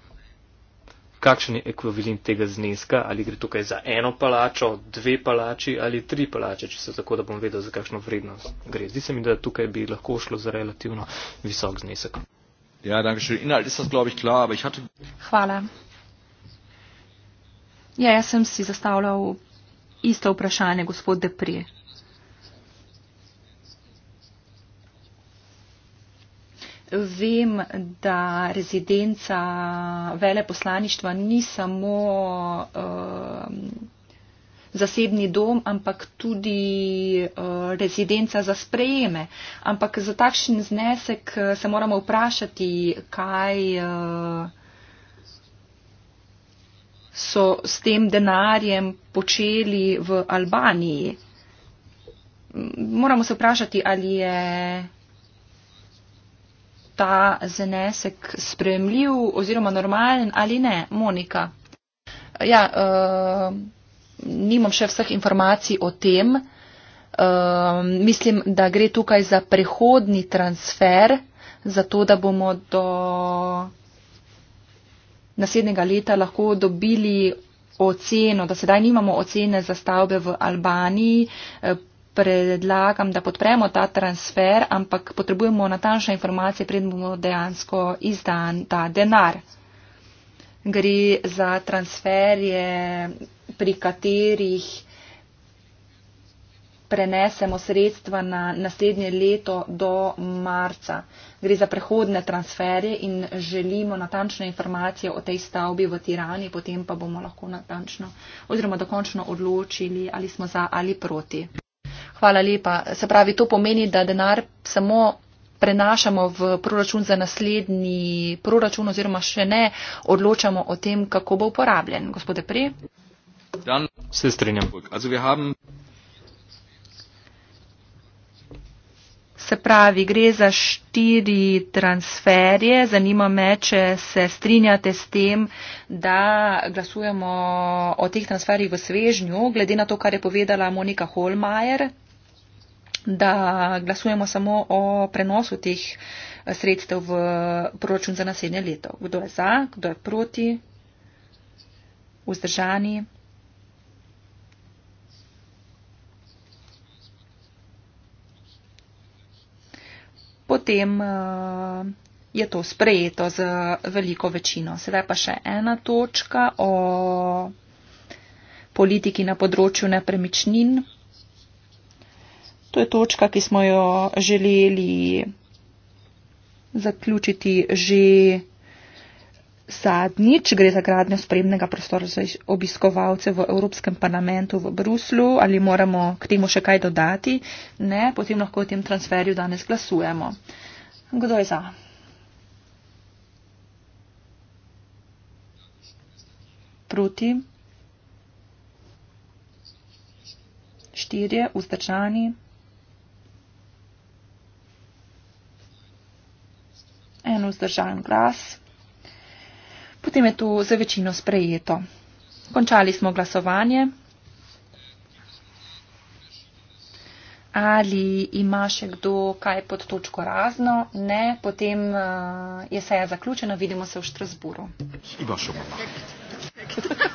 Speaker 2: kakšen je ekvivalent tega zneska, ali gre tukaj za eno palačo, dve palači ali tri palače, če se tako, da bom vedel, za kakšno vrednost gre. Zdi se mi, da tukaj bi lahko šlo za relativno visok znesek. Ja, hvala
Speaker 4: ja jaz sem si zastavljal isto vprašanje gospod deprije Vem, da rezidenca veleposlaništva ni samo uh, zasebni dom, ampak tudi uh, rezidenca za sprejeme. Ampak za takšen znesek eh, se moramo vprašati, kaj uh, so s tem denarjem počeli v Albaniji. Moramo se vprašati, ali je ta znesek spremljiv oziroma normalen ali ne. Monika. Ja, uh, nimam še vseh informacij o tem. Um, mislim, da gre tukaj za prehodni transfer, zato da bomo do naslednjega leta lahko dobili oceno, da sedaj nimamo ocene za stavbe v Albaniji. Eh, predlagam, da podpremo ta transfer, ampak potrebujemo natančne informacije, predem bomo dejansko izdan ta denar. Gre za transfer je pri katerih prenesemo sredstva na naslednje leto do marca. Gre za prehodne transferje in želimo natančne informacije o tej stavbi v Tirani, potem pa bomo lahko natančno oziroma dokončno odločili, ali smo za ali proti. Hvala lepa. Se pravi, to pomeni, da denar samo prenašamo v proračun za naslednji proračun oziroma še ne odločamo o tem, kako bo uporabljen. Gospode Pri.
Speaker 3: Dann ist es drinnen. Also wir haben
Speaker 4: Se pravi, gre za štiri transferje. Zanima me, če se strinjate s tem, da glasujemo o teh transferjih v svežnju, glede na to, kar je povedala Monika Holmajer, da glasujemo samo o prenosu teh eh, sredstev v proračun za naslednje leto. Kdo je za, kdo je proti, vzdržani. potem eh, je to sprejeto z veliko večino. Sedaj pa še ena točka o politiki na področju nepremičnin. To je točka, ki smo jo želeli zaključiti že zadnjič gre za gradnjo spremnega prostora za obiskovalce v Evropskem parlamentu v Bruslu. Ali moramo k temu še kaj dodati? Ne, potem lahko o tem transferju danes glasujemo. Kdo je za? Proti? Štirje, vzdržani. En vzdržan glas potem je to za večino sprejeto. Končali smo glasovanje. Ali ima še kdo kaj pod točko razno? Ne, potem uh, je seja zaključena, vidimo se v Štrasburu. Iba šoma.